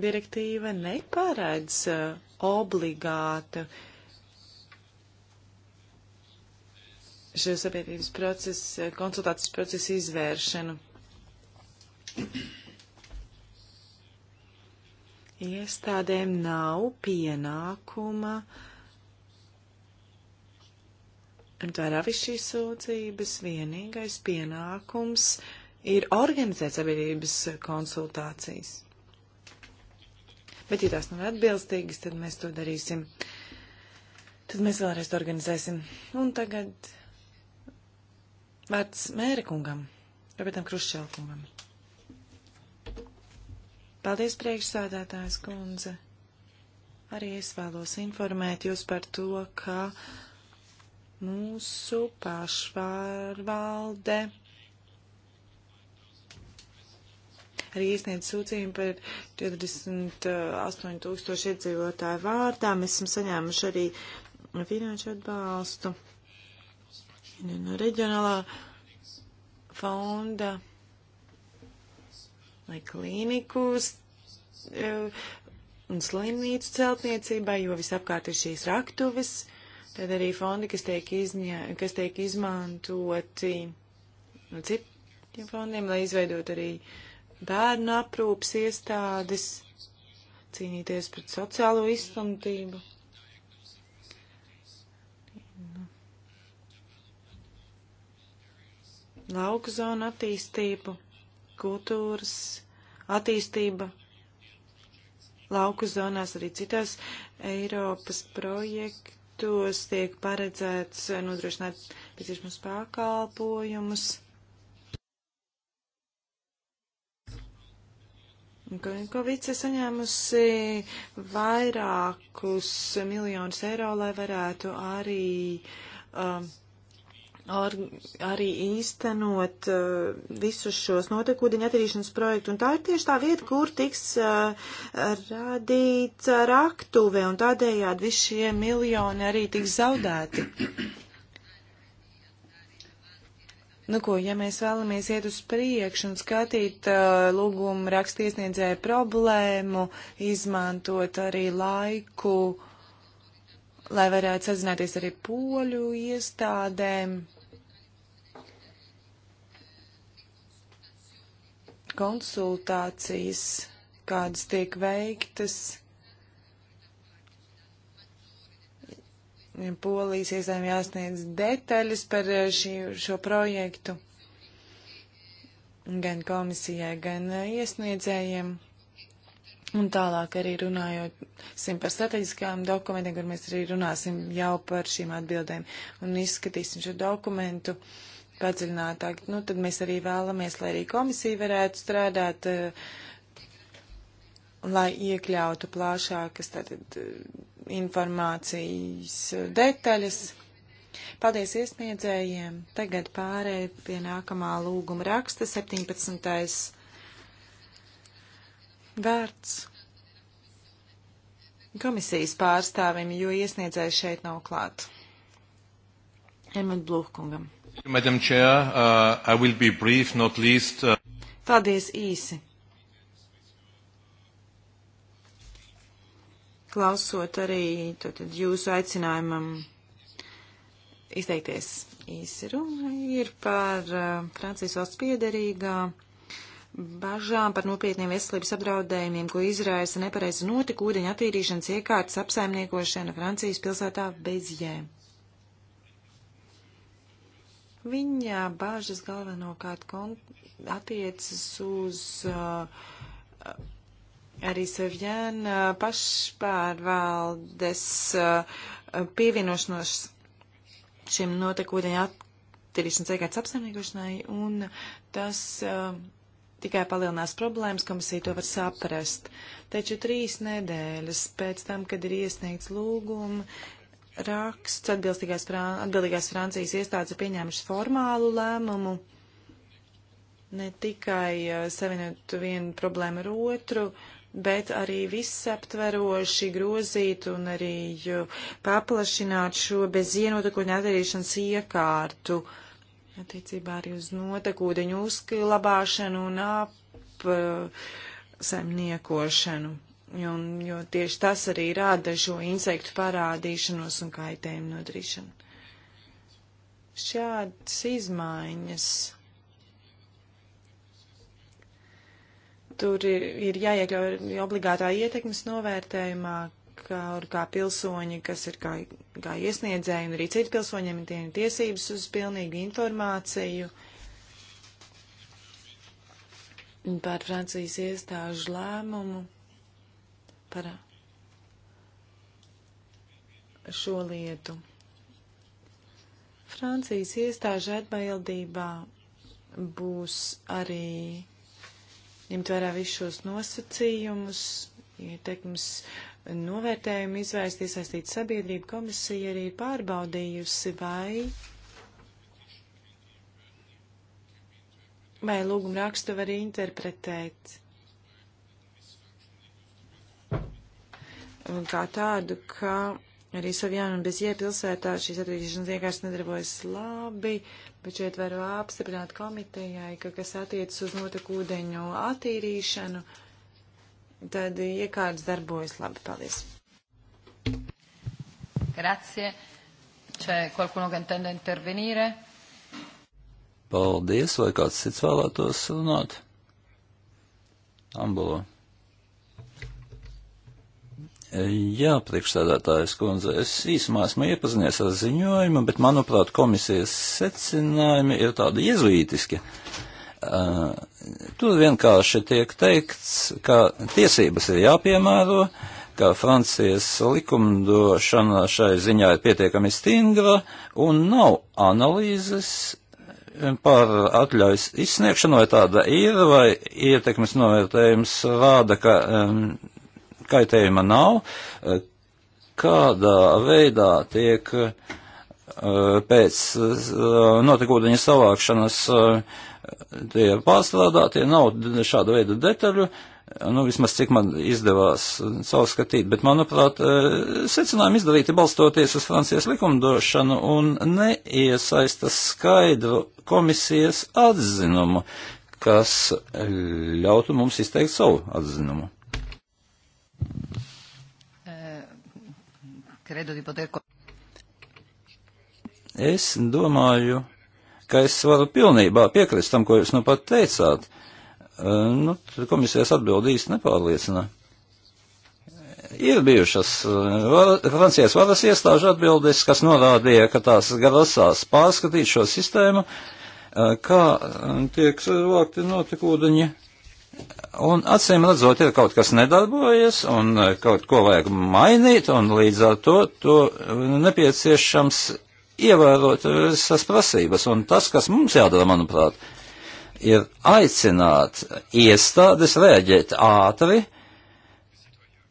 Speaker 1: direktīva neparedz uh, obligātu šo sabiedrības procesu, eh, konsultācijas procesu izvēršanu. Iestādēm nav pienākuma ņemt vērā visu šīs sūdzības. Vienīgais pienākums ir organizēt sabiedrības konsultācijas. Bet, ja tās nav atbilstīgas, tad mēs to darīsim. Tad mēs vēlreiz to organizēsim. Un tagad Vārds mēri kungam, Robertam Kruščelkungam. Paldies, priekšsādātājs kundze. Arī es vēlos informēt jūs par to, ka mūsu pašvārvalde arī iesniedz sūdzību par 48 tūkstoši iedzīvotāju vārdā. Mēs esam saņēmuši arī finanšu atbalstu no reģionālā fonda, lai klīnikus e, un slimnīcu celtniecībai, jo visapkārt ir šīs raktuves, tad arī fondi, kas tiek, izņa, kas tiek izmantoti no citiem fondiem, lai izveidot arī bērnu aprūpas iestādes, cīnīties pret sociālo izstumtību. lauku zonu attīstību, kultūras attīstība lauku zonās, arī citās Eiropas projektos tiek paredzēts eh, nodrošināt nepieciešamus pakalpojumus. Kovice saņēmusi vairākus miljonus eiro, lai varētu arī um, uh, ar, arī īstenot uh, visus šos notekūdeņu attīrīšanas projektu. Un tā ir tieši tā vieta, kur tiks uh, radīts raktuve, un tādējādi visi šie miljoni arī tiks zaudēti. Nu ko, ja mēs vēlamies iet uz priekšu un skatīt uh, lūgumu rakstiesniedzēju problēmu, izmantot arī laiku, lai varētu sazināties arī poļu iestādēm, konsultācijas, kādas tiek veiktas Polijas iestādēm jāsniedz detaļas par eh, šī, šo projektu gan komisijai, gan eh, iesniedzējiem. Un tālāk arī runājot par strateģiskām dokumentiem, kur mēs arī runāsim jau par šīm atbildēm un izskatīsim šo dokumentu. Uh, padziļinātāk. Nu, tad mēs arī vēlamies, lai arī komisija varētu strādāt, eh, lai iekļautu plašākas tātad, eh, informācijas detaļas. Paldies iesniedzējiem. Tagad pārēj pie nākamā lūguma raksta 17. vērts komisijas pārstāvim, jo iesniedzējs šeit nav klāt. Emmet Blūhkungam.
Speaker 4: Madam Chair, uh, I will be brief, not least. Uh...
Speaker 1: Paldies īsi. Klausot arī tātad, jūsu aicinājumam izteikties īsi runa ir par uh, Francijas valsts piederīgā bažām par nopietniem veselības apdraudējumiem, ko izraisa nepareizi notika ūdeņa attīrīšanas iekārtas apsaimniekošana Francijas pilsētā bez jēm. Viņa bāžas galvenokārt attiecas uz uh, arī Sevjana uh, pašpārvaldes uh, pievienošanos šiem notekūdeņa attīrīšanas iekārtas apsaimniekošanai, un tas uh, tikai palielinās problēmas, komisija to var saprast. Taču trīs nedēļas pēc tam, kad ir iesniegts lūgums, raksts. Fran atbildīgās Francijas iestādes ir pieņēmušas formālu lēmumu. Ne tikai uh, savienot vienu problēmu ar otru, bet arī visaptveroši grozīt un arī eh, paplašināt šo bezvienotakoņa atdarīšanas iekārtu attiecībā arī uz notekūdeņu uzklabāšanu un apsaimniekošanu. Eh, uh, un, jo tieši tas arī rāda šo insektu parādīšanos un kaitējumu nodarīšanu. Šādas izmaiņas. Tur ir, ir jāiekļauj obligātā ietekmes novērtējumā, kā, kā pilsoņi, kas ir kā, kā iesniedzēji, un arī citi pilsoņiem ir tie tiesības uz pilnīgu informāciju par Francijas iestāžu lēmumu par šo lietu. Francijas iestāžu atbildībā būs arī ņemt vērā visus šos nosacījumus, ietekmes novērtējumu izvērst, iesaistīt sabiedrību. Komisija arī ir pārbaudījusi, vai, vai lūgumu rakstu var interpretēt kā tādu, ka arī Savjāna un Bezie pilsētā šīs attīstīšanas vienkārši nedarbojas labi, bet šeit varu apstiprināt komitejai, ka kas attiecas uz notekūdeņu attīrīšanu, tad
Speaker 4: iekārtas darbojas labi. Paldies! Grazie. C'è qualcuno che intende intervenire?
Speaker 2: Paldies, vai kāds cits vēlētos runāt? Ambulo. Jā, priekšstādātājs kundze, es īsumā esmu iepazinies ar ziņojumu, bet, manuprāt, komisijas secinājumi ir tādi jezuītiski. Uh, tur vienkārši tiek teikts, ka tiesības ir jāpiemēro, ka Francijas likumdošana šai ziņā ir pietiekami stingra un nav analīzes par atļaujas izsniegšanu, vai tāda ir, vai ietekmes novērtējums rāda, ka um, kaitējuma nav, e, kādā veidā tiek e, pēc e, notekūdeņa savākšanas tie pārstrādātie, nav šāda veida detaļu, nu, vismaz cik man izdevās savskatīt, bet, manuprāt, secinājumi izdarīti balstoties uz Francijas likumdošanu un neiesaista skaidru komisijas atzinumu, kas ļautu mums izteikt savu atzinumu. Es domāju, ka es varu pilnībā piekrist tam, ko jūs nu pat teicāt. E, nu, komisijas atbildīs nepārliecina. Ir bijušas e, var, Francijas varas iestāžu atbildes, kas norādīja, ka tās grasās pārskatīt šo sistēmu, e, kā tiek savākti notikūdeņi Un acīm redzot, ir kaut kas nedarbojas un eh, kaut ko vajag mainīt, un līdz ar to, to nepieciešams ievērot eh, visas prasības. Un tas, kas mums jādara, manuprāt, ir aicināt iestādes rēģēt ātri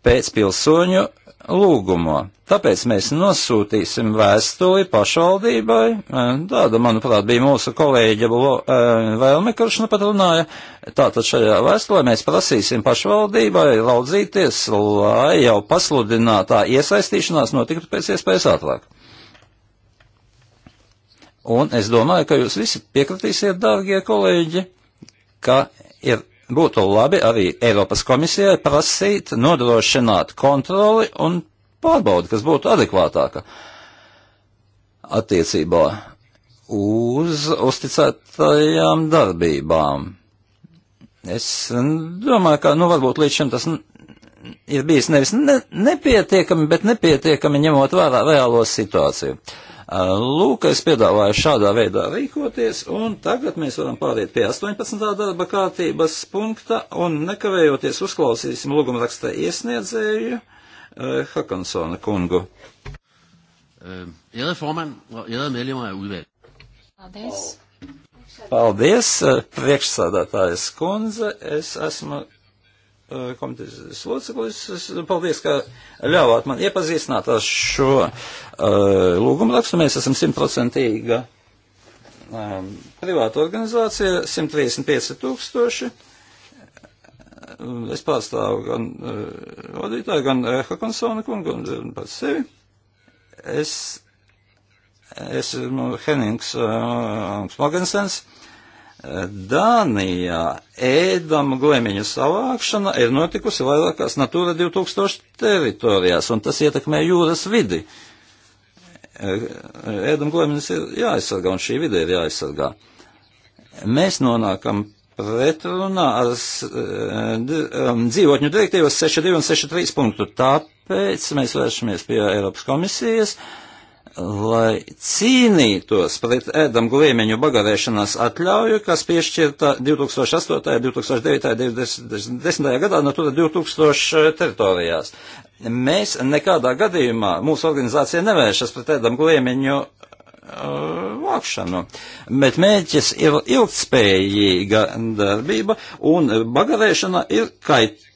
Speaker 2: pēc pilsoņu lūgumo. Tāpēc mēs nosūtīsim vēstuli pašvaldībai, e, tāda, manuprāt, bija mūsu kolēģa e, vēlme, kurš nu pat runāja. Tātad šajā vēstulē mēs prasīsim pašvaldībai raudzīties, lai jau pasludinātā iesaistīšanās notiktu pēc iespējas ātrāk. Un es domāju, ka jūs visi piekritīsiet, dārgie kolēģi, ka ir būtu labi arī Eiropas komisijai prasīt nodrošināt kontroli un pārbaudi, kas būtu adekvātāka attiecībā uz uzticētajām darbībām. Es domāju, ka, nu, varbūt līdz šim tas ir bijis nevis ne, nepietiekami, bet nepietiekami ņemot vērā reālo situāciju. Uh, Eh, lūk, es piedāvāju šādā veidā rīkoties, un tagad mēs varam pāriet pie 18. darba kārtības punkta, un nekavējoties uzklausīsim lūgumraksta iesniedzēju eh, Hakansona kungu. Eh, ærede formand og ærede medlemmer af udvalget. Paldies. Paldies, priekšsādātājas kundze. Es esmu Eh, komitejas loceklis. Paldies, ka ļāvāt man iepazīstināt ar šo uh, lūgumu rakstu. Mēs esam simtprocentīga um, privāta organizācija, 135 tūkstoši. Es pārstāvu gan uh, vadītāju, gan uh, Hakonsona kungu, gan pats sevi. Es esmu Hennings uh, Smogensens. Uh, Dānijā ēdama glēmiņu savākšana ir notikusi vairākās Natūra 2000 teritorijās, un tas ietekmē jūras vidi. Ēdama glēmiņas ir jāaizsargā, un šī vide ir jāaizsargā. Mēs nonākam pretrunā ar um, dzīvotņu direktīvas 62 un 63 punktu, tāpēc mēs vēršamies pie Eiropas komisijas. Uh, lai cīnītos pret ēdamu gliemeņu bagarēšanās atļauju, kas piešķirta 2008., 2009., 2010. gadā no tur 2000 eh, teritorijās. Mēs nekādā gadījumā, mūsu organizācija nevēršas pret ēdamu gliemeņu eh, vākšanu, bet mērķis ir ilgspējīga darbība un bagarēšana ir kait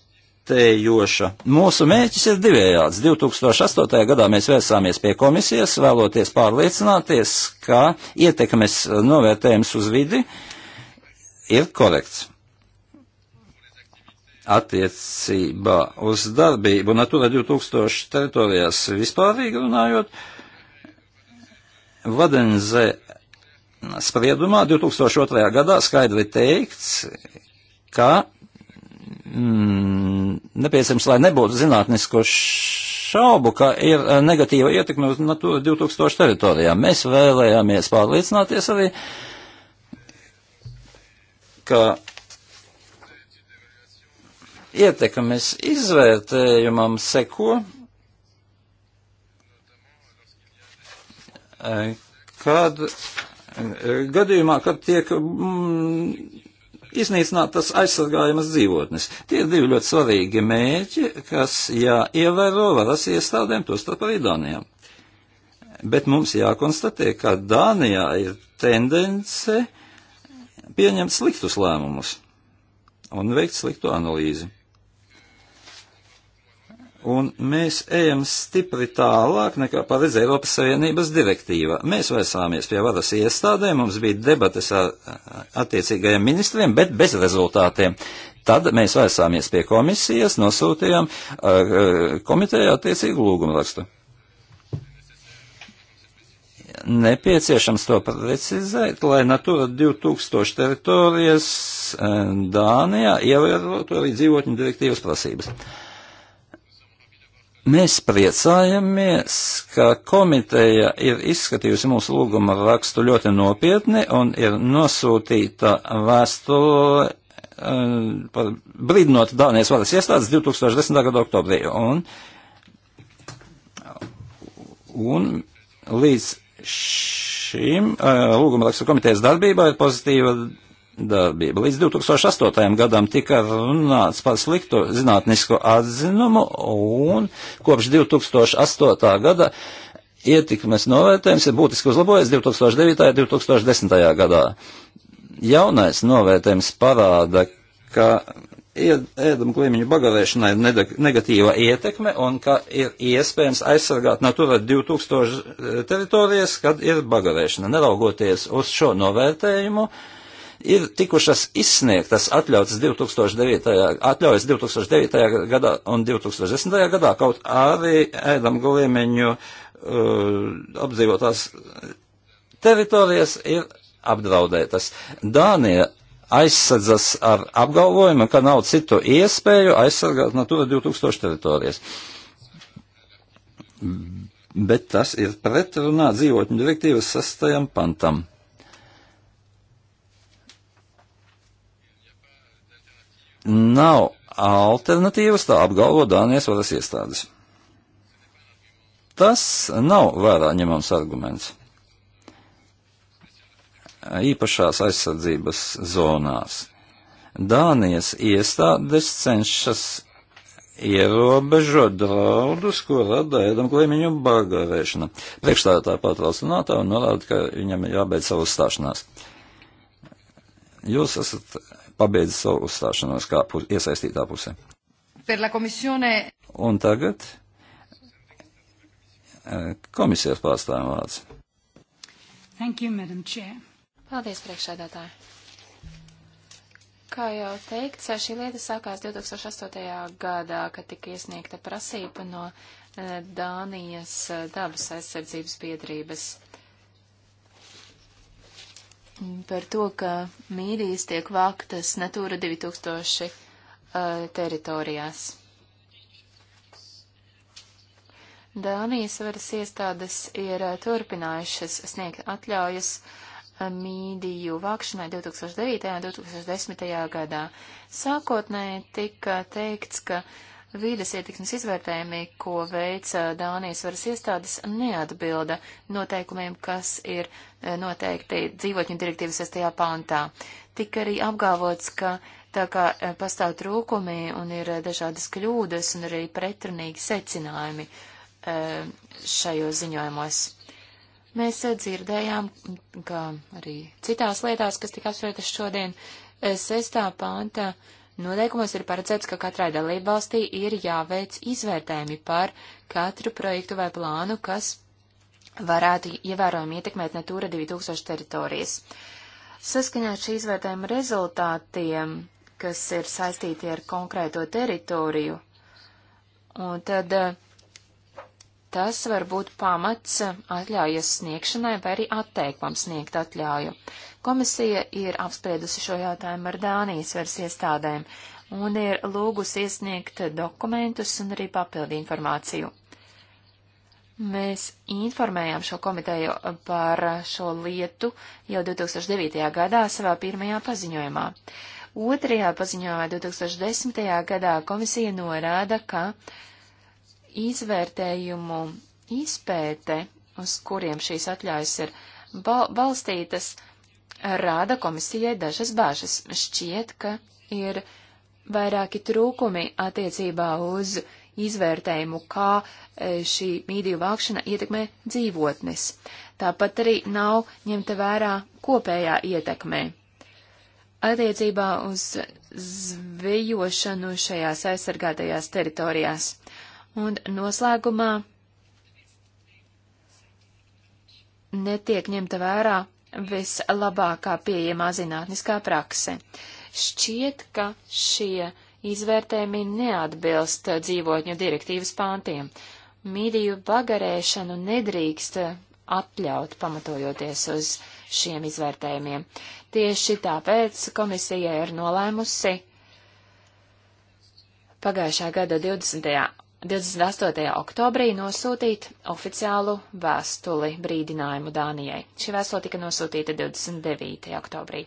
Speaker 2: adaptējoša. Mūsu mērķis ir divējāds. 2008. gadā mēs vērsāmies pie komisijas, vēloties pārliecināties, ka ietekmes novērtējums uz vidi ir korekts. Attiecībā uz darbību Natura 2000 teritorijās vispārīgi runājot, Vadenze spriedumā 2002. gadā skaidri teikts, ka mm, nepieciešams, lai nebūtu zinātnisko šaubu, ka ir eh, negatīva ietekme uz Natūra 2000 teritorijām. Mēs vēlējāmies pārliecināties arī, ka ietekmes izvērtējumam seko, eh, kad eh, gadījumā, kad tiek mm, iznīcināt tas aizsargājamas dzīvotnes. Tie ir divi ļoti svarīgi mērķi, kas jāievēro varas iestādēm, tostarp arī Dānijām. Bet mums jākonstatē, ka Dānijā ir tendence pieņemt sliktus lēmumus un veikt sliktu analīzi. Un mēs ejam stipri tālāk nekā paredz Eiropas Savienības direktīva. Mēs vērsāmies pie varas iestādēm, mums bija debates ar attiecīgajiem ministriem, bet bez rezultātiem. Tad mēs vērsāmies pie komisijas, nosūtījām uh, komitejā attiecīgu lūgumu rakstu. Nepieciešams to precizēt, lai Natura 2000 teritorijas Dānijā ievērotu arī dzīvotņu direktīvas prasības. Uh, Mēs priecājamies, ka komiteja ir izskatījusi mūsu lūguma rakstu ļoti nopietni un ir nosūtīta vēstule eh, par brīdinot Dānijas varas iestādes 2010. gada oktobrī. Un, un līdz šim eh, lūguma rakstu komitejas darbībā ir pozitīva darbība. Līdz 2008. gadam tika runāts par sliktu zinātnisko atzinumu, un kopš 2008. gada ietekmes novērtējums ir būtiski uzlabojies 2009. un 2010. gadā. Jaunais novērtējums parāda, ka ēdama glīmiņu bagarēšanai ir negatīva ietekme un ka ir iespējams aizsargāt Natura 2000 eh, teritorijas, kad ir bagarēšana. Neraugoties uz šo novērtējumu, uh, ir tikušas izsniegtas atļautas 2009. atļaujas 2009. gadā un 2010. gadā, kaut arī ēdam guliemeņu uh, apdzīvotās teritorijas ir apdraudētas. Dānija aizsardzas ar apgalvojumu, ka nav citu iespēju aizsargāt Natura 2000 teritorijas. Bet tas ir pretrunā dzīvotņu direktīvas sastajam pantam. nav alternatīvas, tā apgalvo Dānijas varas iestādes. Tas nav vērā ņemams arguments. Īpašās aizsardzības zonās Dānijas iestādes cenšas ierobežo draudus, ko rada ēdam klēmiņu bagāvēšana. Priekšstādā pārtrauc runātā un norāda, ka viņam ir jābeidz savu stāšanās. Jūs esat pabeidza savu uzstāšanos kā pus, iesaistītā puse. Komisione... Un tagad eh, komisijas pārstāvjiem vārds.
Speaker 3: Thank
Speaker 4: you, Madam Chair.
Speaker 3: Paldies, priekšsēdētāji. Kā jau teikts, šī lieta sākās 2008. gadā, kad tika iesniegta prasība no eh, Dānijas eh, dabas aizsardzības biedrības par to, ka mīrijas tiek vāktas Natūra 2000 uh, teritorijās. Dānijas varas iestādes ir turpinājušas sniegt atļaujas mīdiju vākšanai 2009. un 2010. gadā. Sākotnēji tika teikts, ka uh, Vīdes ietekmes izvērtējumi, ko veica Dānijas varas iestādes, neatbilda noteikumiem, kas ir eh, noteikti dzīvotņu direktīvas 6. pāntā. Tik arī apgalvots, ka tā kā eh, pastāv trūkumi un ir eh, dažādas kļūdas un arī pretrunīgi secinājumi šajos ziņojumos. Mēs dzirdējām, ka arī citās lietās, kas tika apsvērtas šodien, sestā pānta Noteikumos ir paredzēts, ka katrai dalībvalstī ir jāveic izvērtējumi par katru projektu vai plānu, kas varētu ievērojami ietekmēt Natūra 2000 teritorijas. Saskaņā ar šī izvērtējuma rezultātiem, kas ir saistīti ar konkrēto teritoriju, un tad uh, tas var būt pamats atļaujas sniegšanai vai arī atteikumam sniegt atļauju. Komisija ir apspriedusi šo jautājumu ar Dānijas varas iestādēm un ir lūgusi iesniegt dokumentus un arī papildu informāciju. Mēs informējām šo komiteju par šo lietu jau 2009. gadā savā pirmajā paziņojumā. Otrajā paziņojumā 2010. gadā komisija norāda, ka izvērtējumu izpēte, uz kuriem šīs atļaujas ir balstītas, rāda komisijai dažas bāžas. Šķiet, ka ir vairāki trūkumi attiecībā uz izvērtējumu, kā e, šī mīdiju vākšana ietekmē dzīvotnes. Tāpat arī nav ņemta vērā kopējā ietekmē. Attiecībā uz zvejošanu šajās aizsargātajās teritorijās. Un noslēgumā netiek ņemta vērā vislabākā pieejamā zinātniskā prakse. Šķiet, ka šie izvērtējumi neatbilst dzīvotņu direktīvas pāntiem. Mīdiju bagarēšanu nedrīkst atļaut pamatojoties uz šiem izvērtējumiem. Tieši tāpēc komisija ir nolēmusi pagājušā gada 20. 28. oktobrī nosūtīt oficiālu vēstuli brīdinājumu Dānijai. Šī vēstule tika nosūtīta 29. oktobrī.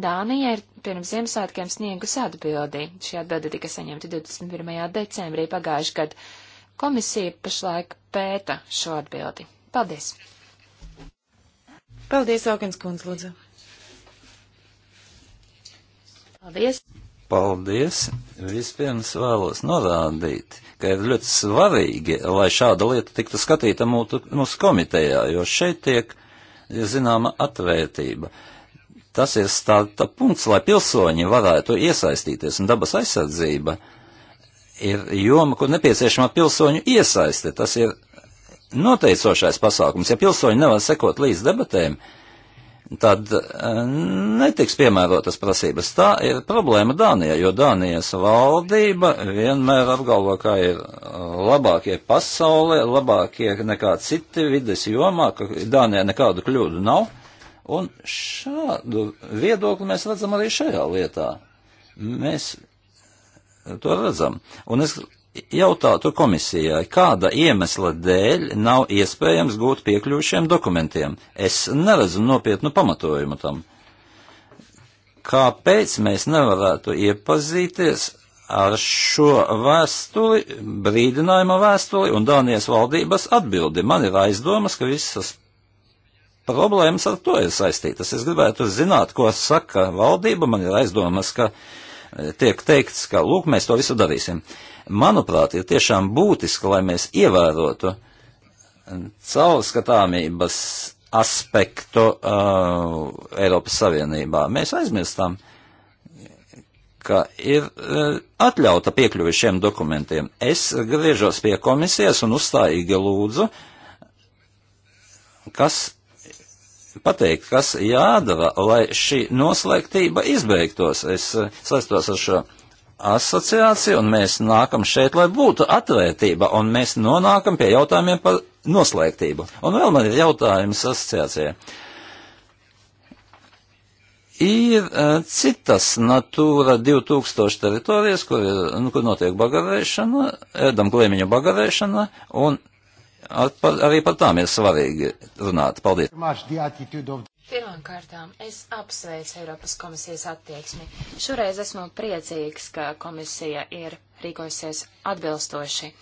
Speaker 3: Dānija ir pirms Ziemassvētkiem sniegusi atbildi. Šī atbilde tika saņemta 21. decembrī pagājušajā gadā. Komisija pašlaik pēta šo atbildi. Paldies! Paldies, Aukens kundze, lūdzu! Paldies!
Speaker 2: Paldies! Vispirms vēlos norādīt, ka ir ļoti svarīgi, lai šāda lieta tiktu skatīta mūtu, mūsu komitejā, jo šeit tiek zināma atvērtība. Tas ir starta punkts, lai pilsoņi varētu iesaistīties, un dabas aizsardzība ir joma, kur nepieciešama pilsoņu iesaiste. Tas ir noteicošais pasākums. Ja pilsoņi nevar sekot līdz debatēm, uh, tad eh, netiks piemērotas prasības. Tā ir problēma Dānijā, jo Dānijas valdība vienmēr apgalvo, ka ir eh, labākie pasaulē, labākie nekā citi vides jomā, ka Dānijā nekādu kļūdu nav. Un šādu viedokli mēs redzam arī šajā lietā. Mēs to redzam. Un es jautātu komisijai, kāda iemesla dēļ nav iespējams gūt piekļuvi šiem dokumentiem. Es neredzu nopietnu pamatojumu tam. Kāpēc mēs nevarētu iepazīties ar šo vēstuli, brīdinājuma vēstuli un Dānijas valdības atbildi? Man ir aizdomas, ka visas problēmas ar to ir saistītas. Es gribētu zināt, ko saka valdība. Man ir aizdomas, ka tiek teikts, ka lūk, mēs to visu darīsim. Manuprāt, ir tiešām būtiski, lai mēs ievērotu caurskatāmības aspektu uh, Eiropas Savienībā. Mēs aizmirstam, ka ir uh, atļauta piekļuvi šiem dokumentiem. Es griežos pie komisijas un uzstājīgi lūdzu, kas pateikt, kas jādara, lai šī noslēgtība izbeigtos. Es eh, saistos ar šo asociāciju, un mēs nākam šeit, lai būtu atvērtība, un mēs nonākam pie jautājumiem par noslēgtību. Un vēl man ir jautājums asociācijai. Ir uh, citas Natūra 2000 teritorijas, kur, nu, kur notiek bagarēšana, ēdam glēmiņu bagarēšana, un At, par, arī par tām ir svarīgi runāt. Paldies.
Speaker 3: Pirmkārtām, es apsveicu Eiropas komisijas attieksmi. Šoreiz esmu priecīgs, ka komisija ir rīkojusies atbilstoši.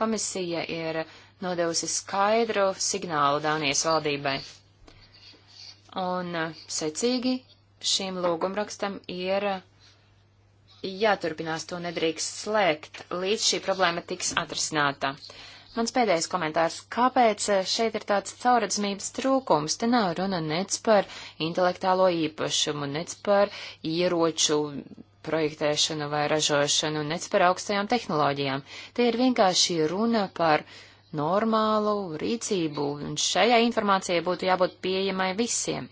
Speaker 3: Komisija ir nodevusi skaidru signālu Dānijas valdībai. Un eh, secīgi šīm lūgumrakstam ir jāturpinās, to nedrīkst slēgt, līdz šī problēma tiks atrisināta. Uh, Mans pēdējais komentārs. Kāpēc eh, šeit ir tāds caurredzamības trūkums? Te nav runa nec par intelektuālo īpašumu, nec par ieroču projektēšanu vai ražošanu, nec par augstajām tehnoloģijām. Te ir vienkārši runa par normālu rīcību, un šajā informācijai būtu jābūt pieejamai visiem.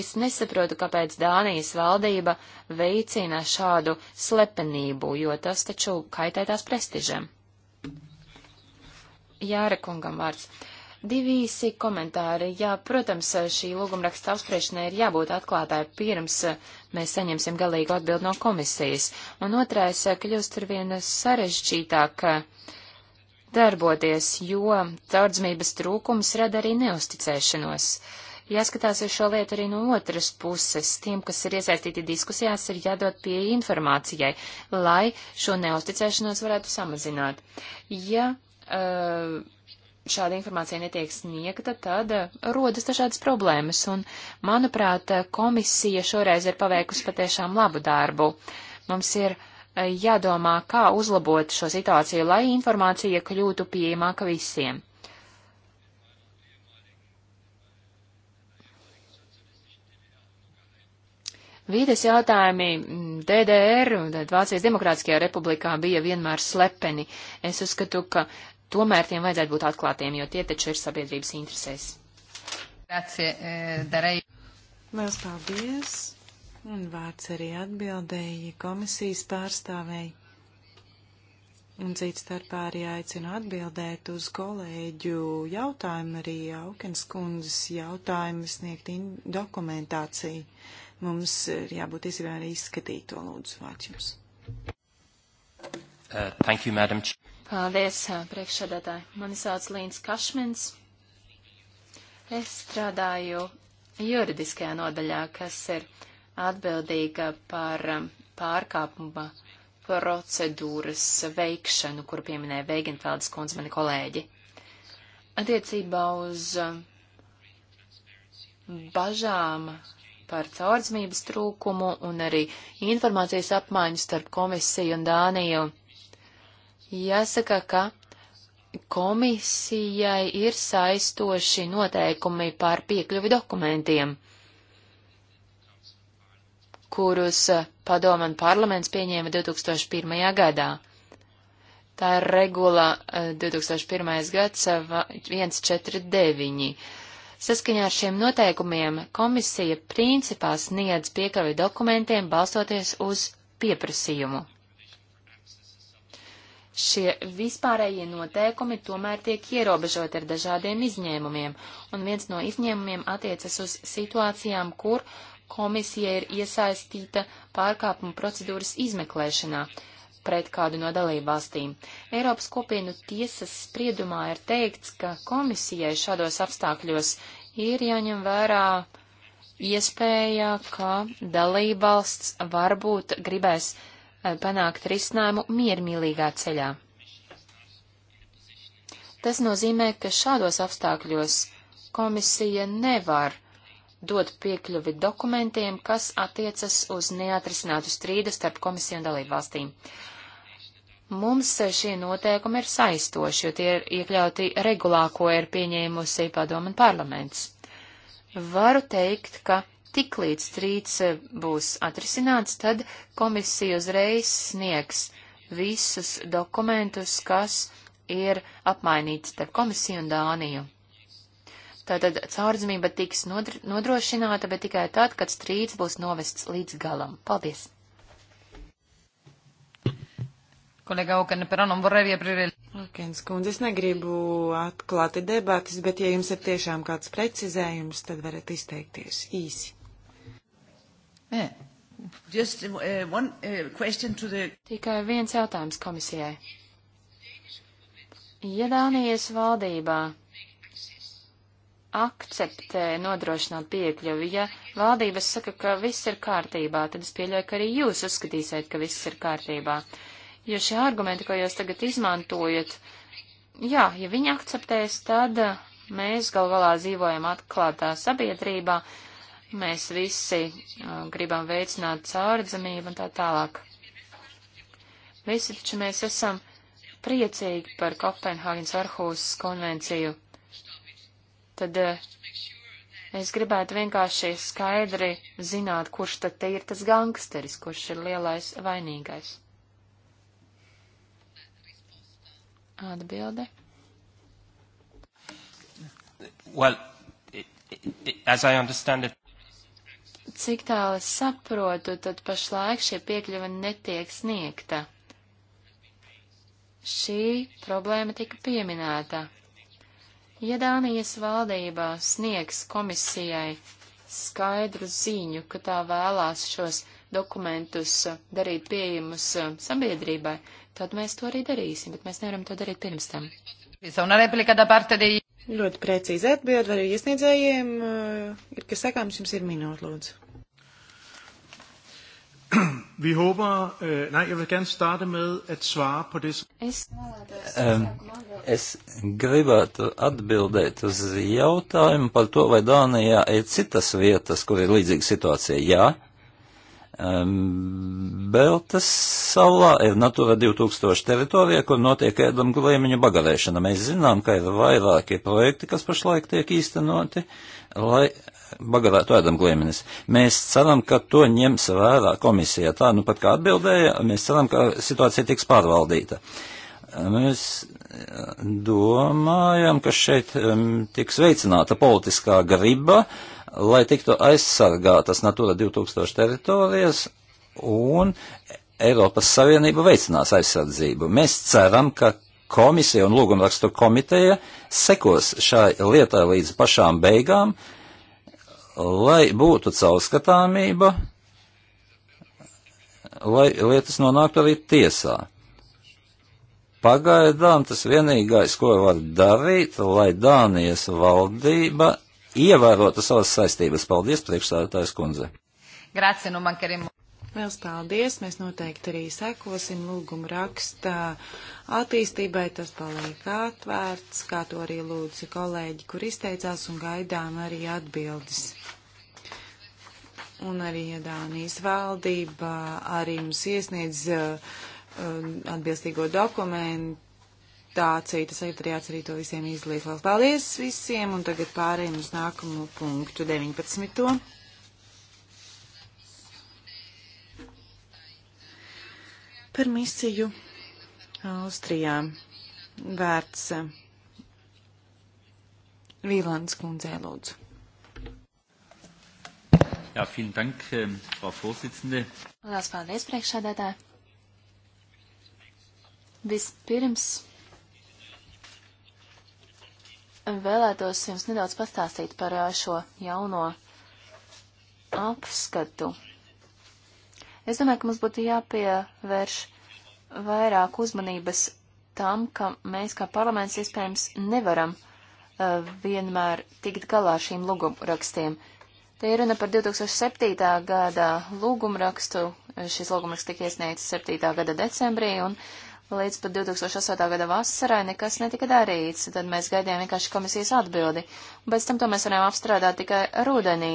Speaker 3: Es nesaprotu, kāpēc Dānijas valdība veicina šādu slepenību, jo tas taču kaitē tās prestižam. Jāra kungam vārds. Divi īsi komentāri. Jā, protams, šī lūgumraksta apspriešanai ir jābūt atklātai pirms eh, mēs saņemsim galīgu atbildi no komisijas. Un otrais, eh, kļūst ar vien sarežģītāk eh, darboties, jo caurdzmības trūkums rada arī neusticēšanos. Jāskatās uz šo lietu arī no otras puses. Tiem, kas ir iesaistīti diskusijās, ir jādod pieeja informācijai, lai šo neusticēšanos varētu samazināt. Ja Eh, šāda informācija netiek sniegta, tad eh, rodas dažādas problēmas. Un, manuprāt, eh, komisija šoreiz ir paveikusi patiešām labu darbu. Mums ir jādomā, kā uzlabot šo situāciju, lai informācija kļūtu pieejamāka visiem. Vīdes jautājumi mm, DDR un Vācijas Demokrātiskajā republikā bija vienmēr slepeni. Es uzskatu, ka tomēr tiem vajadzētu būt atklātiem, jo tie taču ir sabiedrības interesēs.
Speaker 4: Grazie, eh, Darei. Liels paldies. Un vārds arī
Speaker 1: atbildēja komisijas pārstāvēji. Un cits starpā arī aicinu atbildēt uz kolēģu jautājumu, arī Aukens kundzes jautājumu sniegt dokumentāciju. Mums ir jābūt iespējami arī izskatīt to lūdzu vārds jums.
Speaker 2: Uh, thank you, Madam Chair.
Speaker 3: Paldies, priekšsēdētāji. Mani sauc Līns Kašmins. Es strādāju juridiskajā nodaļā, kas ir atbildīga par pārkāpuma procedūras veikšanu, kur pieminēja Veigenfeldes kundze mani kolēģi. Attiecībā uz bažām par caurdzmības trūkumu un arī informācijas apmaiņu starp komisiju un Dāniju Jāsaka, ka komisijai ir saistoši noteikumi par piekļuvi dokumentiem, kurus padoma un parlaments pieņēma 2001. gadā. Tā ir regula 2001. Eh, gads 149. Eh, Saskaņā ar šiem noteikumiem komisija principā sniedz piekļuvi dokumentiem balstoties uz pieprasījumu. Šie vispārējie noteikumi tomēr tiek ierobežoti ar dažādiem izņēmumiem, un viens no izņēmumiem attiecas uz situācijām, kur komisija ir iesaistīta pārkāpuma procedūras izmeklēšanā pret kādu no dalībvalstīm. Eiropas kopienu tiesas spriedumā ir teikts, ka komisijai šādos apstākļos ir jāņem vērā iespēja, ka dalībvalsts varbūt gribēs Eh, panākt risinājumu miermīlīgā ceļā. Tas nozīmē, ka šādos apstākļos komisija nevar dot piekļuvi dokumentiem, kas attiecas uz neatrisinātu strīdu starp komisiju un dalību valstīm. Mums šie noteikumi ir saistoši, jo tie ir iekļauti regulā, ko ir pieņēmusi padomu un parlaments. Varu teikt, ka Tik līdz strīds eh, būs atrisināts, tad komisija uzreiz sniegs visus dokumentus, kas ir apmainīti starp komisiju un Dāniju. Tātad caurdzimība tiks nodr nodrošināta, bet tikai tad, kad strīds būs novests līdz galam. Paldies! Kolēģa Aukana, pero non vorrei riaprire.
Speaker 1: Aukens kundze, es negribu atklāti debatas, bet ja jums ir tiešām kāds precizējums, tad varat izteikties īsi.
Speaker 4: Yeah. Just
Speaker 3: uh, one uh, question to the... Tikai viens jautājums komisijai. Ja Dānijas valdībā akceptē nodrošināt piekļuvi, ja valdības saka, ka viss ir kārtībā, tad es pieļauju, ka arī jūs uzskatīsiet, ka viss ir kārtībā. Jo šie argumenti, ko jūs tagad izmantojat, jā, ja viņi akceptēs, tad mēs gal galā dzīvojam atklātā sabiedrībā, uh, Mēs visi uh, gribam veicināt caurdzamību un tā tālāk. Visi taču mēs esam priecīgi par Kopenhāgens Arhūsas konvenciju. Tad uh, es gribētu vienkārši skaidri zināt, kurš tad te ir tas gangsteris, kurš ir lielais vainīgais. Atbilde.
Speaker 2: Well, it,
Speaker 4: it, as I understand it.
Speaker 3: Cik tālu es saprotu, tad pašlaik šie piekļuva netiek sniegta. Šī problēma tika pieminēta. Ja Dānijas valdībā sniegs komisijai skaidru ziņu, ka tā vēlās šos dokumentus darīt pieejamus sabiedrībai, tad mēs to arī darīsim, bet mēs nevaram to darīt pirms tam. Ļoti precīzi atbild, arī iesniedzējiem
Speaker 1: ir, kas sakāms, jums ir minūte, lūdzu.
Speaker 3: Vi håber... Øh, nej, jeg vil gerne starte med at svare på det. Es,
Speaker 2: um, es gribētu atbildēt uz jautājumu par to, vai Dānijā ir citas vietas, kur ir līdzīga situācija. Jā. Um, Beltas salā ir Natura 2000 teritorija, kur notiek ēdamgu līmeņu bagarēšana. Mēs zinām, ka ir vairāki projekti, kas pašlaik tiek īstenoti, lai bagātētu ēdamgliemenes. Mēs ceram, ka to ņems vērā komisija. Tā nu pat kā atbildēja, mēs ceram, ka situācija tiks pārvaldīta. Mēs eh, domājam, ka šeit tiks veicināta politiskā griba, lai tiktu aizsargātas Natura 2000 teritorijas un Eiropas Savienība veicinās aizsardzību. Mēs ceram, ka komisija un lūgumrakstu komiteja sekos šai lietai līdz pašām beigām, uh, lai būtu caurskatāmība, lai lietas nonāktu arī tiesā. Pagaidām tas vienīgais, ko var darīt, lai Dānijas valdība ievērotu savas saistības. Paldies, priekšstādātājs kundze.
Speaker 4: Grazie, nu man karim. Liels
Speaker 1: paldies, mēs noteikti arī sekosim lūgumu rakstā attīstībai, tas paliek atvērts, kā to arī lūdzu kolēģi, kur izteicās un gaidām arī atbildes. Un arī ja Dānijas valdība arī mums iesniedz uh, um, atbilstīgo dokumentāciju. Tas sekretariāts arī to visiem izlīdz. Lielas paldies visiem, un tagad pārējiem uz nākamo punktu 19. Par misiju Austrijā vērts uh, Vīlāns kundzē lūdzu.
Speaker 2: Jā, vielen dank, ähm, Frau Vorsitzende. Lielas
Speaker 3: paldies, priekšsēdētāji. Vispirms vēlētos jums nedaudz pastāstīt par šo jauno apskatu. Es domāju, ka mums būtu jāpievērš vairāk uzmanības tam, ka mēs kā parlaments iespējams nevaram uh, vienmēr tikt galā ar šīm lūgumrakstiem. rakstiem Te ir runa par 2007. gada lūgumrakstu. Šis lūgumraksts tika iesniegts 7. gada decembrī, un līdz pat 2008. gada vasarai nekas netika darīts. Tad mēs gaidījām vienkārši komisijas atbildi. Bez tam to mēs varējām apstrādāt tikai rudenī.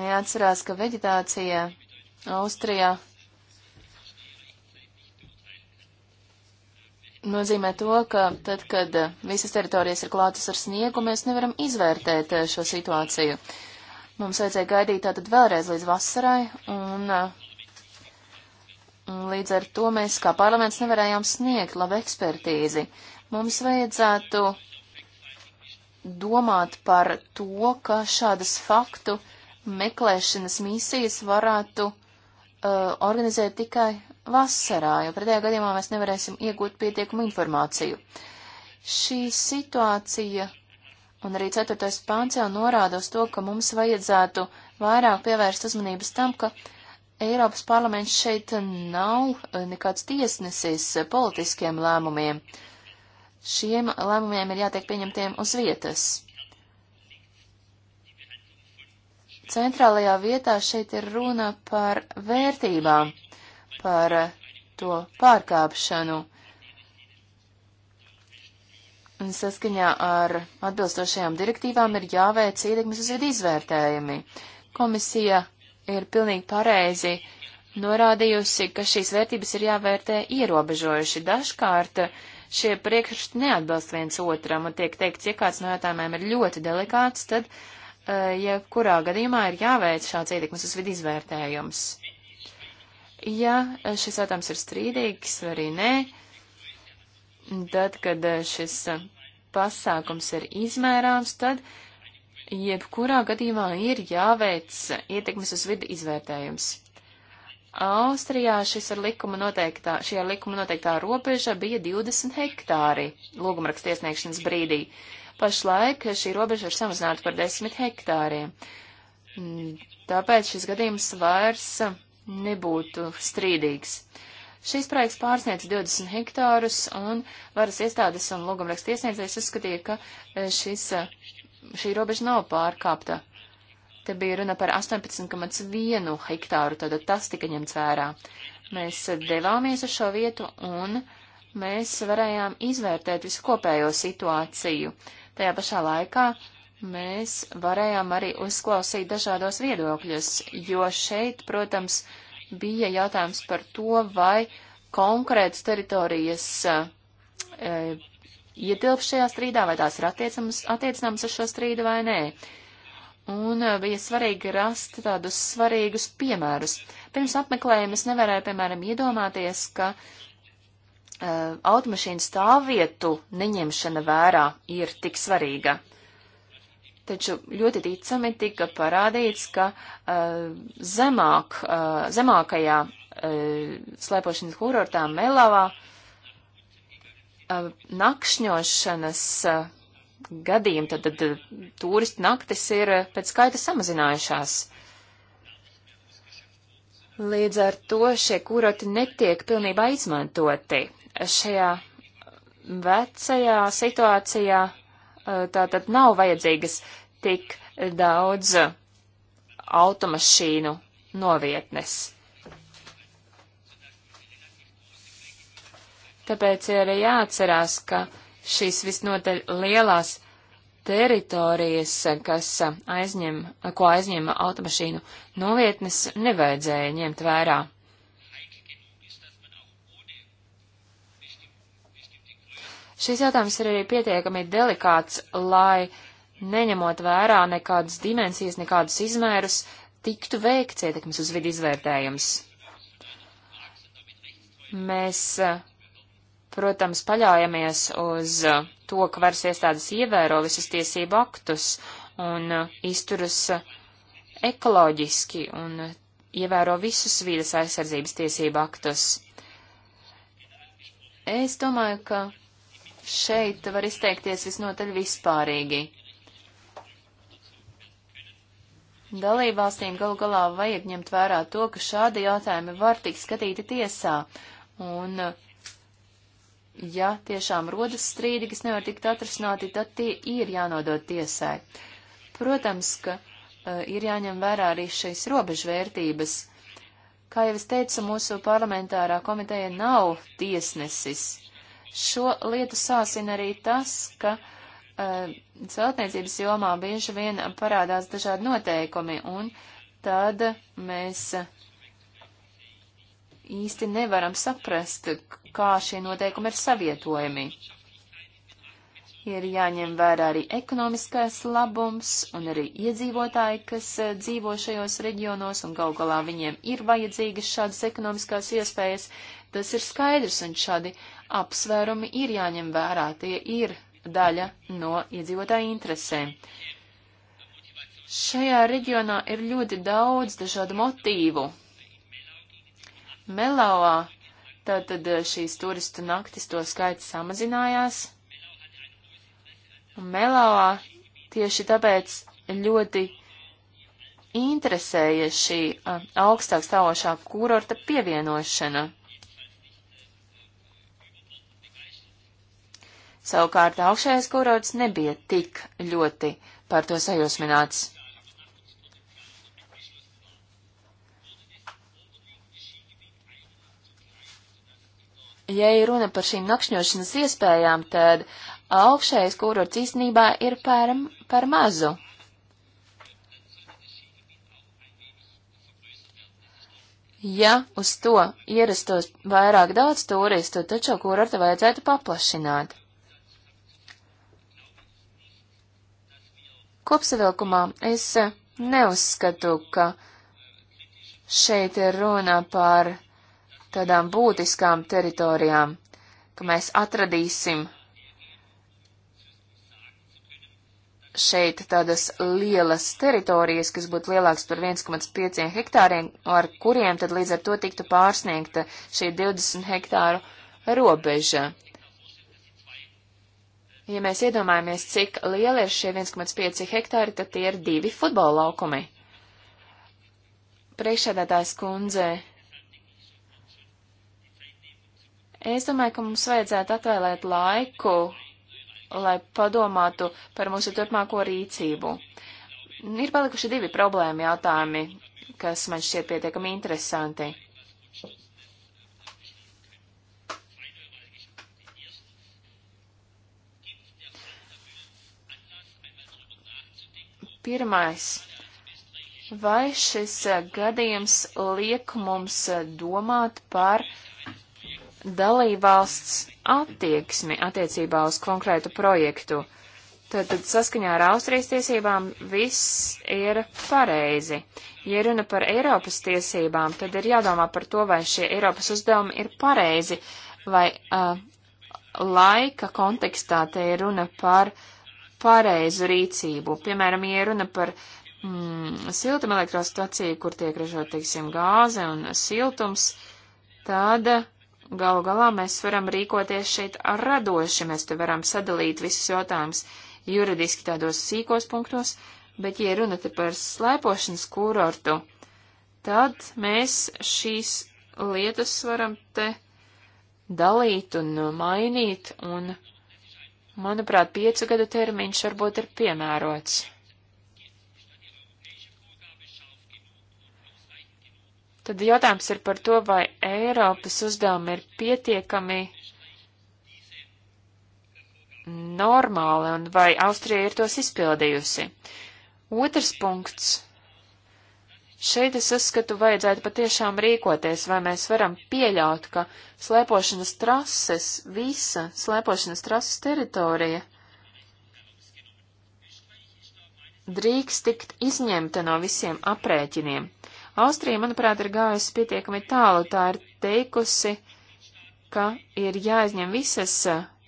Speaker 3: Jāatcerās, ka veģetācija Austrijā nozīmē to, ka tad, kad eh, visas teritorijas ir klātas ar sniegu, mēs nevaram izvērtēt eh, šo situāciju. Mums vajadzēja gaidīt tātad vēlreiz līdz vasarai, un, eh, un līdz ar to mēs kā parlaments nevarējām sniegt labu ekspertīzi. Mums vajadzētu domāt par to, ka šādas faktu meklēšanas misijas varētu uh, organizēt tikai vasarā, jo pretējā gadījumā mēs nevarēsim iegūt pietiekumu informāciju. Šī situācija un arī 4. pāns jau norāda uz to, ka mums vajadzētu vairāk pievērst uzmanības tam, ka Eiropas parlaments šeit nav eh, nekāds tiesnesis politiskiem lēmumiem. Šiem lēmumiem ir jātiek pieņemtiem uz vietas. Centrālajā vietā šeit ir runa par vērtībām par eh, to pārkāpšanu. Un saskaņā ar atbilstošajām direktīvām ir jāveic ietekmes uz vidu izvērtējumi. Komisija ir pilnīgi pareizi norādījusi, ka šīs vērtības ir jāvērtē ierobežojuši. Dažkārt šie priekšstati neatbilst viens otram un tiek teikts, ja kāds no jautājumiem ir ļoti delikāts, tad eh, jebkurā ja gadījumā ir jāveic šāds ietekmes uz vidu izvērtējums. Ja šis jautājums ir strīdīgs vai arī nē, tad, kad šis pasākums ir izmērāms, tad jebkurā gadījumā ir jāveic ietekmes uz vidi izvērtējums. Austrijā šis ar likuma noteiktā, šī ar likuma noteiktā robeža bija 20 hektāri lūgumraksta iesniegšanas brīdī. Pašlaik šī robeža ir samazināta par 10 hektāriem. Tāpēc šis gadījums vairs nebūtu strīdīgs. Šīs projekts pārsniedz 20 hektārus, un varas iestādes un logumraksta iesniedzējs uzskatīja, ka e, šis, e, šī robeža nav pārkāpta. Te bija runa par 18,1 hektāru, tātad tas tika ņemts vērā. Mēs devāmies uz šo vietu, un mēs varējām izvērtēt visu kopējo situāciju. Tajā pašā laikā uh, mēs varējām arī uzklausīt dažādos viedokļus, jo šeit, protams, bija jautājums par to, vai konkrētas teritorijas e, ietilpst šajā strīdā, vai tās ir attiecināmas ar šo strīdu vai nē. Un e, bija svarīgi rast tādus svarīgus piemērus. Pirms apmeklējuma es nevarēju, piemēram, iedomāties, ka e, automašīnu stāvvietu neņemšana vērā ir tik svarīga. Uh, taču ļoti ticami tika parādīts, ka uh, zemāk, uh, zemākajā uh, slēpošanas kurortā Melavā uh, nakšņošanas uh, gadījumi, tad, tad turistu naktis ir uh, pēc skaita samazinājušās. Līdz ar to šie kurorti netiek pilnībā izmantoti. Šajā vecajā situācijā Eh, tātad nav vajadzīgas tik daudz automašīnu novietnes. Tāpēc ir jāatcerās, ka šīs visnotaļ lielās teritorijas, kas aizņem, ko aizņem automašīnu novietnes, nevajadzēja ņemt vērā. Šis jautājums ir arī pietiekami delikāts, lai neņemot vērā nekādas dimensijas, nekādus izmērus, tiktu veikts ietekmes uz vidi izvērtējums. Mēs, protams, paļaujamies uz to, ka varas iestādes ievēro visus tiesību aktus un izturas ekoloģiski un ievēro visus vīdes aizsardzības tiesību aktus. Es domāju, ka šeit var izteikties visnotaļ vispārīgi. Dalībvalstīm galu galā vajag ņemt vērā to, ka šādi jautājumi var tikt skatīti tiesā, un ja tiešām rodas strīdi, kas nevar tikt atrisināti, tad tie ir jānodot tiesai. Protams, ka uh, ir jāņem vērā arī šīs robežvērtības. Kā jau es teicu, mūsu parlamentārā komiteja nav tiesnesis. Šo lietu sāsina arī tas, ka uh, celtniecības jomā bieži vien parādās dažādi noteikumi, un tad mēs īsti nevaram saprast, kā šie noteikumi ir savietojami. Ir jāņem vērā arī ekonomiskais labums un arī iedzīvotāji, kas eh, dzīvo šajos reģionos, un gal galā viņiem ir vajadzīgas šādas ekonomiskās iespējas, Tas ir skaidrs, un šādi apsvērumi ir jāņem vērā, tie ir daļa no iedzīvotāju interesēm. Šajā reģionā ir ļoti daudz dažādu motīvu. Melauā tātad šīs turistu naktis to skaits samazinājās. Melauā tieši tāpēc ļoti interesēja šī a, augstāk stāvošā kūrorta pievienošana. Savukārt augšējais kurorts nebija tik ļoti par to sajūsmināts. Ja ir runa par šīm nakšņošanas iespējām, tad augšējais kurorts īstenībā ir par, par mazu. Ja uz to ierastos vairāk daudz turistu, taču kurorta vajadzētu paplašināt. Kopsavilkumā es eh, neuzskatu, ka šeit ir runa par tādām būtiskām teritorijām, ka mēs atradīsim šeit tādas lielas teritorijas, kas būtu lielākas par 1,5 hektāriem, ar kuriem tad līdz ar to tiktu pārsniegta šī 20 hektāru robeža. Ja mēs iedomājamies, cik lieli ir šie 1,5 hektāri, tad tie ir divi futbola laukumi. Priekšādātājs kundze, es domāju, ka mums vajadzētu atvēlēt laiku, lai padomātu par mūsu turpmāko rīcību. Ir palikuši divi problēma jautājumi, kas man šķiet pietiekami interesanti. Pirmais. Vai šis eh, gadījums liek mums eh, domāt par dalībvalsts attieksmi attiecībā uz konkrētu projektu? Tātad saskaņā ar Austrijas tiesībām viss ir pareizi. Ja runa par Eiropas tiesībām, tad ir jādomā par to, vai šie Eiropas uzdevumi ir pareizi, vai uh, laika kontekstā te ir runa par uh, pareizu rīcību. Piemēram, ja runa par mm, siltumelektrostaciju, kur tiek ražot, teiksim, gāze un siltums, tad galu galā mēs varam rīkoties šeit radoši, mēs te varam sadalīt visus jautājumus juridiski tādos sīkos punktos, bet, ja runa te par slēpošanas kūrortu, tad mēs šīs lietas varam te dalīt un mainīt un Manuprāt, piecu gadu termiņš varbūt ir piemērots. Tad jautājums ir par to, vai Eiropas uzdevumi ir pietiekami normāli un vai Austrija ir tos izpildījusi. Otrs punkts Šeit es uzskatu, vajadzētu patiešām rīkoties, vai mēs varam pieļaut, ka slēpošanas trases, visa slēpošanas trases teritorija drīkst tikt izņemta no visiem aprēķiniem. Austrija, manuprāt, ir gājusi pietiekami tālu, tā ir teikusi, ka ir jāizņem visas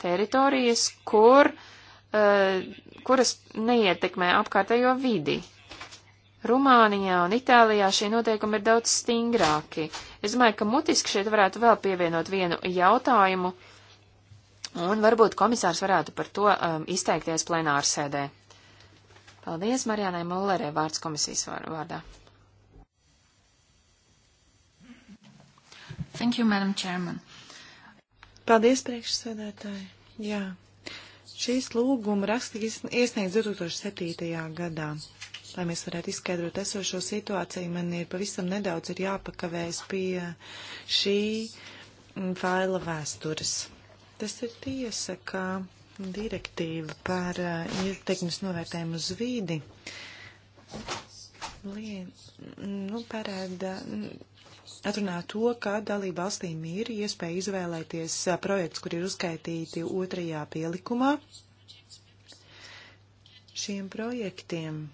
Speaker 3: teritorijas, kur, uh, kuras neietekmē apkārtējo vidi. Rumānijā un Itālijā šie noteikumi ir daudz stingrāki. Es domāju, ka mutiski šeit varētu vēl pievienot vienu jautājumu, un varbūt komisārs varētu par to um, izteikties plenārsēdē. Paldies Marijānai Mullerē vārds komisijas vārdā. Thank you, Madam Chairman. Paldies, priekšsēdētāji.
Speaker 1: Jā. Šīs lūguma rakstīgi iesniegts 2007. gadā lai mēs varētu izskaidrot esošo situāciju. Man ir pavisam nedaudz ir jāpakavējas pie šī mm, faila vēstures. Tas ir tiesa, ka direktīva par uh, ietekmes novērtējumu uz vīdi lien, nu, parāda, mm, atrunā to, ka dalība valstīm ir iespēja izvēlēties uh, projekts, kur ir uzskaitīti otrajā pielikumā. Šiem projektiem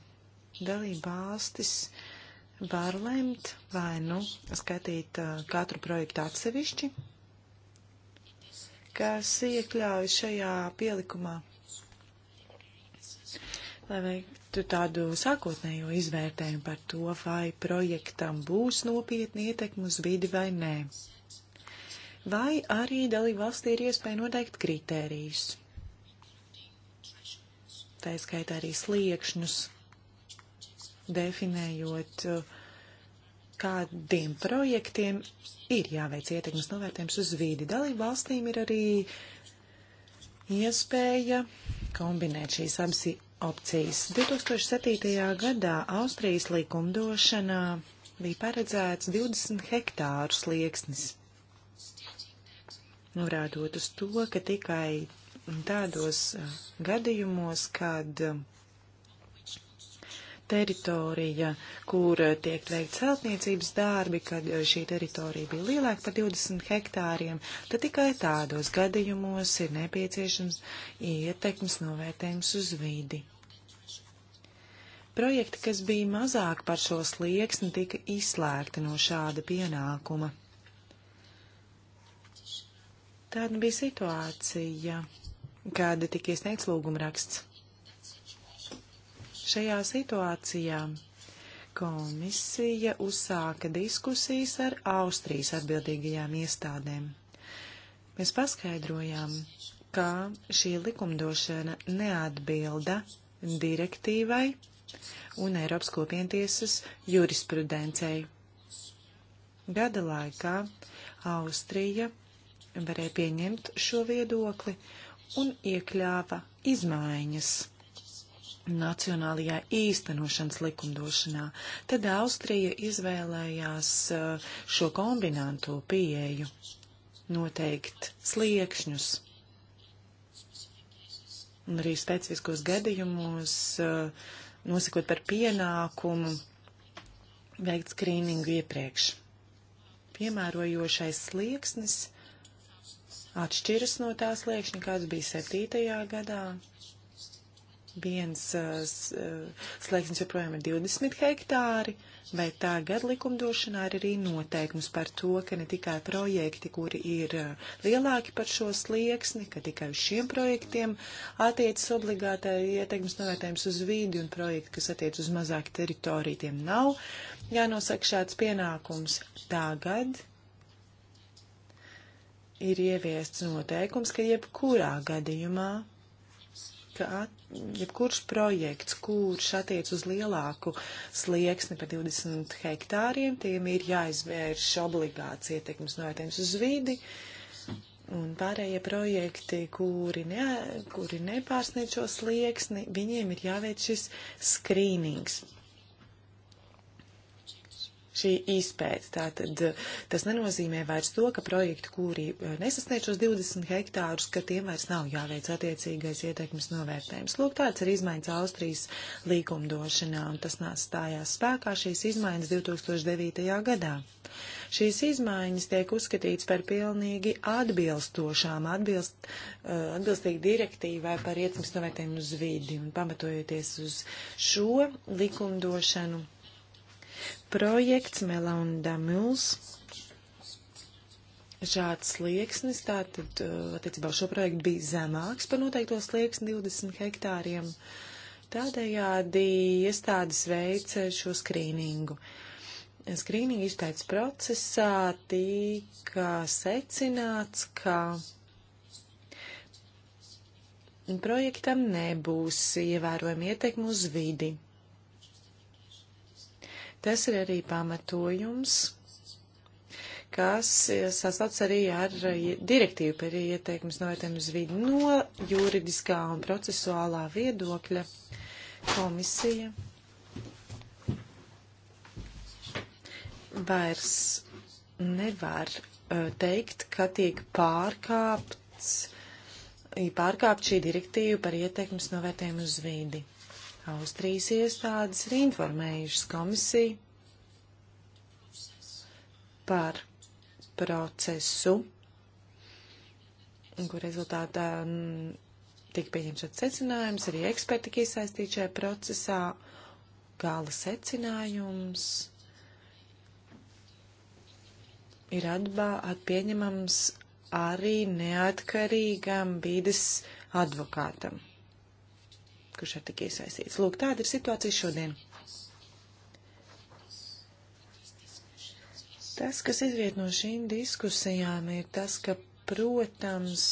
Speaker 1: dalība valstis var lemt vai nu skatīt uh, katru projektu atsevišķi, kas iekļauj šajā pielikumā, lai veiktu tādu sākotnējo izvērtējumu par to, vai projektam būs nopietni ietekmi uz vidi vai nē. Vai arī dalība valstī ir iespēja noteikt kritērijus. Tā skaitā arī sliekšņus definējot, eh, kādiem projektiem ir jāveic ietekmes novērtējums uz vīdi. Dalību valstīm ir arī iespēja kombinēt šīs abas opcijas. 2007. gadā Austrijas likumdošanā bija paredzēts 20 hektāru slieksnis, norādot uz to, ka tikai tādos eh, gadījumos, kad uh, teritorija, kur eh, tiek veikt celtniecības darbi, kad eh, šī teritorija bija lielāka par 20 hektāriem, tad tikai tādos gadījumos ir nepieciešams ietekmes novērtējums uz vidi. Projekti, kas bija mazāk par šo slieksni, tika izslēgti no šāda pienākuma. Tāda bija situācija, kāda tika iesniegts lūgumraksts. Šajā situācijā komisija uzsāka diskusijas ar Austrijas atbildīgajām iestādēm. Mēs paskaidrojām, ka šī likumdošana neatbilda direktīvai un Eiropas kopientiesas jurisprudencei. Gada laikā Austrija varēja pieņemt šo viedokli un iekļāva izmaiņas nacionālajā īstenošanas likumdošanā. Tad Austrija izvēlējās eh, šo kombinanto pieeju noteikt sliekšņus. Un arī specifiskos gadījumos eh, nosakot par pienākumu veikt skrīningu iepriekš. Piemērojošais slieksnis atšķiras no tās sliekšņa, kāds bija 7. gadā viens slēgsnis joprojām ir 20 hektāri, bet tagad likumdošanā ir arī noteikums par to, ka ne tikai projekti, kuri ir lielāki par šo slieksni, ka tikai uz šiem projektiem attiecas obligātā ieteikums novērtējums uz vīdi un projekti, kas attiec uz mazāku teritoriju, tiem nav jānosaka šāds pienākums tagad ir ieviests noteikums, ka jebkurā gadījumā ka jebkurš projekts, kurš attiec uz lielāku slieksni par 20 hektāriem, tiem ir jāizvērš obligāts ietekmes novērtējums uz vidi. Un pārējie projekti, kuri, ne, kuri nepārsniedz šo slieksni, viņiem ir jāveic šis skrīnings šī izpēta. Tātad eh, tas nenozīmē vairs to, ka projekti, kuri eh, nesasniedz šos 20 hektārus, ka tiem vairs nav jāveic attiecīgais ieteikums novērtējums. Lūk, tāds ir izmaiņas Austrijas līkumdošanā, un tas nāc stājās spēkā šīs izmaiņas 2009. gadā. Šīs izmaiņas tiek uzskatīts par pilnīgi atbilstošām, atbilst, eh, atbilstīgi direktīvai par ietekmes novērtējumu uz vidi, un pamatojoties uz šo likumdošanu Projekts Melaunda Mills. Šāds slieksnis, tātad, uh, attiecībā uz šo projektu bija zemāks par noteikto slieksni 20 hektāriem. Tādējādi iestādes veica šo skrīningu. Skrīninga izteicis procesā tika secināts, ka projektam nebūs ievērojama ietekme uz vidi. Tas ir arī pamatojums, kas eh, sasauc arī ar eh, direktīvu par ieteikumus novērtējumu uz vidi no juridiskā un procesuālā viedokļa komisija. Vairs nevar eh, teikt, ka tiek pārkāpts, pārkāpt šī direktīva par ieteikumus novērtējumu uz vidi. Austrijas iestādes ir informējušas komisiju par procesu, kur rezultātā um, tika pieņemts šāds secinājums, arī eksperti tika iesaistīti šajā procesā, gala secinājums ir atpieņemams arī neatkarīgam bīdas advokātam kurš ir tik iesaistīts. Lūk, tāda ir situācija šodien. Tas, kas izriet no šīm diskusijām, ir tas, ka, protams,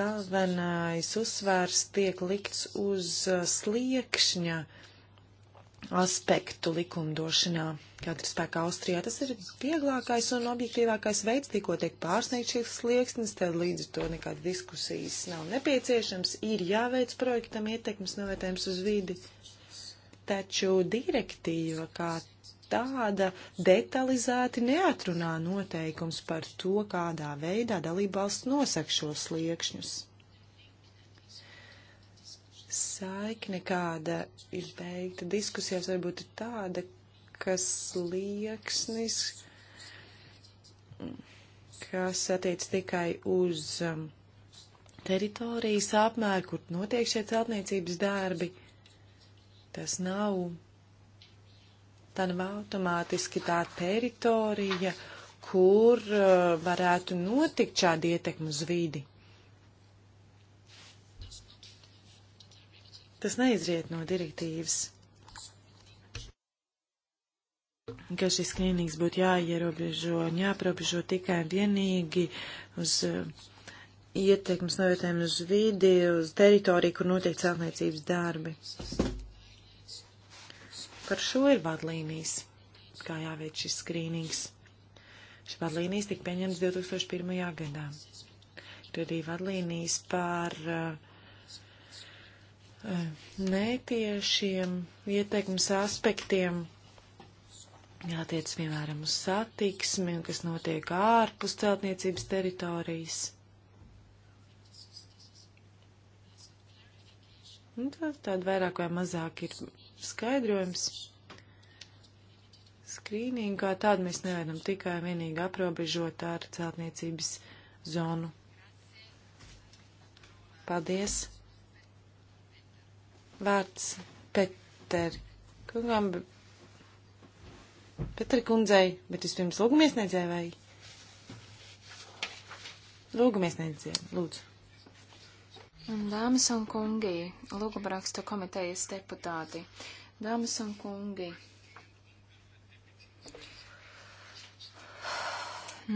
Speaker 1: galvenais uzsvērs tiek likts uz sliekšņa uh, aspektu likumdošanā, kā ir spēkā Austrijā. Tas ir vieglākais un objektīvākais veids, tikko tiek pārsniegt šīs slieksnes, tad līdz ar to nekāda diskusijas nav nepieciešams, ir jāveic projektam ietekmes novērtējums uz vidi. Taču direktīva kā tāda detalizēti neatrunā noteikums par to, kādā veidā dalībvalsts nosaka šos sliekšņus saikne, kāda ir beigta diskusijās, varbūt ir tāda, kas lieksnis, kas attiec tikai uz um, teritorijas apmēru, kur notiek šie celtniecības darbi. Tas nav, tā nav automātiski tā teritorija, kur uh, varētu notikt šādi ietekmi uz vidi. Tas neizriet no direktīvas, ka šis skrīnings būtu jāierobežo un jāaprobežo tikai un vienīgi uz uh, ietekmes novērtējumu uz vidi, uz teritoriju, kur notiek celtniecības darbi. Par šo ir vadlīnijas, kā jāveic šis skrīnings. Šis vadlīnijas tika pieņemts 2001. gadā. Tur arī vadlīnijas par uh, netiešiem ieteikums aspektiem jātiec, piemēram, uz satiksmi, kas notiek ārpus celtniecības teritorijas. Un tad tāda vairāk vai mazāk ir skaidrojums. Skrīningu kā tādu mēs nevaram tikai vienīgi aprobežot ar celtniecības zonu. Paldies! Vārds Peter kungam, Peter kundzei, bet vispirms lūgumiesniedzēji vai? Lūgumiesniedzēji, lūdzu.
Speaker 3: Dāmas un kungi, lūgumrakstu komitejas deputāti, dāmas un kungi,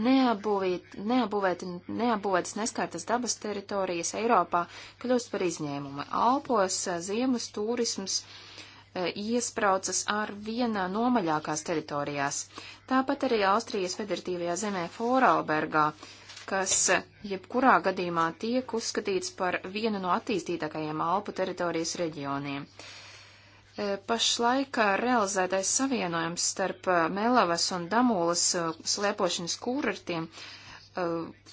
Speaker 3: neapbūvēt, neapbūvēt, neapbūvētas neskārtas dabas teritorijas Eiropā kļūst par izņēmumu. Alpos ziemas turisms iespraucas ar vienā nomaļākās teritorijās. Tāpat arī Austrijas federatīvajā zemē Foralbergā, kas jebkurā gadījumā tiek uzskatīts par vienu no attīstītākajiem Alpu teritorijas reģioniem. Uh, E, Pašlaik realizētais savienojums starp e, Melavas un Damulas e, slēpošanas kūrortiem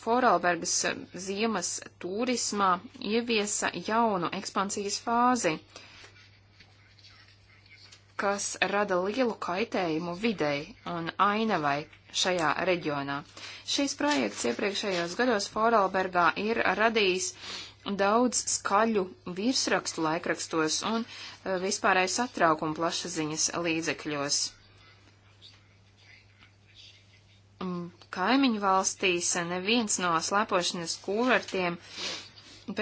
Speaker 3: Foralbergas ziemas turismā ieviesa jaunu ekspansijas fāzi, kas rada lielu kaitējumu videi un ainavai šajā reģionā. Šīs projekts iepriekšējos gados Foralbergā ir radījis uh, daudz skaļu virsrakstu laikrakstos un e, vispārēju satraukumu plašsaziņas līdzekļos. Mm, kaimiņu valstīs neviens no slēpošanas kūvertiem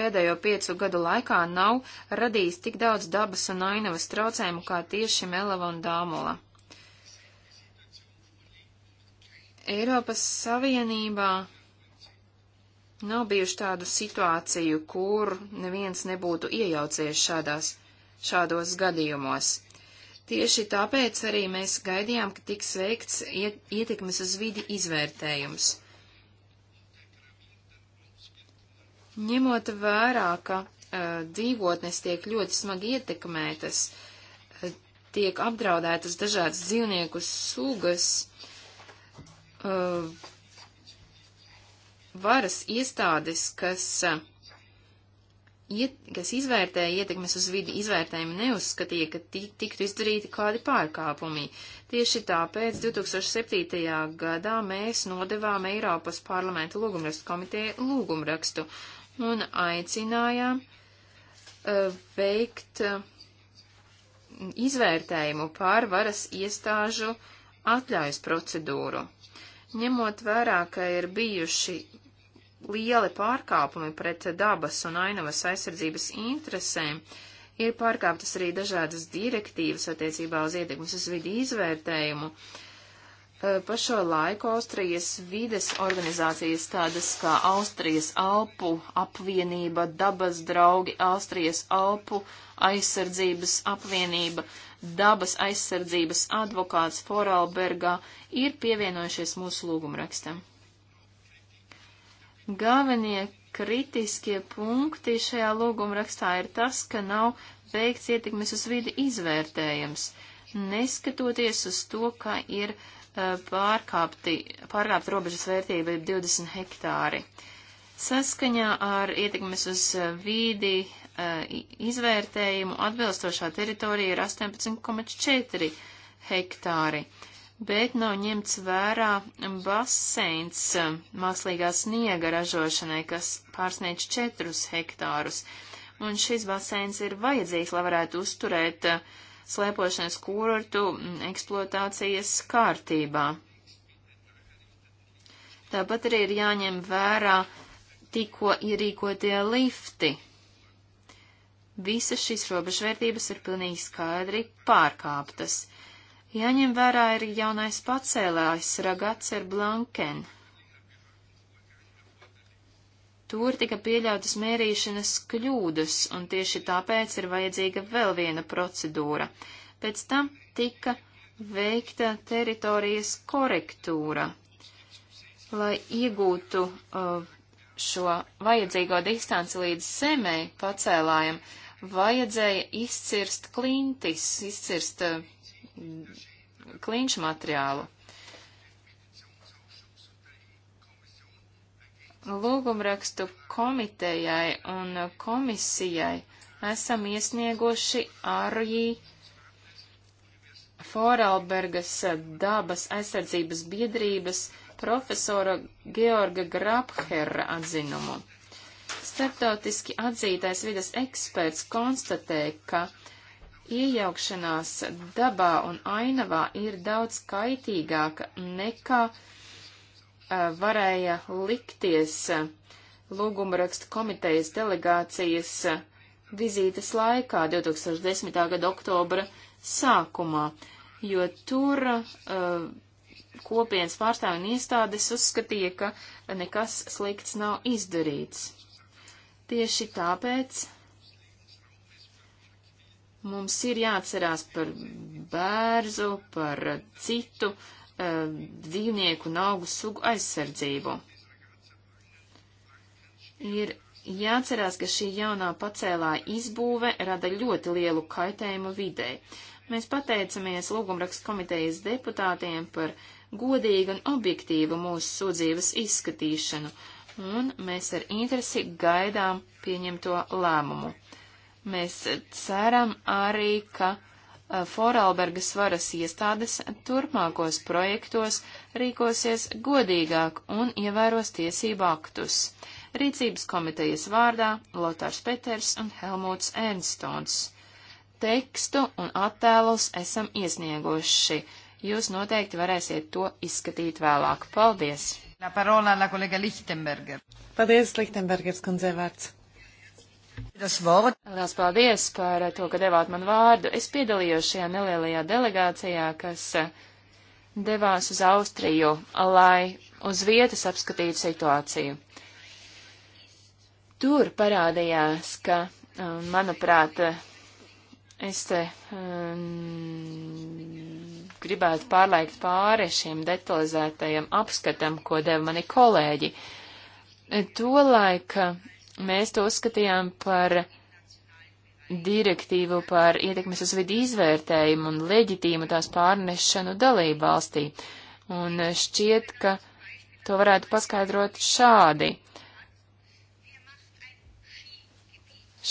Speaker 3: pēdējo piecu gadu laikā nav radījis tik daudz dabas un ainavas traucējumu kā tieši melava un dāmula. Eiropas Savienībā Nav bijuši tādu situāciju, kur neviens nebūtu iejaucies šādās, šādos gadījumos. Tieši tāpēc arī mēs gaidījām, ka tiks veikts ietekmes uz vidi izvērtējums. Ņemot vērā, ka uh, dzīvotnes tiek ļoti smagi ietekmētas, uh, tiek apdraudētas dažādas dzīvnieku sugas, uh, varas iestādes, kas, iet, kas izvērtēja ietekmes uz vidi izvērtējumu, neuzskatīja, ka tiktu izdarīti kādi pārkāpumi. Tieši tāpēc 2007. gadā mēs nodevām Eiropas parlamenta lūgumrakstu komiteju lūgumrakstu un aicinājām uh, veikt uh, izvērtējumu pār varas iestāžu atļaujas procedūru. Ņemot vērā, ka ir bijuši lieli pārkāpumi pret dabas un ainavas aizsardzības interesēm. Ir pārkāptas arī dažādas direktīvas attiecībā uz ietekmes uz vidi izvērtējumu. E, pa šo laiku Austrijas vides organizācijas tādas kā Austrijas Alpu apvienība, dabas draugi, Austrijas Alpu aizsardzības apvienība, dabas aizsardzības advokāts Foralbergā ir pievienojušies mūsu lūgumrakstam. Galvenie kritiskie punkti šajā lūguma rakstā ir tas, ka nav veikts ietekmes uz vidi izvērtējums, neskatoties uz to, ka ir e, pārkāpti, pārkāpta robežas vērtība 20 hektāri. Saskaņā ar ietekmes uz vidi e, izvērtējumu atbilstošā teritorija ir 18,4 hektāri bet nav ņemts vērā baseins mākslīgā sniega ražošanai, kas pārsniedz 4 hektārus. Un šis baseins ir vajadzīgs, lai varētu uzturēt eh, slēpošanas kurortu eksploatācijas kārtībā. Tāpat arī ir jāņem vērā tikko ierīkotie lifti. Visas šīs robežvērtības ir pilnīgi skaidri pārkāptas. Jāņem vērā arī jaunais pacēlājs Ragats ar Blanken. Tur tika pieļautas mērīšanas kļūdas, un tieši tāpēc ir vajadzīga vēl viena procedūra. Pēc tam tika veikta teritorijas korektūra, lai iegūtu uh, šo vajadzīgo distanci līdz zemei pacēlājam, vajadzēja izcirst klintis, izcirst uh, klinšu materiālu. Lūgumrakstu komitejai un komisijai esam iesnieguši arī Foralbergas dabas aizsardzības biedrības profesora Georga Grabherra atzinumu. Startautiski atzītais vides eksperts konstatē, ka iejaukšanās dabā un ainavā ir daudz kaitīgāka nekā varēja likties lūgumrakstu komitejas delegācijas vizītes laikā 2010. gada oktobra sākumā, jo tur uh, kopienas pārstāvju un iestādes uzskatīja, ka nekas slikts nav izdarīts. Tieši tāpēc Mums ir jāatcerās par bērzu, par citu uh, dzīvnieku un augu sugu aizsardzību. Ir jāatcerās, ka šī jaunā pacēlā izbūve rada ļoti lielu kaitējumu vidē. Mēs pateicamies lūgumrakstu komitejas deputātiem par godīgu un objektīvu mūsu sūdzības izskatīšanu, un mēs ar interesi gaidām pieņemto lēmumu. Mēs ceram arī, ka uh, Foralbergas varas iestādes turpmākos projektos rīkosies godīgāk un ievēros tiesību aktus. Rīcības komitejas vārdā Lotārs Peters un Helmuts Ernstons. Tekstu un attēlus esam iesnieguši. Jūs noteikti varēsiet to izskatīt vēlāk. Paldies!
Speaker 4: La parola la kolega Lichtenberger.
Speaker 3: Paldies, Lichtenbergers kundzei vārds. Lielas paldies par to, ka devāt man vārdu. Es piedalījos šajā nelielajā delegācijā, kas eh, devās uz Austriju, lai uz vietas apskatītu situāciju. Tur parādījās, ka, eh, manuprāt, es te um, gribētu pārlaikt pāri šiem detalizētajiem apskatam, ko deva mani kolēģi. Tolaik Mēs to uzskatījām par direktīvu par ietekmes uz vidi izvērtējumu un leģitīmu tās pārnešanu dalību valstī. Un šķiet, ka to varētu paskaidrot šādi.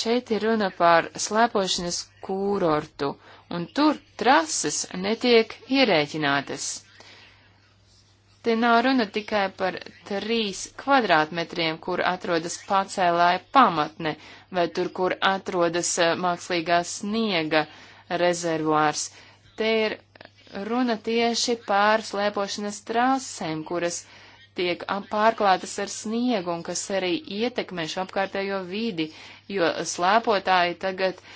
Speaker 3: Šeit ir runa par slēpošanas kūrortu, un tur trases netiek ierēķinātas. Te nav runa tikai par trīs kvadrātmetriem, kur atrodas pacēlāja pamatne, vai tur, kur atrodas eh, mākslīgā sniega rezervuārs. Te ir runa tieši pār slēpošanas trāsēm, kuras tiek pārklātas ar sniegu un kas arī ietekmē šo apkārtējo vidi, jo slēpotāji tagad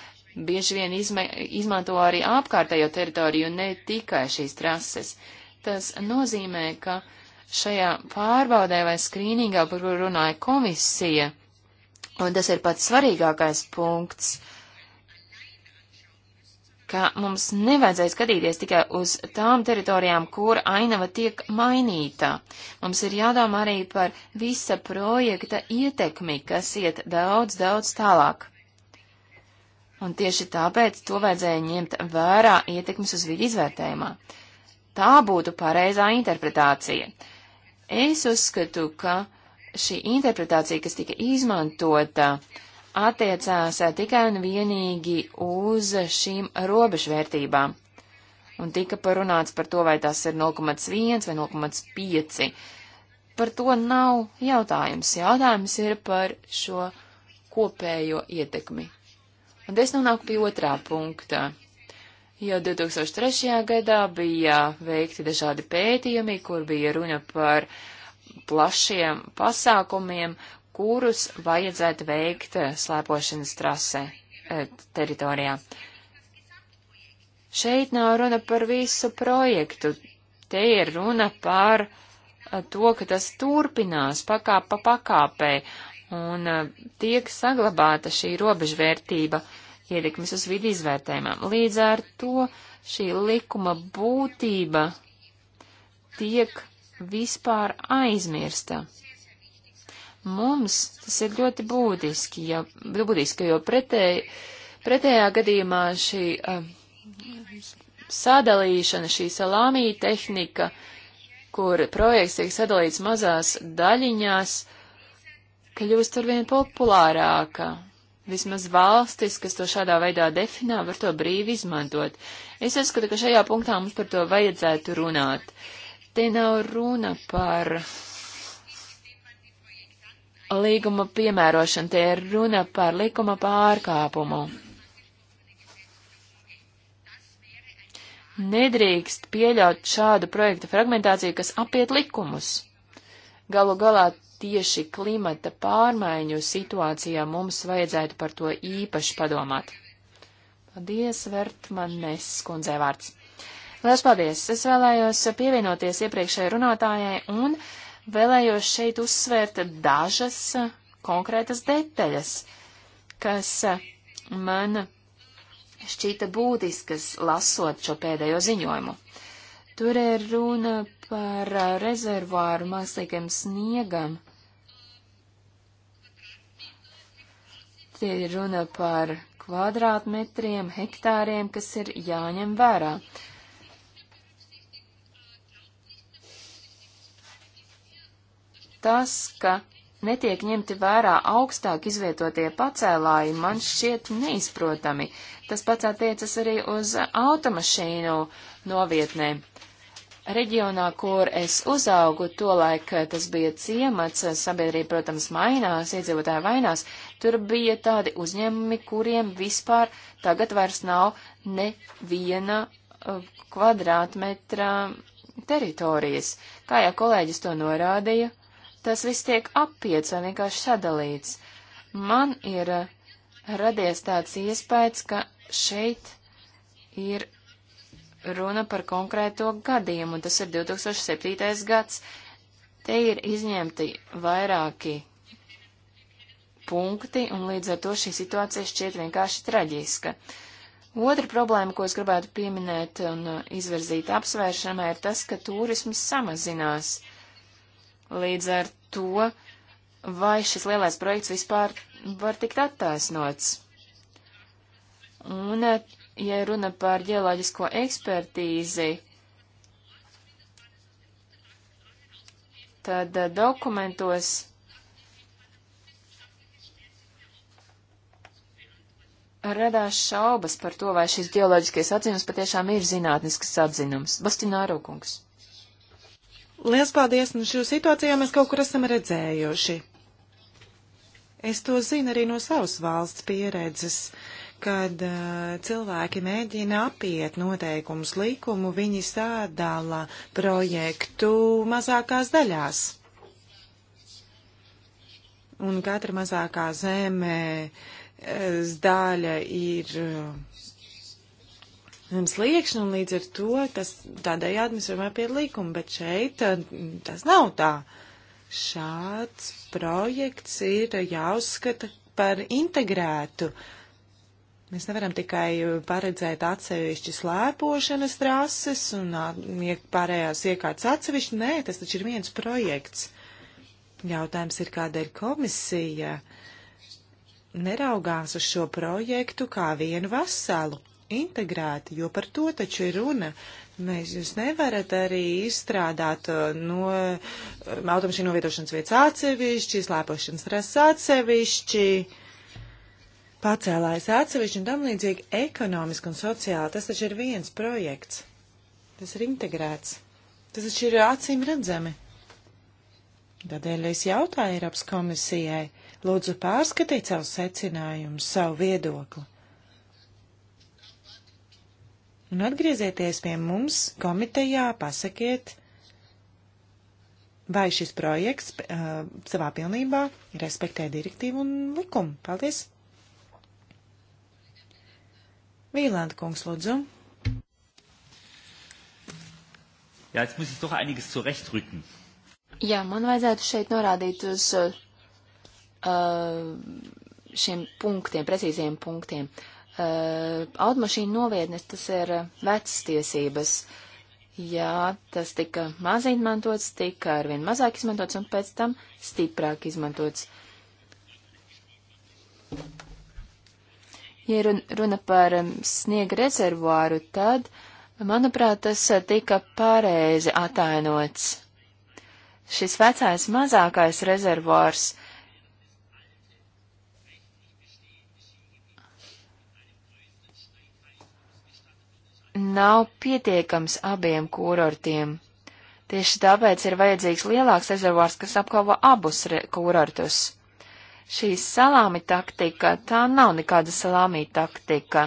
Speaker 3: bieži vien izme, izmanto arī apkārtējo teritoriju, ne tikai šīs trases. Uh, Tas nozīmē, ka šajā pārbaudē vai skrīningā, par kuru runāja komisija, un tas ir pats svarīgākais punkts, ka mums nevajadzēja skatīties tikai uz tām teritorijām, kur ainava tiek mainīta. Mums ir jādomā arī par visa projekta ietekmi, kas iet daudz, daudz tālāk. Un tieši tāpēc to vajadzēja ņemt vērā ietekmes uz vidi izvērtējumā. Tā būtu pareizā interpretācija. Es uzskatu, ka šī interpretācija, kas tika izmantota, attiecās eh, tikai un vienīgi uz šīm robežvērtībām. Un tika parunāts par to, vai tas ir 0,1 vai 0,5. Par to nav jautājums. Jautājums ir par šo kopējo ietekmi. Un es nonāku pie otrā punkta. Jau 2003. gadā bija veikti dažādi pētījumi, kur bija runa par plašiem pasākumiem, kurus vajadzētu veikt slēpošanas trasē e, teritorijā. Šeit nav runa par visu projektu, te ir runa par e, to, ka tas turpinās pakāp pa pakāpē un e, tiek saglabāta šī robežvērtība. vērtība ietekmes uz vidi izvērtējumam. Līdz ar to šī likuma būtība tiek vispār aizmirsta. Mums tas ir ļoti būtiski, ja, būtiski jo pretēji, pretējā gadījumā šī uh, sadalīšana, šī salāmī tehnika, kur projekts tiek sadalīts mazās daļiņās, kļūst arvien populārāka. Vismaz valstis, kas to šādā veidā definē, var to brīvi izmantot. Es uzskatu, ka šajā punktā mums par to vajadzētu runāt. Te nav runa par līguma piemērošanu, te ir runa par likuma pārkāpumu. Nedrīkst pieļaut šādu projektu fragmentāciju, kas apiet likumus. Galu galā tieši klimata pārmaiņu situācijā mums vajadzētu par to īpaši padomāt. Paldies, Vertmanes kundzei vārds. Lielas paldies! Es vēlējos pievienoties iepriekšējai runātājai un vēlējos šeit uzsvērt dažas konkrētas detaļas, kas man šķīta būtiskas lasot šo pēdējo ziņojumu. Tur ir runa par rezervāru mākslīgiem sniegam, Te ir runa par kvadrātmetriem, hektāriem, kas ir jāņem vērā. Tas, ka netiek ņemti vērā augstāk izvietotie pacēlāji, man šķiet neizprotami. Tas pats attiecas arī uz automašīnu novietnēm. Reģionā, kur es uzaugu, tolaik eh, tas bija ciemats, eh, sabiedrība, protams, mainās, iedzīvotāji mainās, tur bija tādi uzņēmumi, kuriem vispār tagad vairs nav neviena eh, kvadrātmetra teritorijas. Kā jau kolēģis to norādīja, tas viss tiek apiets vai vienkārši sadalīts. Man ir radies tāds iespējas, ka šeit ir runa par konkrēto gadījumu, un tas ir 2007. gads. Te ir izņemti vairāki punkti, un līdz ar to šī situācija šķiet vienkārši traģiska. Otra problēma, ko es gribētu pieminēt un izvirzīt apsvēršanai, ir tas, ka turisms samazinās. Līdz ar to, vai šis lielais projekts vispār var tikt attaisnots. Un ja runa par ģeoloģisko ekspertīzi, tad eh, dokumentos radās šaubas par to, vai šis ģeoloģiskais atzinums patiešām ir zinātnisks atzinums. Bastināro kungs.
Speaker 1: Lielas paldies, nu šo situācijā mēs kaut kur esam redzējuši. Es to zinu arī no savas valsts pieredzes. Uh, kad uh, cilvēki mēģina apiet noteikumus likumu, viņi sādāla projektu mazākās daļās. Un katra mazākā zemē eh, daļa ir eh, sliekšņa, un līdz ar to tas tādējādi mēs varam apiet likumu, bet šeit tas nav tā. Šāds projekts ir jāuzskata par integrētu uh, Mēs nevaram tikai paredzēt atsevišķi slēpošanas trases un pārējās iekārtas atsevišķi. Nē, tas taču ir viens projekts. Jautājums ir, kādēļ komisija neraugās uz šo projektu kā vienu veselu, integrēti, jo par to taču ir runa. Mēs jūs nevarat arī izstrādāt no automašīnu novietošanas vietas atsevišķi, slēpošanas trases atsevišķi pacēlājs atsevišķi un tam līdzīgi ekonomiski un sociāli. Tas taču ir viens projekts. Tas ir integrēts. Tas taču ir acīm redzami. Tādēļ es jautāju Eiropas komisijai, lūdzu pārskatīt savu secinājumu, savu viedokli. Un atgriezieties pie mums komitejā, pasakiet, vai šis projekts uh, savā pilnībā respektē direktīvu un likumu. Paldies! Vīlanda kungs, lūdzu.
Speaker 2: Jā, jetzt muss ich doch einiges zurechtrücken.
Speaker 3: Jā, man vajadzētu šeit norādīt uz uh, šiem punktiem, precīziem punktiem. Uh, automašīnu novietnes, tas ir vecas tiesības. Jā, tas tika maz izmantots, tika arvien mazāk izmantots un pēc tam stiprāk izmantots. Ja runa par um, sniega rezervuāru, tad, manuprāt, tas uh, tika pareizi atainots. Šis vecais mazākais rezervuārs nav pietiekams abiem kūrortiem. Tieši tāpēc ir vajadzīgs lielāks rezervārs, kas apkalpo abus kūrortus. Šī salāmi taktika, tā nav nekāda salāmi taktika.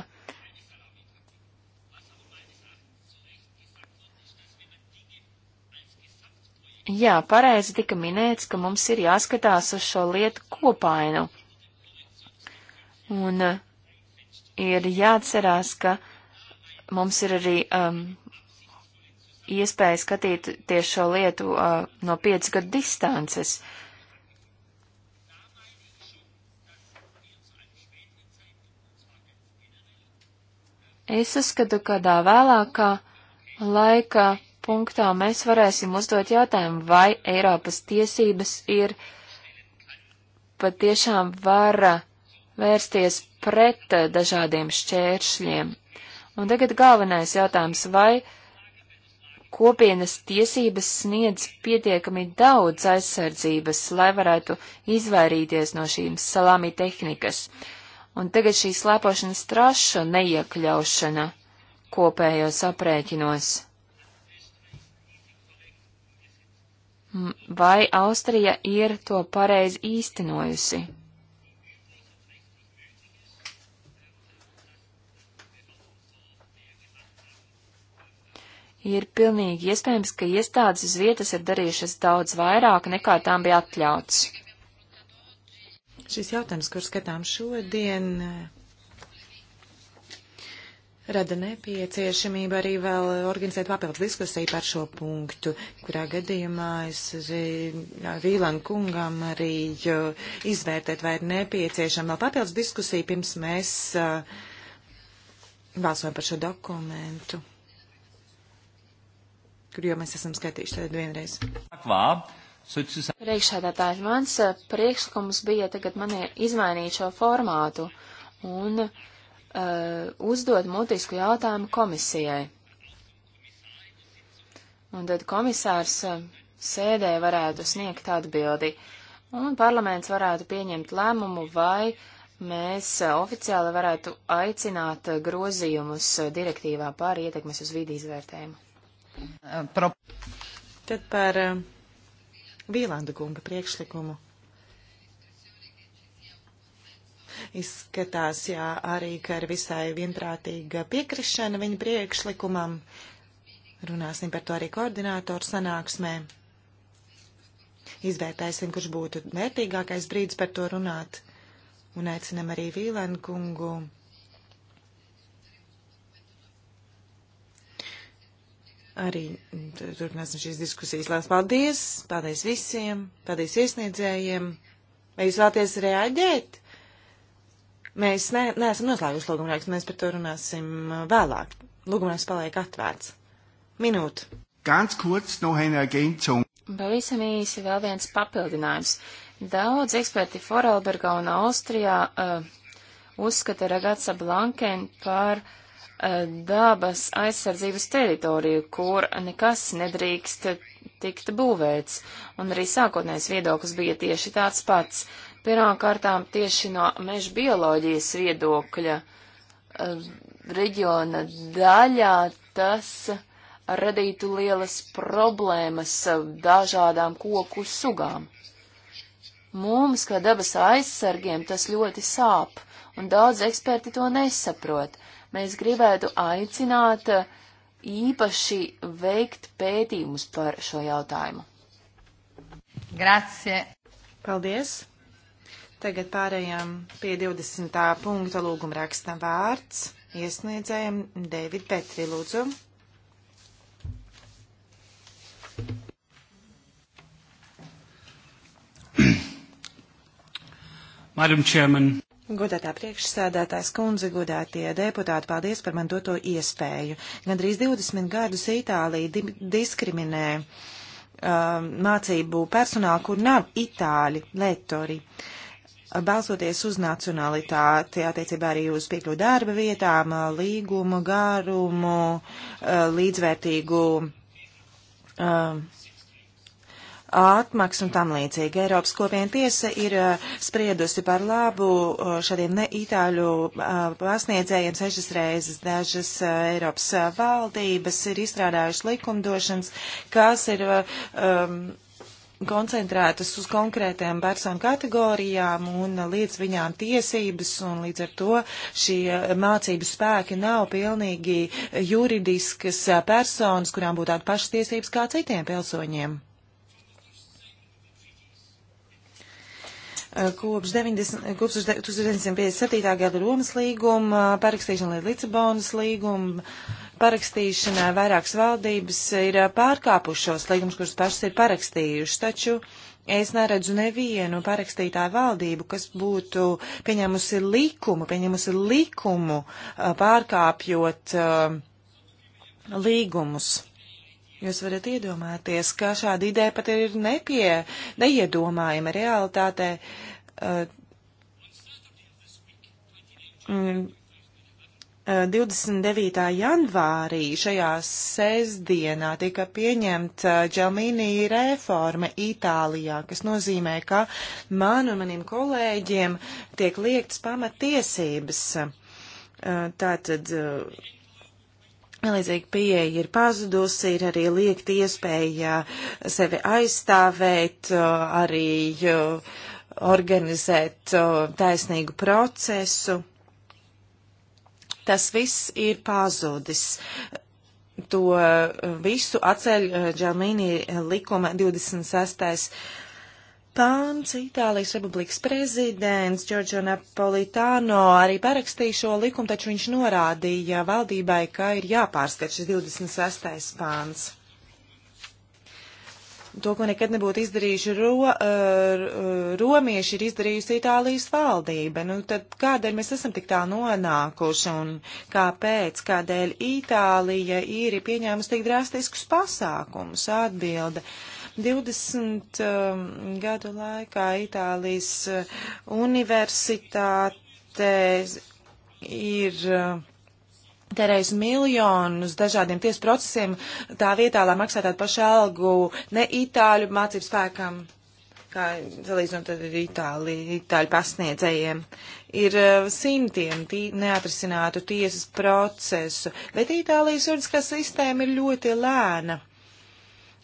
Speaker 3: Jā, pareizi tika minēts, ka mums ir jāskatās uz šo lietu kopainu. Un uh, ir jāatcerās, ka mums ir arī um, iespēja skatīt tieši šo lietu uh, no piecu gadu distances. Uh, Es uzskatu, kādā vēlākā laika punktā mēs varēsim uzdot jautājumu, vai Eiropas tiesības ir patiešām vara vērsties pret dažādiem šķēršļiem. Un tagad galvenais jautājums, vai kopienas tiesības sniedz pietiekami daudz aizsardzības, lai varētu izvairīties no šīm salāmi tehnikas un tagad šī slēpošanas traša neiekļaušana kopējos aprēķinos. Vai Austrija ir to pareizi īstenojusi? Ir pilnīgi iespējams, ka iestādes uz vietas ir darījušas daudz vairāk, nekā tām bija atļauts. Šis jautājums, kur
Speaker 1: skatām šodien, rada nepieciešamību arī vēl organizēt papildus diskusiju par šo punktu, kurā gadījumā es arī Vīlan kungam arī izvērtēt, vai ir nepieciešama vēl papildus diskusija, pirms mēs balsojam par šo
Speaker 3: dokumentu, kur jau mēs esam skatījuši tad vienreiz. Kvā. Priekšsēdētājs mans eh, priekšlikums bija tagad man izmainīt šo formātu un uh, uzdot mutisku jautājumu komisijai. Un tad komisārs eh, sēdē varētu sniegt atbildi, un parlaments varētu pieņemt lēmumu, vai mēs oficiāli varētu aicināt grozījumus direktīvā par ietekmes uz vidi izvērtējumu. Tad par uh,
Speaker 1: Vīlanda kunga priekšlikumu. Izskatās, jā, arī, ka ir visai vienprātīga piekrišana viņa priekšlikumam. Runāsim par to arī koordinātoru sanāksmē. Izvērtēsim, kurš būtu vērtīgākais brīdis par to runāt. Un aicinam arī Vīlēnu kungu arī mm, turpināsim šīs diskusijas. Lās paldies, paldies visiem, paldies iesniedzējiem. Vai jūs vēlaties reaģēt? Mēs ne, neesam noslēguši lūgumrāks, mēs par to runāsim uh, vēlāk.
Speaker 3: Lūgumrāks paliek atvērts. Minūte. Ganz kurz noch eine Ergänzung. Pavisam īsi vēl viens papildinājums. Daudz eksperti Forelbergā un Austrijā uh, uzskata Ragatsa Blanken par uh, dabas aizsardzības teritoriju, kur nekas nedrīkst tikt būvēts, un arī sākotnējs viedoklis bija tieši tāds pats. Pirmkārtām tieši no meža bioloģijas viedokļa eh, reģiona daļā tas radītu lielas problēmas dažādām koku sugām. Mums, kā dabas aizsargiem, tas ļoti sāp, un daudz eksperti to nesaprot. Uh, Mēs gribētu aicināt uh, īpaši veikt pētījumus par šo jautājumu.
Speaker 4: Grazie! Paldies! Tagad pārējām
Speaker 1: pie 20. punkta lūguma raksta vārds iesniedzējiem David Petri, lūdzu.
Speaker 2: Madam Chairman.
Speaker 1: Godātā priekšsēdētājs kundze, godātie deputāti, paldies par man doto iespēju. Gandrīz 20 gadus Itālija di diskriminē um, mācību personālu, kur nav itāļi, letori. Balsoties uz nacionalitāti, attiecībā arī uz piekļu darba vietām, līgumu, garumu, uh, līdzvērtīgu. Um, atmaks un tam līdzīgi. Eiropas kopiena tiesa ir eh, spriedusi par labu eh, šādiem ne itāļu eh, pasniedzējiem sešas reizes. Dažas Eiropas valdības ir izstrādājušas likumdošanas, kas ir um, koncentrētas uz konkrētām personu kategorijām un līdz viņām tiesības, un līdz ar to šie mācības spēki nav pilnīgi juridiskas personas, kurām būtu tāda paša tiesības kā citiem pilsoņiem. Eh, kopš, 90, eh, kopš 1957. gada Romas līguma, parakstīšana līdz Lisabonas līguma, parakstīšanā vairākas valdības ir eh, pārkāpušos līgumus, kurus pašas ir parakstījušas, taču es neredzu nevienu parakstītāju valdību, kas būtu pieņemusi likumu, pieņemusi likumu pārkāpjot līgumus. Jūs varat iedomāties, ka šāda ideja pat ir nepie, neiedomājama realitātē. Uh, mm, 29. Uh, janvārī šajā sestdienā tika pieņemta Džalmīnī reforma Itālijā, kas nozīmē, ka man un manim kolēģiem tiek liektas pamatiesības. Uh, tātad. Uh, Līdzīga pieeja ir pazudusi, ir arī liekt iespēja sevi aizstāvēt, uh, arī uh, organizēt uh, taisnīgu procesu. Tas viss ir pazudis. To visu atceļ Džalmīnī likuma 26 pants Itālijas Republikas prezidents Giorgio Napolitano arī parakstīja šo likumu, taču viņš norādīja valdībai, ka ir jāpārskat šis 26. pāns. To, ko nekad nebūtu izdarījuši ro, uh, romieši, ir izdarījusi Itālijas valdība. Nu, tad kādēļ mēs esam tik tā nonākuši un kāpēc, kādēļ Itālija ir pieņēmusi tik drastiskus pasākumus? Atbilde. Uh, 20 um, gadu laikā Itālijas uh, universitāte ir. Uh, terējis miljonus dažādiem tiesu procesiem tā vietā, lai maksātu tādu pašu algu ne itāļu mācību spēkam, kā salīdzinot ar itāļu, itāļu pasniedzējiem. Ir uh, simtiem tī, neatrisinātu tiesas procesu, bet Itālijas juridiskā sistēma ir ļoti lēna.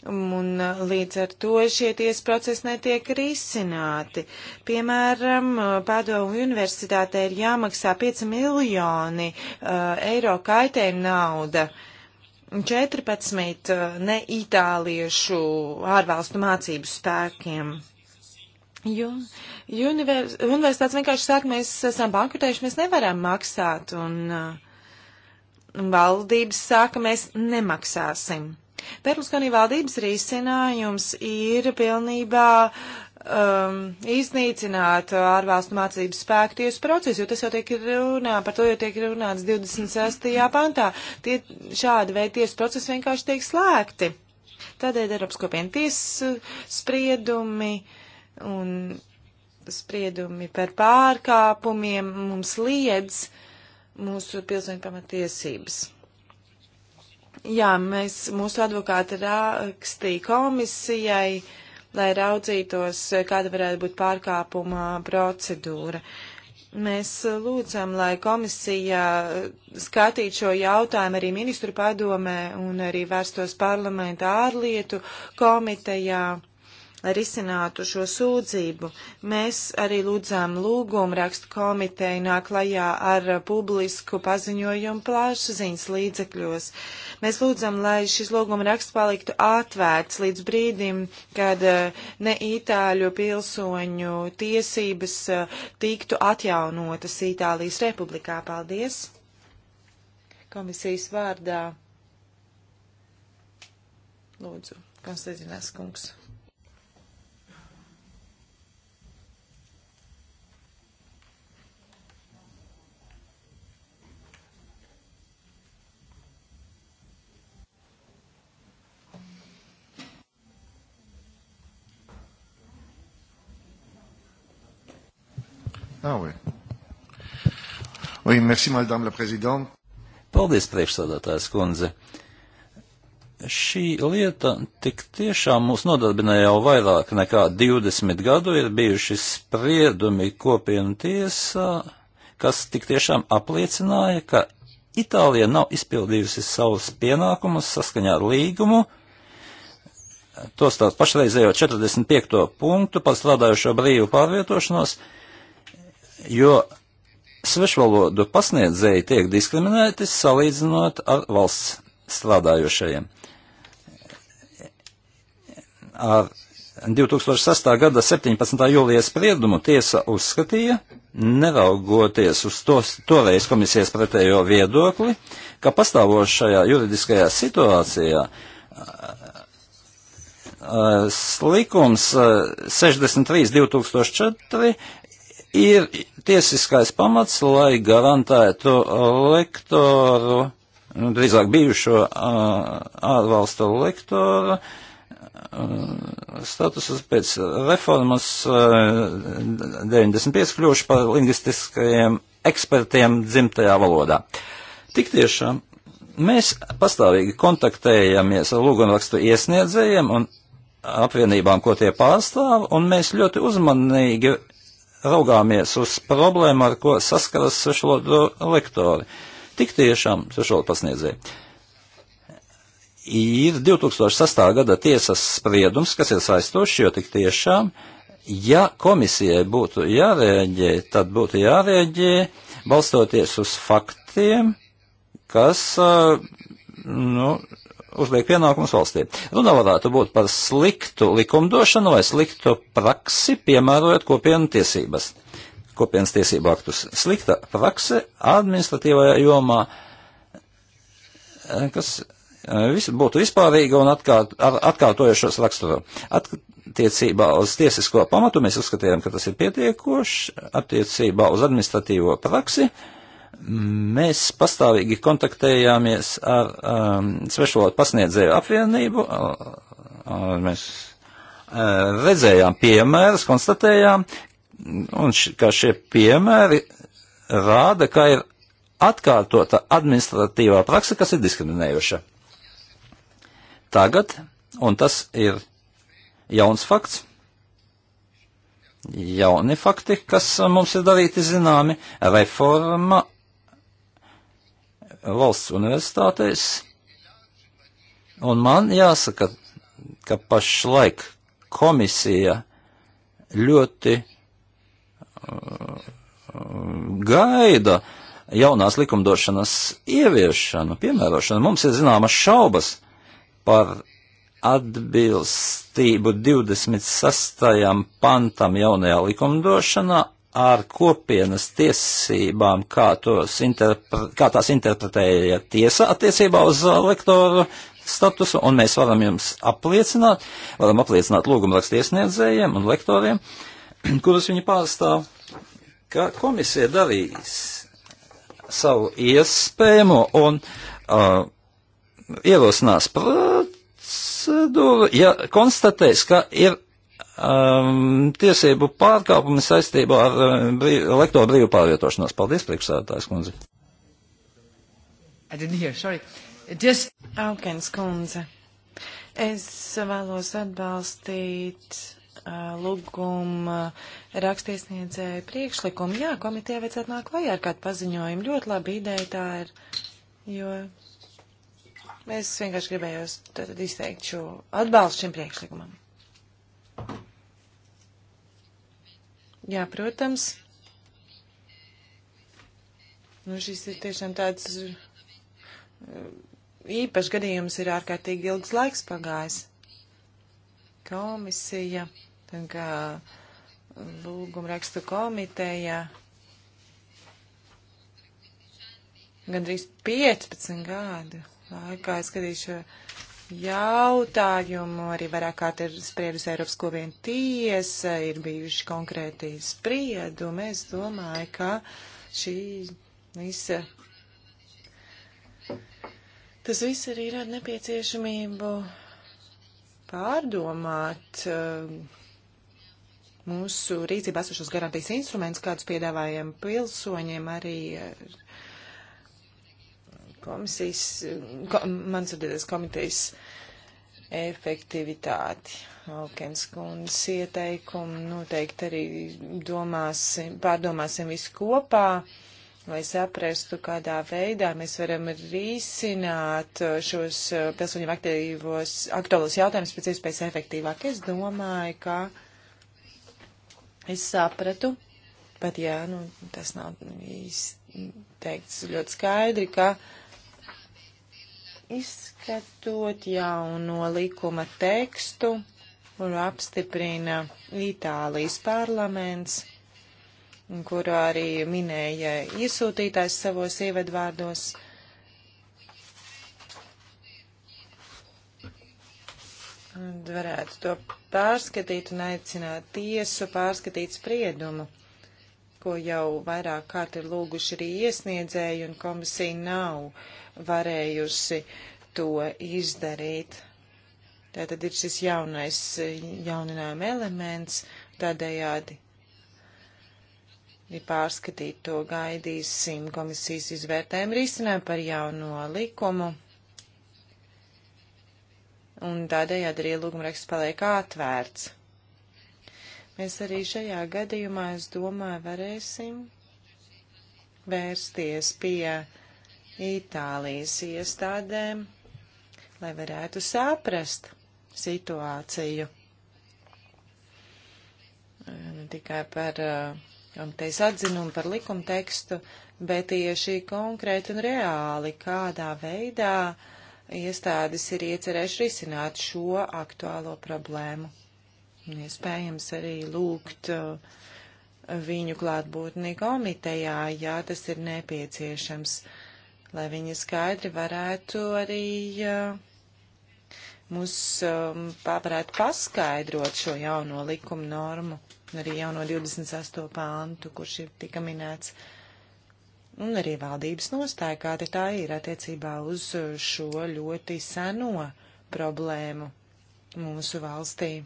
Speaker 1: Un uh, līdz ar to šie tiesa procesi netiek risināti. Piemēram, uh, Padovu universitātē ir jāmaksā 5 miljoni uh, eiro kaitējuma nauda. 14 uh, ne itāliešu ārvalstu mācību spēkiem. Jo univers, universitātes vienkārši saka, mēs esam bankrutējuši, mēs nevaram maksāt. Un uh, valdības saka, mēs nemaksāsim. Berluskonī valdības risinājums ir pilnībā um, iznīcināt ārvalstu mācību spēku tiesu procesu, jo tas jau tiek runā, par to jau tiek runāts 26. pantā. Tie šādi veidi tiesu procesi vienkārši tiek slēgti. Tādēļ Eiropas kopienas tiesas spriedumi un spriedumi par pārkāpumiem mums liedz mūsu pilsoņu pamatiesības. Jā, mēs, mūsu advokāti rakstīja komisijai, lai raudzītos, kāda varētu būt pārkāpuma procedūra. Mēs lūdzam, lai komisija skatītu šo jautājumu arī ministru padomē un arī vērstos parlamenta ārlietu komitejā, lai risinātu šo sūdzību. Mēs arī lūdzām lūgumu rakstu komiteju nāk klajā ar publisku paziņojumu plašsaziņas līdzekļos. Uh, Mēs lūdzam, lai šis lūguma raksts paliktu atvērts līdz brīdim, kad eh, ne itāļu pilsoņu tiesības eh, tiktu atjaunotas Itālijas republikā. Paldies! Komisijas vārdā. Lūdzu, Konstantinās kungs.
Speaker 2: Ah, oui. Oui, merci, madame la présidente. Paldies, priekšsādātājs kundze. Šī lieta tik tiešām mūs nodarbināja jau vairāk nekā 20 gadu, ir bijuši spriedumi kopienu tiesā, kas tik tiešām apliecināja, ka Itālija nav izpildījusi savus pienākumus saskaņā ar līgumu, tos tās pašreizējo 45. punktu par strādājušo brīvu pārvietošanos, jo svešvalodu pasniedzēji tiek diskriminēti salīdzinot ar valsts strādājošajiem. Ar 2006. gada 17. jūlijas spriedumu tiesa uzskatīja, neraugoties uz tos, toreiz komisijas pretējo viedokli, ka pastāvošajā juridiskajā situācijā eh, likums 63.2004 eh, ir tiesiskais pamats, lai garantētu lektoru, nu, drīzāk bijušo ārvalstu lektoru, statusus pēc reformas 95 kļuvuši par lingvistiskajiem ekspertiem dzimtajā valodā. Tik tiešām mēs pastāvīgi kontaktējamies ar lūgunrakstu iesniedzējiem un apvienībām, ko tie pārstāv, un mēs ļoti uzmanīgi raugāmies uz problēmu, ar ko saskaras svešvalodu lektori, tik tiešām svešvalodu pasniedzēji. Ir 2006. gada tiesas spriedums, kas ir saistošs, jo tik tiešām, ja komisijai būtu jārēģē, tad būtu jārēģē balstoties uz faktiem, kas, nu, uzliek pienākumus valstī. Runa varētu būt par sliktu likumdošanu vai sliktu praksi, piemērojot kopienu tiesības, kopienas tiesību aktus. Slikta prakse administratīvajā jomā, eh, kas eh, vis, būtu vispārīga un atkārt, ar atkārtojušos raksturu. At, attiecībā uz tiesisko pamatu mēs uzskatījām, ka tas ir pietiekoši, attiecībā uz administratīvo praksi. Uh, Mēs pastāvīgi kontaktējāmies ar um, svešvalodu pasniedzēju apvienību. Uh, uh, mēs uh, redzējām piemērus, konstatējām, un š, ka šie piemēri rāda, ka ir atkārtota administratīvā praksa, kas ir diskriminējoša. Tagad, un tas ir jauns fakts, jauni fakti, kas mums ir darīti zināmi, reforma valsts universitātēs, un man jāsaka, ka pašlaik komisija ļoti uh, gaida jaunās likumdošanas ieviešanu, piemērošanu. Mums ir zināmas šaubas par atbilstību 26. pantam jaunajā likumdošanā ar kopienas tiesībām, kā, interpre, kā tās interpretēja tiesa attiecībā uz uh, lektoru statusu, un mēs varam jums apliecināt, varam apliecināt lūgumrakstu iesniedzējiem un lektoriem, *clears throat* kurus viņi pārstāv, ka komisija darīs savu iespējamo un uh, ierosinās procedūru, ja konstatēs, ka ir um, tiesību pārkāpumi saistībā ar uh, brīv, lektoru brīvu pārvietošanos. Paldies, priekšsēdētājs kundze.
Speaker 1: Just... Aukens kundze. Es vēlos atbalstīt uh, lūgumu uh, rakstiesniedzēju priekšlikumu. Jā, komitē vajadzētu nāk klajā ar kādu paziņojumu. Ļoti labi ideja tā ir, jo es vienkārši gribēju izteikt šo atbalstu šim priekšlikumam. Jā, protams. Nu, šis ir tiešām tāds uh, īpašs gadījums, ir ārkārtīgi ilgs laiks pagājis. Komisija, tā kā uh, lūgumrakstu komiteja, gandrīz 15 gadu laikā es skatīšu jautājumu. Arī vairāk kārt ir spriedusi Eiropas kopiena tiesa, ir bijuši konkrēti spriedumi. Es domāju, ka šī visa. Tas viss arī rada nepieciešamību pārdomāt eh, mūsu rīcībā esošos garantijas instrumentus, kādus piedāvājam pilsoņiem arī. Ar komisijas, ko, mans atbildēs komitejas efektivitāti. Alkens kundas ieteikumu noteikti arī domāsim, pārdomāsim visu kopā, lai saprastu, kādā veidā mēs varam risināt šos pilsoņu aktīvos, aktuālos jautājumus pēc iespējas efektīvāk. Es domāju, ka es sapratu, bet jā, nu, tas nav īsti teikts ļoti skaidri, ka. Uh, Izskatot jauno likuma tekstu, kuru apstiprina Itālijas parlaments, kuru arī minēja iesūtītājs savos ievadvārdos. Varētu to pārskatīt un aicināt tiesu pārskatīt spriedumu ko jau vairāk kārt ir lūguši arī iesniedzēji, un komisija nav varējusi to izdarīt. Tātad ir šis jaunais jauninājuma elements, tādējādi ir pārskatīt to gaidīsim komisijas izvērtējumu risinājumu par jauno likumu. Un tādējādi arī lūgumraksts paliek atvērts. Mēs arī šajā gadījumā, es domāju, varēsim vērsties pie Itālijas iestādēm, lai varētu saprast situāciju. Ne tikai par komitejas eh, atzinumu, par likumtekstu, bet tieši konkrēti un reāli, kādā veidā iestādes ir iecerējuši risināt šo aktuālo problēmu un iespējams arī lūgt uh, viņu klātbūtni komitejā, ja tas ir nepieciešams, lai viņi skaidri varētu arī uh, mums varētu paskaidrot šo jauno likumu normu, arī jauno 28. pāntu, kurš ir tika minēts, un arī valdības nostāja, kāda tā ir attiecībā uz uh, šo ļoti seno problēmu mūsu valstī.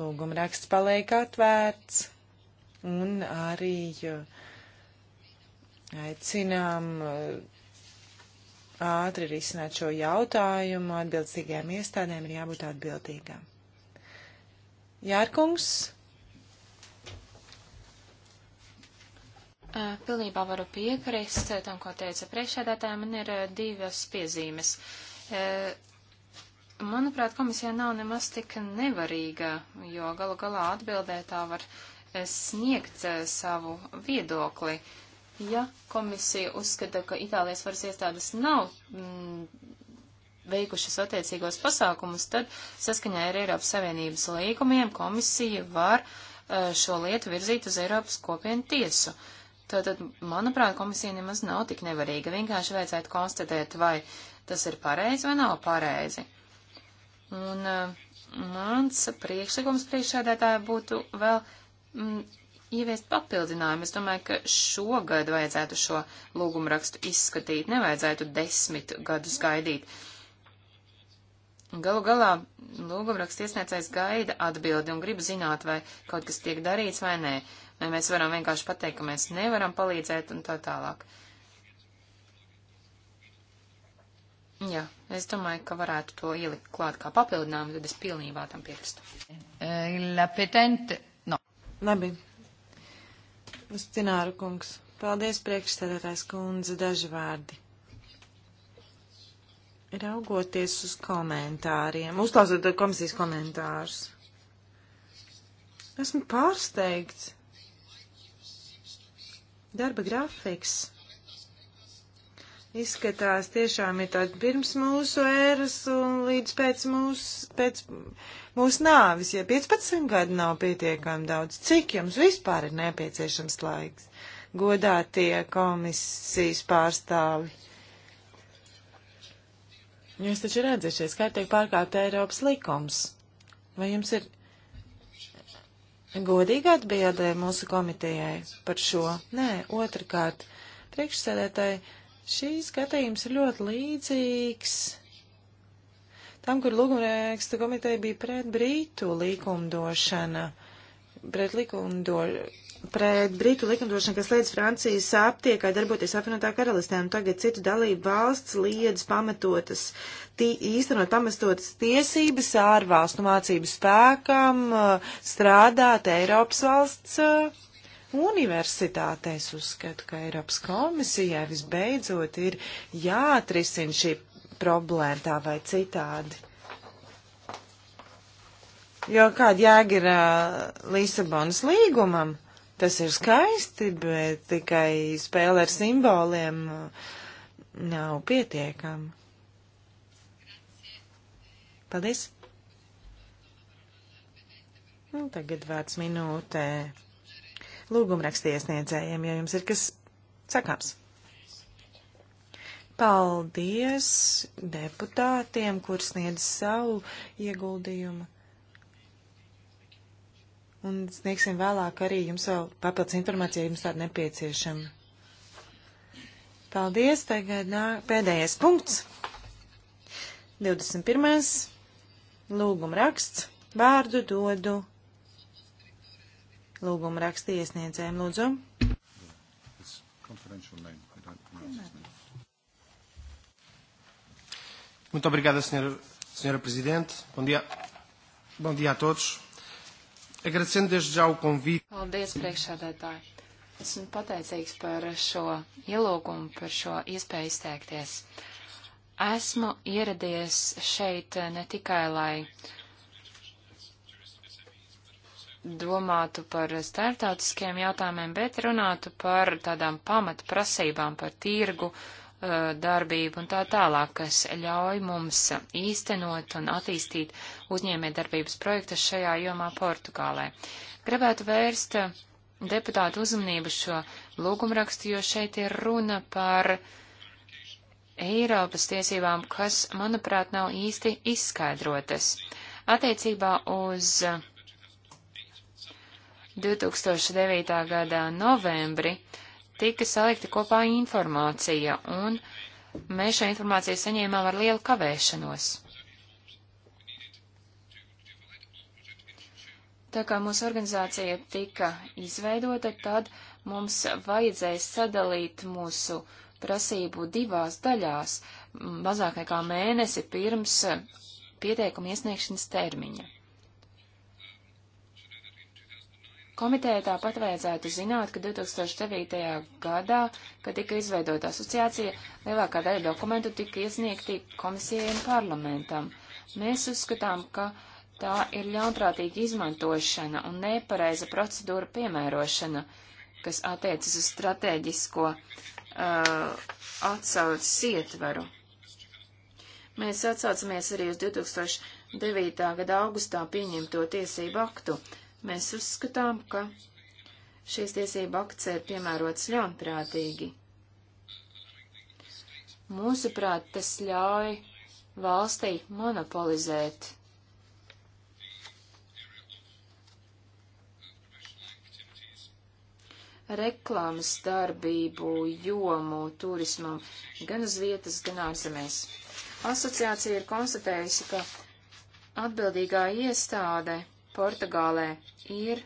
Speaker 1: Lūguma raksts paliek atvērts un arī eh, aicinām eh, ātri risināt šo jautājumu. Atbildīgajām iestādēm ir jābūt atbildīgām. Jārkungs.
Speaker 3: Eh, pilnībā varu piekrist tam, ko teica priekšēdētājiem. Man ir divas piezīmes. Manuprāt, komisija nav nemaz tik nevarīga, jo galu galā atbildē tā var eh, sniegt eh, savu viedokli. Ja komisija uzskata, ka Itālijas varas iestādes nav mm, veikušas attiecīgos pasākumus, tad saskaņā ar Eiropas Savienības līgumiem komisija var eh, šo lietu virzīt uz Eiropas kopienu tiesu. Tātad, manuprāt, komisija nemaz nav tik nevarīga. Vienkārši vajadzētu konstatēt, vai tas ir pareizi vai nav pareizi. Un eh, mans priekšlikums priekšsēdētāja būtu vēl m, mm, ieviest papildinājumu. Es domāju, ka šogad vajadzētu šo lūgumu rakstu izskatīt, nevajadzētu desmit gadus gaidīt. Galu galā lūgumraksta iesniedzējs gaida atbildi un grib zināt, vai kaut kas tiek darīts vai nē, vai mēs varam vienkārši pateikt, ka mēs nevaram palīdzēt un tā tālāk. Uh, Jā, es domāju, ka varētu to ielikt klāt kā papildinājumu, tad es pilnībā tam piekristu.
Speaker 4: Eh, petente, no. Labi. Uzcināru
Speaker 1: kungs. Paldies, priekšstādātājs kundze, daži vārdi. Raugoties uz komentāriem, uzklausot komisijas komentārus. Esmu pārsteigts. Darba grafiks izskatās tiešām ir tāds pirms mūsu ēras un līdz pēc mūsu, pēc mūsu nāvis, ja 15 gadi nav pietiekami daudz. Cik jums vispār ir nepieciešams laiks? Godā tie komisijas pārstāvi. Jūs taču redzēsiet, kā tiek pārkāpt Eiropas likums. Vai jums ir godīga atbildē mūsu komitejai par šo? Nē, otrkārt, priekšsēdētāji Šīs skatījums ir ļoti līdzīgs tam, kur lūgumrēksta komiteja bija pret brītu likumdošana, pret likumdo, pret brītu likumdošanu, kas liedz Francijas aptiekai darboties apvienotā karalistē, un tagad citu dalību valsts liedz pamatotas, tī, īstenot pamatotas tiesības ārvalstu mācību spēkam eh, strādāt Eiropas valsts eh, universitātēs. Uzskatu, ka Eiropas komisijai visbeidzot ir jāatrisina šī problēma tā vai citādi. Jo kāda jēga ir uh, Lisabonas līgumam? Tas ir skaisti, bet tikai spēle ar simboliem nav pietiekama. Paldies! Nu, tagad vārds minūtē lūgumrakstiesniedzējiem, ja jums ir kas sakāms. Paldies deputātiem, kur sniedz savu ieguldījumu. Un sniegsim vēlāk arī jums vēl papildus informāciju, ja jums tāda nepieciešama. Paldies, tagad nā, pēdējais punkts. 21. Lūguma raksts. Vārdu dodu lūguma raksta iesniedzējiem. Lūdzu.
Speaker 4: Muito obrigada, senhora, senhora Presidente. Bom dia. Bom dia a todos. Agradecendo desde já o convite. Paldies,
Speaker 3: priekšsādātāji. Esmu pateicīgs par šo ielūgumu, par šo iespēju izteikties. Esmu ieradies šeit ne tikai, lai uh, domātu par starptautiskiem jautājumiem, bet runātu par tādām pamatprasībām par tirgu, eh, darbību un tā tālāk, kas ļauj mums īstenot un attīstīt uzņēmējdarbības projektus šajā jomā Portugālē. Gribētu vērst deputātu uzmanību šo lūgumrakstu, jo šeit ir runa par Eiropas tiesībām, kas, manuprāt, nav īsti izskaidrotas. Attiecībā uz uh, 2009. gadā novembri tika salikta kopā informācija, un mēs šo informāciju saņēmām ar lielu kavēšanos. Tā kā mūsu organizācija tika izveidota, tad mums vajadzēja sadalīt mūsu prasību divās daļās, mazāk nekā mēnesi pirms pieteikuma iesniegšanas termiņa. Komiteja tāpat vajadzētu zināt, ka 2009. gadā, kad tika izveidota asociācija, lielākā daļa dokumentu tika iesniegti komisijai un parlamentam. Mēs uzskatām, ka tā ir ļaunprātīga izmantošana un nepareiza procedūra piemērošana, kas attiecas uz strateģisko uh, atsaucas ietvaru. Mēs atsaucamies arī uz 2009. gada augustā pieņemto tiesību aktu. Mēs uzskatām, ka šīs tiesība akts ir piemērots ļaunprātīgi. Mūsuprāt, tas ļauj valstī monopolizēt reklāmas darbību jomu turismam gan uz vietas, gan ārzemēs. Asociācija ir konstatējusi, ka atbildīgā iestāde Portugālē ir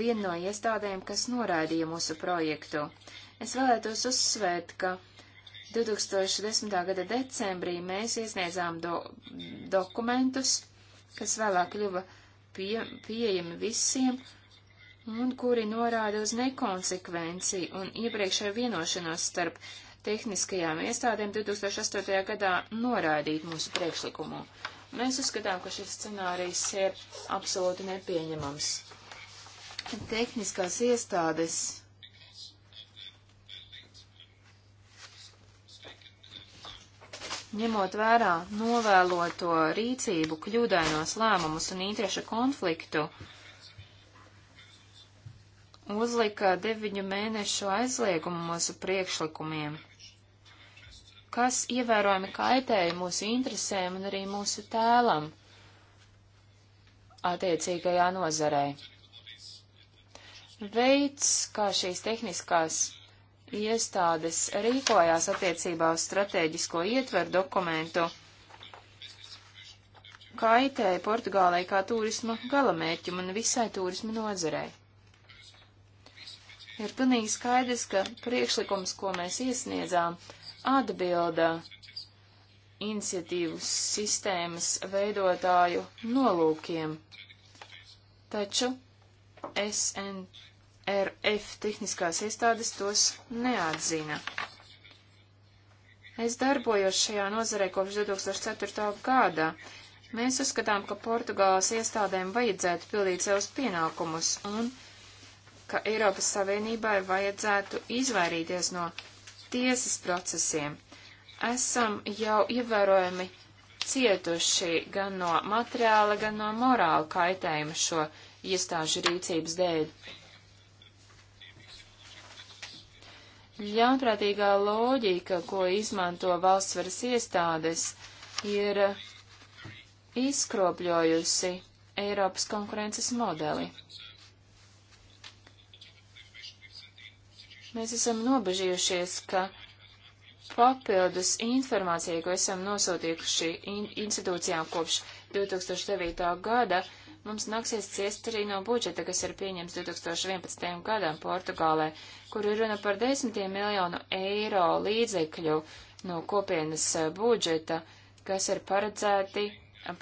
Speaker 3: viena no iestādēm, kas noraidīja mūsu projektu. Es vēlētos uzsvērt, ka 2010. gada decembrī mēs iesniedzām do dokumentus, kas vēlāk kļuva pie pieejami visiem un kuri norāda uz nekonsekvenci un iepriekšēju vienošanos starp tehniskajām iestādēm 2008. gadā noraidīt mūsu priekšlikumu. Mēs uzskatām, ka šis scenārijs ir absolūti nepieņemams. Tehniskās iestādes ņemot vērā novēloto rīcību, kļūdainos lēmumus un interešu konfliktu, uzlika deviņu mēnešu aizliegumu mūsu priekšlikumiem kas ievērojami kaitēja mūsu interesēm un arī mūsu tēlam attiecīgajā nozarē. Veids, kā šīs tehniskās iestādes rīkojās attiecībā uz strateģisko ietveru dokumentu, kaitēja Portugālei kā turisma galamērķim un visai turisma nozarei. Ir pilnīgi skaidrs, ka priekšlikums, ko mēs iesniedzām, atbilda iniciatīvas sistēmas veidotāju nolūkiem. Taču SNRF tehniskās iestādes tos neatzina. Es darbojos šajā nozarē kopš 2004. gada. Mēs uzskatām, ka Portugāles iestādēm vajadzētu pildīt savus pienākumus un ka Eiropas Savienībai vajadzētu izvairīties no tiesas procesiem. Esam jau ievērojami cietuši gan no materiāla, gan no morāla kaitējuma šo iestāžu rīcības dēļ. Ļaunprātīgā loģika, ko izmanto valstsvaras iestādes, ir izkropļojusi Eiropas konkurences modeli. Mēs esam nobežījušies, ka papildus informācija, ko esam nosūtījuši in institūcijām kopš 2009. gada, mums nāksies ciest arī no budžeta, kas ir pieņems 2011. gadam Portugālē, kur ir runa par desmitiem miljonu eiro līdzekļu no kopienas eh, budžeta, kas ir paredzēti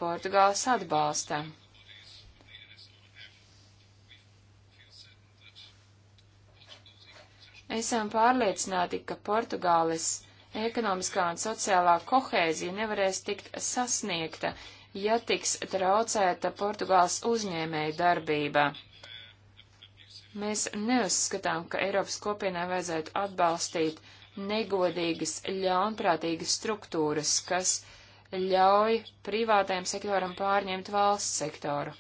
Speaker 3: Portugāles atbalstam. Esam pārliecināti, ka Portugāles ekonomiskā un sociālā kohēzija nevarēs tikt sasniegta, ja tiks traucēta Portugāles uzņēmēja darbība. Mēs neuzskatām, ka Eiropas kopienai vajadzētu atbalstīt negodīgas, ļaunprātīgas struktūras, kas ļauj privātajam sektoram pārņemt valsts sektoru.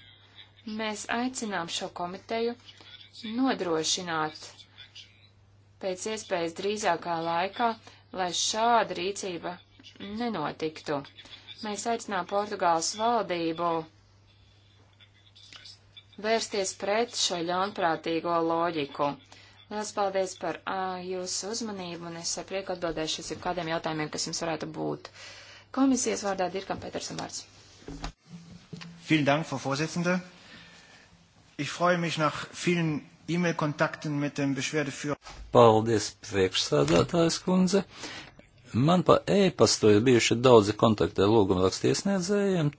Speaker 3: Mēs aicinām šo komiteju nodrošināt pēc iespējas drīzākā laikā, lai šāda rīcība nenotiktu. Mēs aicinām Portugāles valdību vērsties pret šo ļaunprātīgo loģiku. Lielas paldies par uh, jūsu uzmanību, un es ar prieku atbildēšu uz kādiem jautājumiem, kas jums varētu būt. Komisijas vārdā Dirkam Petersam vārds.
Speaker 2: Vielen Dank, Frau Vorsitzende. Ich freue mich nach vielen E-Mail-Kontakten mit dem Beschwerdeführer. Paldies, priekšsādātājs kundze. Man pa e-pastu ir bijuši daudzi kontakti ar lūgumrakstiesniedzējiem.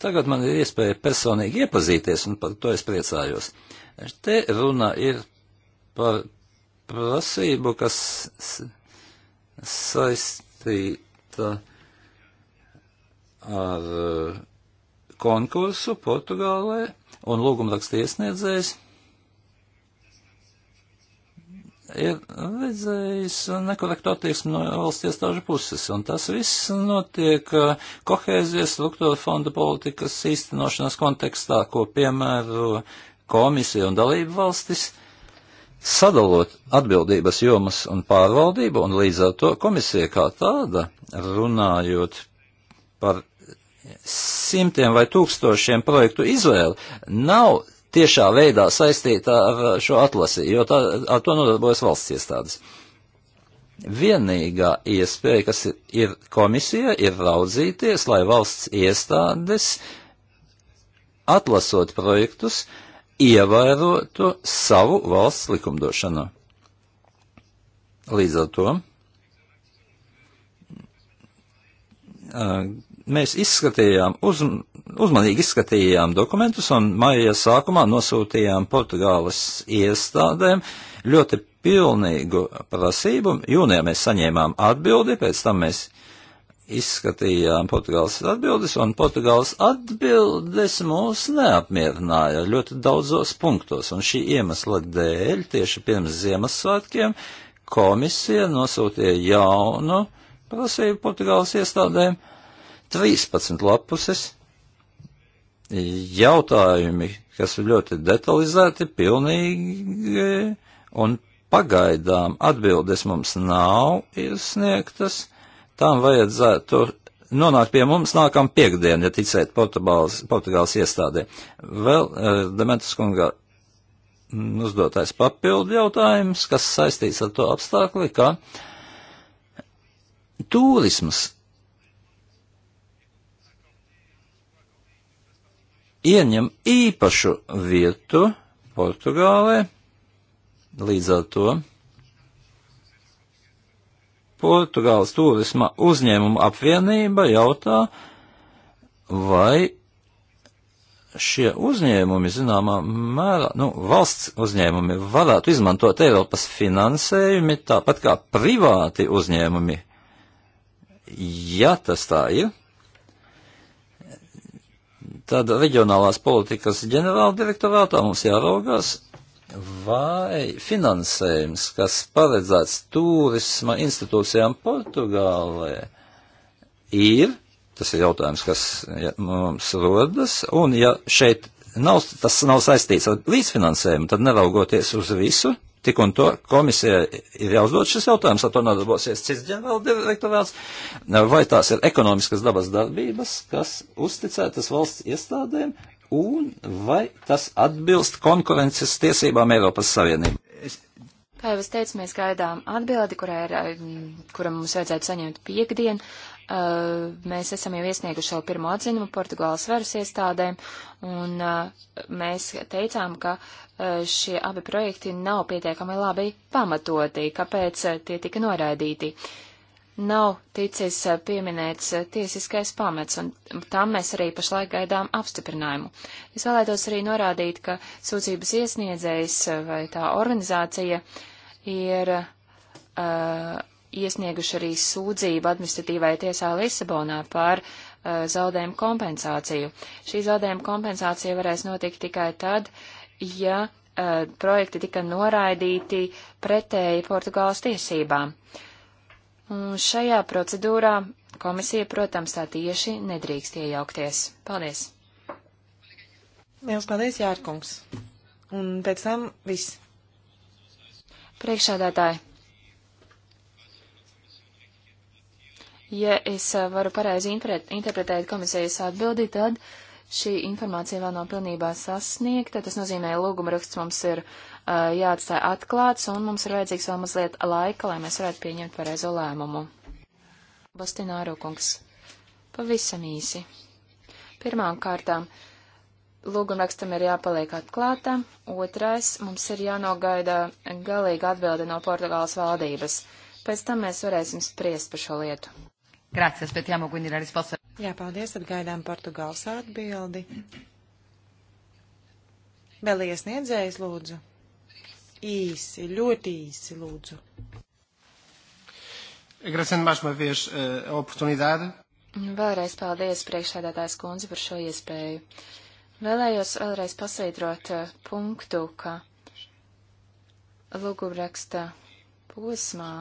Speaker 2: Tagad man ir iespēja personīgi iepazīties, un par to es priecājos. Te runa ir par prasību, kas saistīta ar eh, konkursu Portugālē un lūgumraksta iesniedzējs ir redzējis nekorektu attieksmi no valsts iestāžu puses, un tas viss notiek uh, kohēzijas struktūra fonda politikas īstenošanas kontekstā, ko piemēro komisija un dalību valstis, sadalot atbildības jomas un pārvaldību, un līdz ar to komisija kā tāda, runājot par simtiem vai tūkstošiem projektu izvēle nav tiešā veidā saistīta ar šo atlasi, jo tā, ar to nodarbojas valsts iestādes. Vienīgā iespēja, kas ir komisija, ir raudzīties, lai valsts iestādes, atlasot projektus, ievērotu savu valsts likumdošanu. Līdz ar to mēs izskatījām, uz, uzmanīgi izskatījām dokumentus un maija sākumā nosūtījām Portugāles iestādēm ļoti pilnīgu prasību. Jūnijā mēs saņēmām atbildi, pēc tam mēs izskatījām Portugāles atbildes, un Portugāles atbildes mūs neapmierināja ļoti daudzos punktos, un šī iemesla dēļ tieši pirms Ziemassvētkiem komisija nosūtīja jaunu prasību Portugāles iestādēm 13 lapuses jautājumi, kas ir ļoti detalizēti, pilnīgi, un pagaidām atbildes mums nav iesniegtas. Tām vajadzētu nonākt pie mums nākam piekdien, ja ticēt Portugāls, Portugāls iestādē. Vēl uh, eh, Dementas kunga uzdotais papildu jautājums, kas saistīts ar to apstākli, ka turismas ieņem īpašu vietu Portugālē, līdz ar to Portugāles turisma uzņēmuma apvienība jautā, vai šie uzņēmumi, zināmā mērā, nu, valsts uzņēmumi varētu izmantot Eiropas finansējumi tāpat kā privāti uzņēmumi. Ja tas tā ir, Tad reģionālās politikas ģenerāla direktorātā mums jāraugās, vai finansējums, kas paredzēts turisma institūcijām Portugālē, ir, tas ir jautājums, kas mums rodas, un ja šeit nav, tas nav saistīts ar līdzfinansējumu, tad neraugoties uz visu, Tik un to komisija ir jāuzdod šis jautājums, ar to nodarbosies cits ģenerāla direktorāts, vai tās ir ekonomiskas dabas darbības, kas uzticētas valsts iestādēm, un vai tas atbilst konkurences tiesībām Eiropas Savienībā.
Speaker 3: Kā jau es teicu, mēs gaidām atbildi, kurai ir, mm, kura mums vajadzētu saņemt piekdien. Uh, mēs esam jau iesnieguši savu pirmo atzinumu Portugāles varas iestādēm, un uh, mēs teicām, ka uh, šie abi projekti nav pietiekami labi pamatoti, kāpēc tie tika noraidīti. Nav ticis pieminēts tiesiskais pamats, un tam mēs arī pašlaik gaidām apstiprinājumu. Es vēlētos arī norādīt, ka sūdzības iesniedzējs vai tā organizācija ir uh, iesnieguši arī sūdzību administratīvai tiesā Lisabonā par uh, zaudējumu kompensāciju. Šī zaudējuma kompensācija varēs notikt tikai tad, ja uh, projekti tika noraidīti pretēji Portugāles tiesībām. Un šajā procedūrā komisija, protams, tā tieši nedrīkst iejaukties. Paldies! Liels paldies, Jārkungs! Un pēc tam viss. Priekšādātāji, Ja es varu pareizi interpretēt komisijas atbildi, tad šī informācija vēl nav pilnībā sasniegta. Tas nozīmē, lūguma raksts mums ir uh, jāatstāj atklāts, un mums ir vajadzīgs vēl mazliet laika, lai mēs varētu pieņemt pareizo lēmumu. Bastināru kungs. Pavisam īsi. Pirmām kārtām. Lūgumrakstam ir jāpaliek atklātam, otrais mums ir jānogaida galīga atbilde no Portugāles valdības. Pēc tam mēs varēsim spriest par šo lietu.
Speaker 1: Grazie, aspettiamo quindi la risposta. Jā, paldies, tad gaidām Portugāles atbildi. Vēl iesniedzējs lūdzu. Īsi, ļoti īsi lūdzu.
Speaker 2: Agradecendo mais uma vez uh, a oportunidade.
Speaker 3: Vēlreiz paldies priekšsēdētājs kundze par šo iespēju. Vēlējos vēlreiz pasvītrot uh, punktu, ka lūgumraksta posmā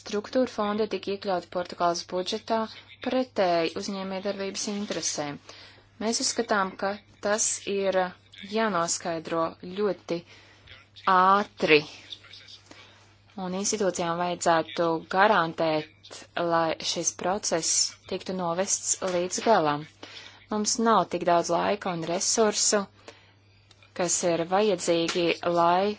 Speaker 3: struktūra fondi tika iekļauti Portugāles budžetā pretēji uzņēmējdarbības interesēm. Mēs uzskatām, ka tas ir jānoskaidro ļoti ātri. Un institūcijām vajadzētu garantēt, lai šis process tiktu novests līdz galam. Mums nav tik daudz laika un resursu, kas ir vajadzīgi, lai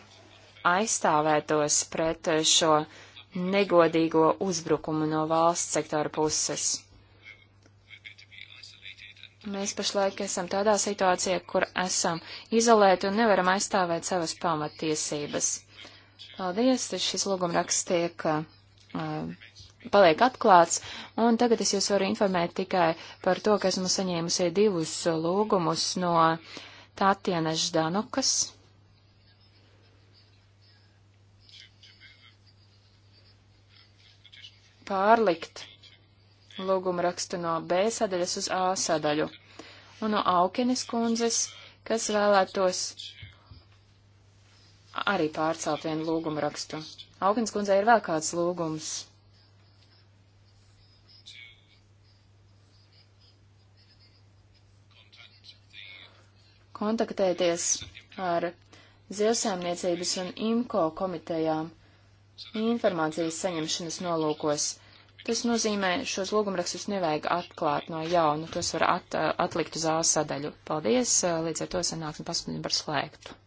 Speaker 3: aizstāvētos pret šo uh, negodīgo uzbrukumu no valsts sektora puses. Mēs pašlaik esam tādā situācijā, kur esam izolēti un nevaram aizstāvēt savas pamatiesības. Paldies, šis lūgumraksts tiek uh, paliek atklāts, un tagad es jūs varu informēt tikai par to, ka esmu saņēmusi divus lūgumus no Tātienas Danukas. pārlikt lūgumu rakstu no B sadaļas uz A sadaļu un no Aukenes kundzes, kas vēlētos arī pārcelt vienu lūgumu rakstu. Aukenes kundzei ir vēl kāds lūgums. kontaktēties ar zivsēmniecības un IMCO komitejām informācijas saņemšanas nolūkos. Tas nozīmē, šos lūgumrakstus nevajag atklāt no jauna, tos var at, atlikt uz A sadaļu. Paldies, līdz ar to sanāksim paskatīt par slēgtu.